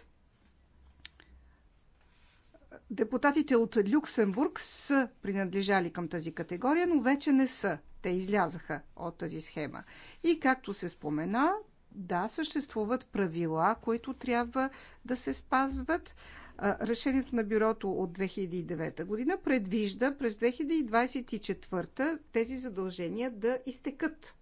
депутатите от Люксембург са принадлежали към тази категория, но вече не са. Те излязаха от тази схема. И както се спомена, да, съществуват правила, които трябва да се спазват. Решението на бюрото от 2009 година предвижда през 2024 тези задължения да изтекат.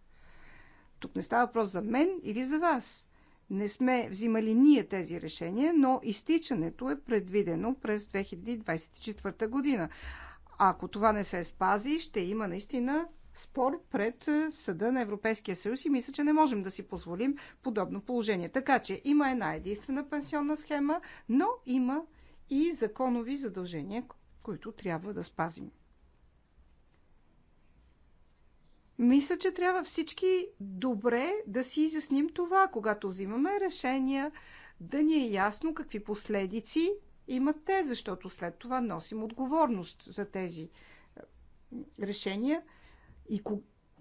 Тук не става въпрос за мен или за вас. Не сме взимали ние тези решения, но изтичането е предвидено през 2024 година. Ако това не се спази, ще има наистина спор пред е, Съда на Европейския съюз и мисля, че не можем да си позволим подобно положение. Така че има една единствена пенсионна схема, но има и законови задължения, които трябва да спазим. Мисля, че трябва всички добре да си изясним това, когато взимаме решения, да ни е ясно какви последици имат те, защото след това носим отговорност за тези е, решения – и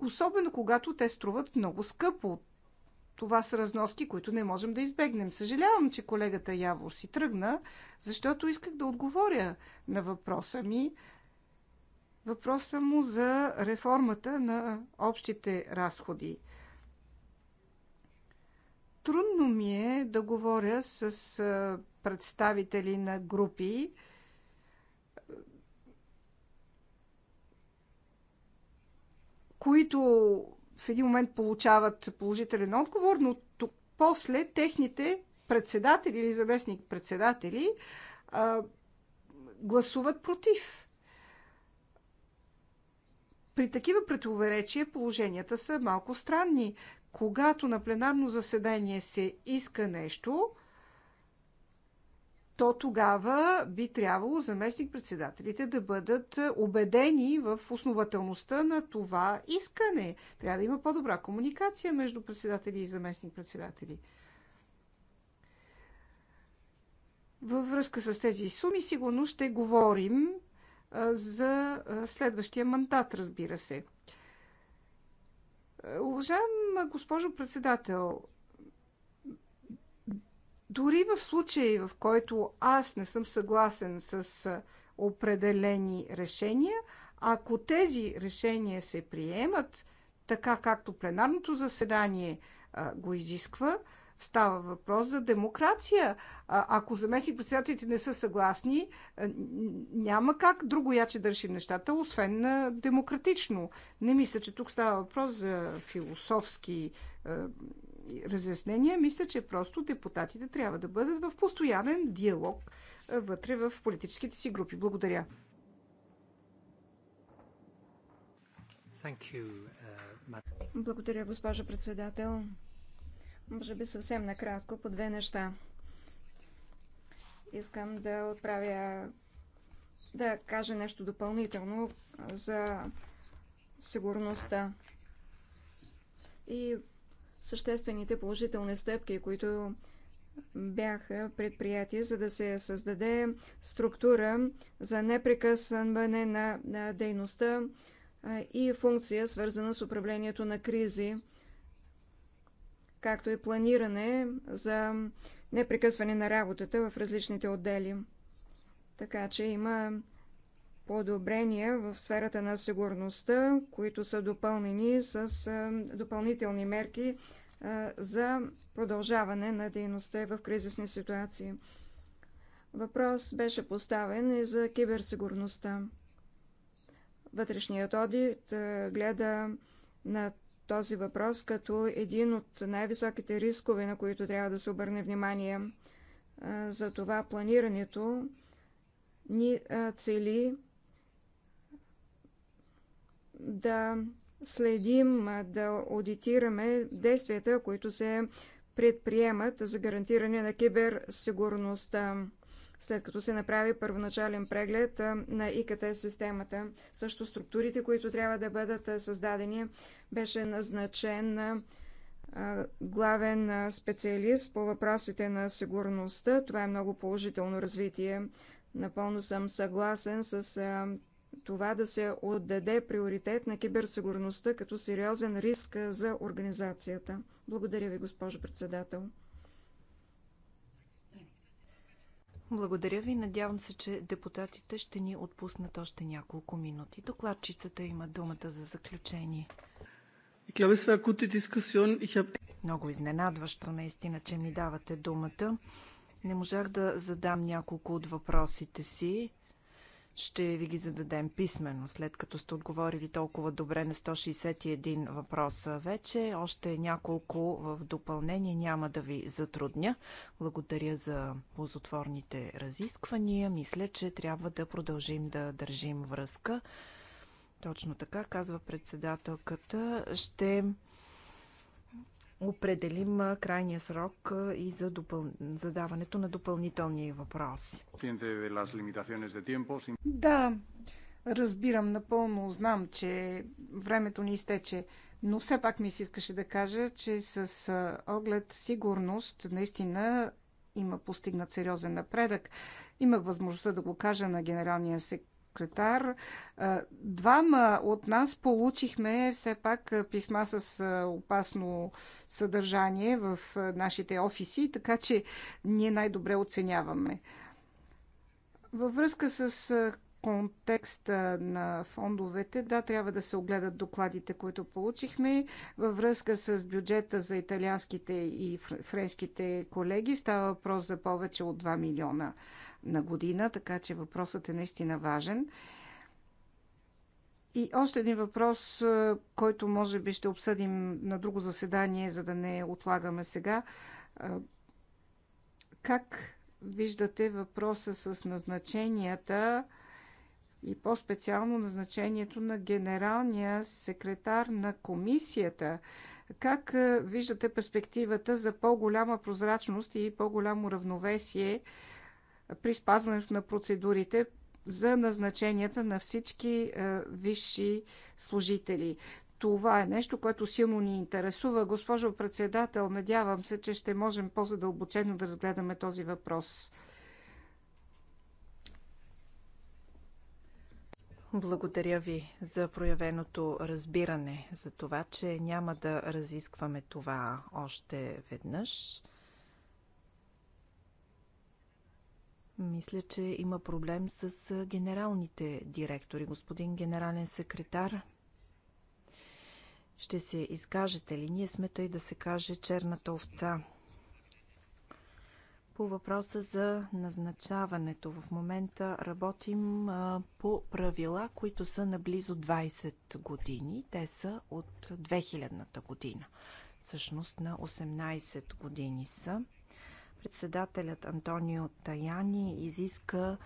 особено когато те струват много скъпо. Това са разноски, които не можем да избегнем. Съжалявам, че колегата Яво си тръгна, защото исках да отговоря на въпроса ми. Въпроса му за реформата на общите разходи. Трудно ми е да говоря с представители на групи, които в един момент получават положителен отговор, но тук после техните председатели или заместник-председатели гласуват против. При такива противоречия положенията са малко странни. Когато на пленарно заседание се иска нещо, то тогава би трябвало заместник-председателите да бъдат е, убедени в основателността на това искане. Трябва да има по-добра комуникация между председатели и заместник-председатели. Във връзка с тези суми сигурно ще говорим е, за е, следващия мандат, разбира се. Уважаема госпожо председател, дори в случай, в който аз не съм съгласен с определени решения, ако тези решения се приемат така, както пленарното заседание а, го изисква, става въпрос за демокрация. А, ако заместник председателите не са съгласни, а, няма как друго яче да решим нещата, освен а, демократично. Не мисля, че тук става въпрос за философски а, разяснения, мисля, че просто депутатите трябва да бъдат в постоянен диалог вътре в политическите си групи. Благодаря. Uh, Благодаря, госпожа председател. Може би съвсем накратко по две неща. Искам да отправя да кажа нещо допълнително за сигурността. И съществените положителни стъпки, които бяха предприяти, за да се създаде структура за непрекъсване на, на дейността и функция, свързана с управлението на кризи, както и планиране за непрекъсване на работата в различните отдели. Така че има подобрения в сферата на сигурността, които са допълнени с допълнителни мерки за продължаване на дейността в кризисни ситуации. Въпрос беше поставен и за киберсигурността. Вътрешният одит гледа на този въпрос като един от най-високите рискове, на които трябва да се обърне внимание. за това, планирането ни цели да следим, да аудитираме действията, които се предприемат за гарантиране на киберсигурността, след като се направи първоначален преглед на ИКТ системата. Също структурите, които трябва да бъдат създадени, беше назначен главен специалист по въпросите на сигурността. Това е много положително развитие. Напълно съм съгласен с това да се отдаде приоритет на киберсигурността като сериозен риск за организацията. Благодаря ви, госпожо председател. Благодаря ви. Надявам се, че депутатите ще ни отпуснат още няколко минути. Докладчицата има думата за заключение. Много изненадващо наистина, че ми давате думата. Не можах да задам няколко от въпросите си. Ще ви ги зададем писменно, след като сте отговорили толкова добре на 161 въпроса вече. Още няколко в допълнение няма да ви затрудня. Благодаря за ползотворните разисквания. Мисля, че трябва да продължим да държим връзка. Точно така, казва председателката. Ще определим крайния срок и за допъл... задаването на допълнителни въпроси. Да, разбирам напълно, знам, че времето ни изтече, но все пак ми се искаше да кажа, че с оглед сигурност наистина има постигнат сериозен напредък. Имах възможността да го кажа на генералния секретар секретар. Двама от нас получихме все пак писма с опасно съдържание в нашите офиси, така че ние най-добре оценяваме. Във връзка с контекста на фондовете, да, трябва да се огледат докладите, които получихме. Във връзка с бюджета за италианските и френските колеги става въпрос за повече от 2 милиона на година, така че въпросът е наистина важен. И още един въпрос, е, който може би ще обсъдим на друго заседание, за да не отлагаме сега. Е, как виждате въпроса с назначенията и по-специално назначението на генералния секретар на комисията? Как е, виждате перспективата за по-голяма прозрачност и по-голямо равновесие при спазването на процедурите за назначенията на всички е, висши служители. Това е нещо, което силно ни интересува. Госпожо председател, надявам се, че ще можем по-задълбочено да разгледаме този въпрос. Благодаря ви за проявеното разбиране за това, че няма да разискваме това още веднъж. Мисля, че има проблем с генералните директори. Господин генерален секретар, ще се изкажете ли? Ние сме тъй да се каже черната овца. По въпроса за назначаването в момента работим по правила, които са на близо 20 години. Те са от 2000-та година. Всъщност на 18 години са. Председателят Антонио Таяни изиска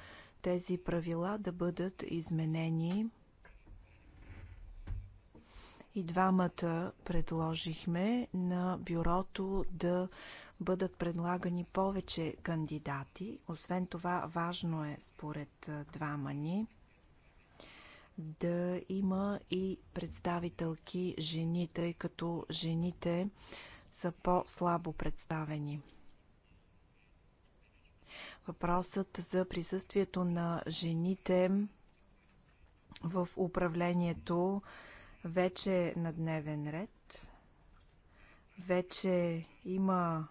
тези правила да бъдат изменени. И двамата предложихме на бюрото да бъдат предлагани повече кандидати. Освен това, важно е според двама ни да има и представителки жени, тъй като жените са по-слабо представени. Въпросът за присъствието на жените в управлението вече е на дневен ред. Вече има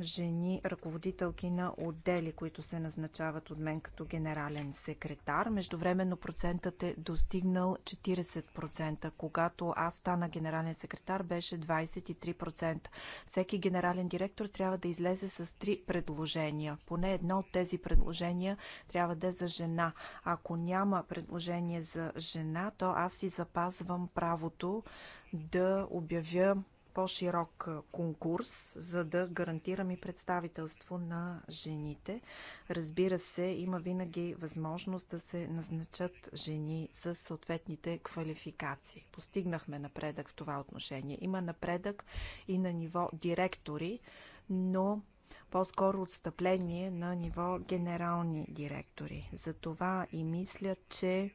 жени ръководителки на отдели, които се назначават от мен като генерален секретар. Междувременно процентът е достигнал 40%. Когато аз стана генерален секретар, беше 23%. Всеки генерален директор трябва да излезе с три предложения. Поне едно от тези предложения трябва да е за жена. Ако няма предложение за жена, то аз си запазвам правото да обявя по-широк конкурс, за да гарантираме представителство на жените. Разбира се, има винаги възможност да се назначат жени с съответните квалификации. Постигнахме напредък в това отношение. Има напредък и на ниво директори, но по-скоро отстъпление на ниво генерални директори. Затова и мисля, че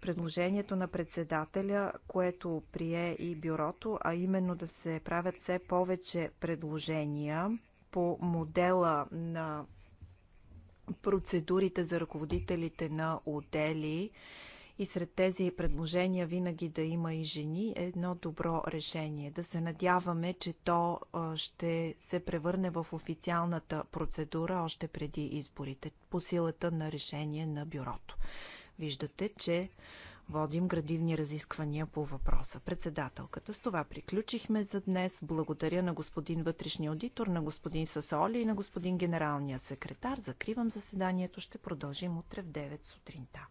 предложението на председателя, което прие и бюрото, а именно да се правят все повече предложения по модела на процедурите за ръководителите на отдели и сред тези предложения винаги да има и жени е едно добро решение. Да се надяваме, че то ще се превърне в официалната процедура още преди изборите по силата на решение на бюрото. Виждате, че водим градивни разисквания по въпроса. Председателката, с това приключихме за днес. Благодаря на господин вътрешния аудитор, на господин Сасоли и на господин генералния секретар. Закривам заседанието. Ще продължим утре в 9 сутринта.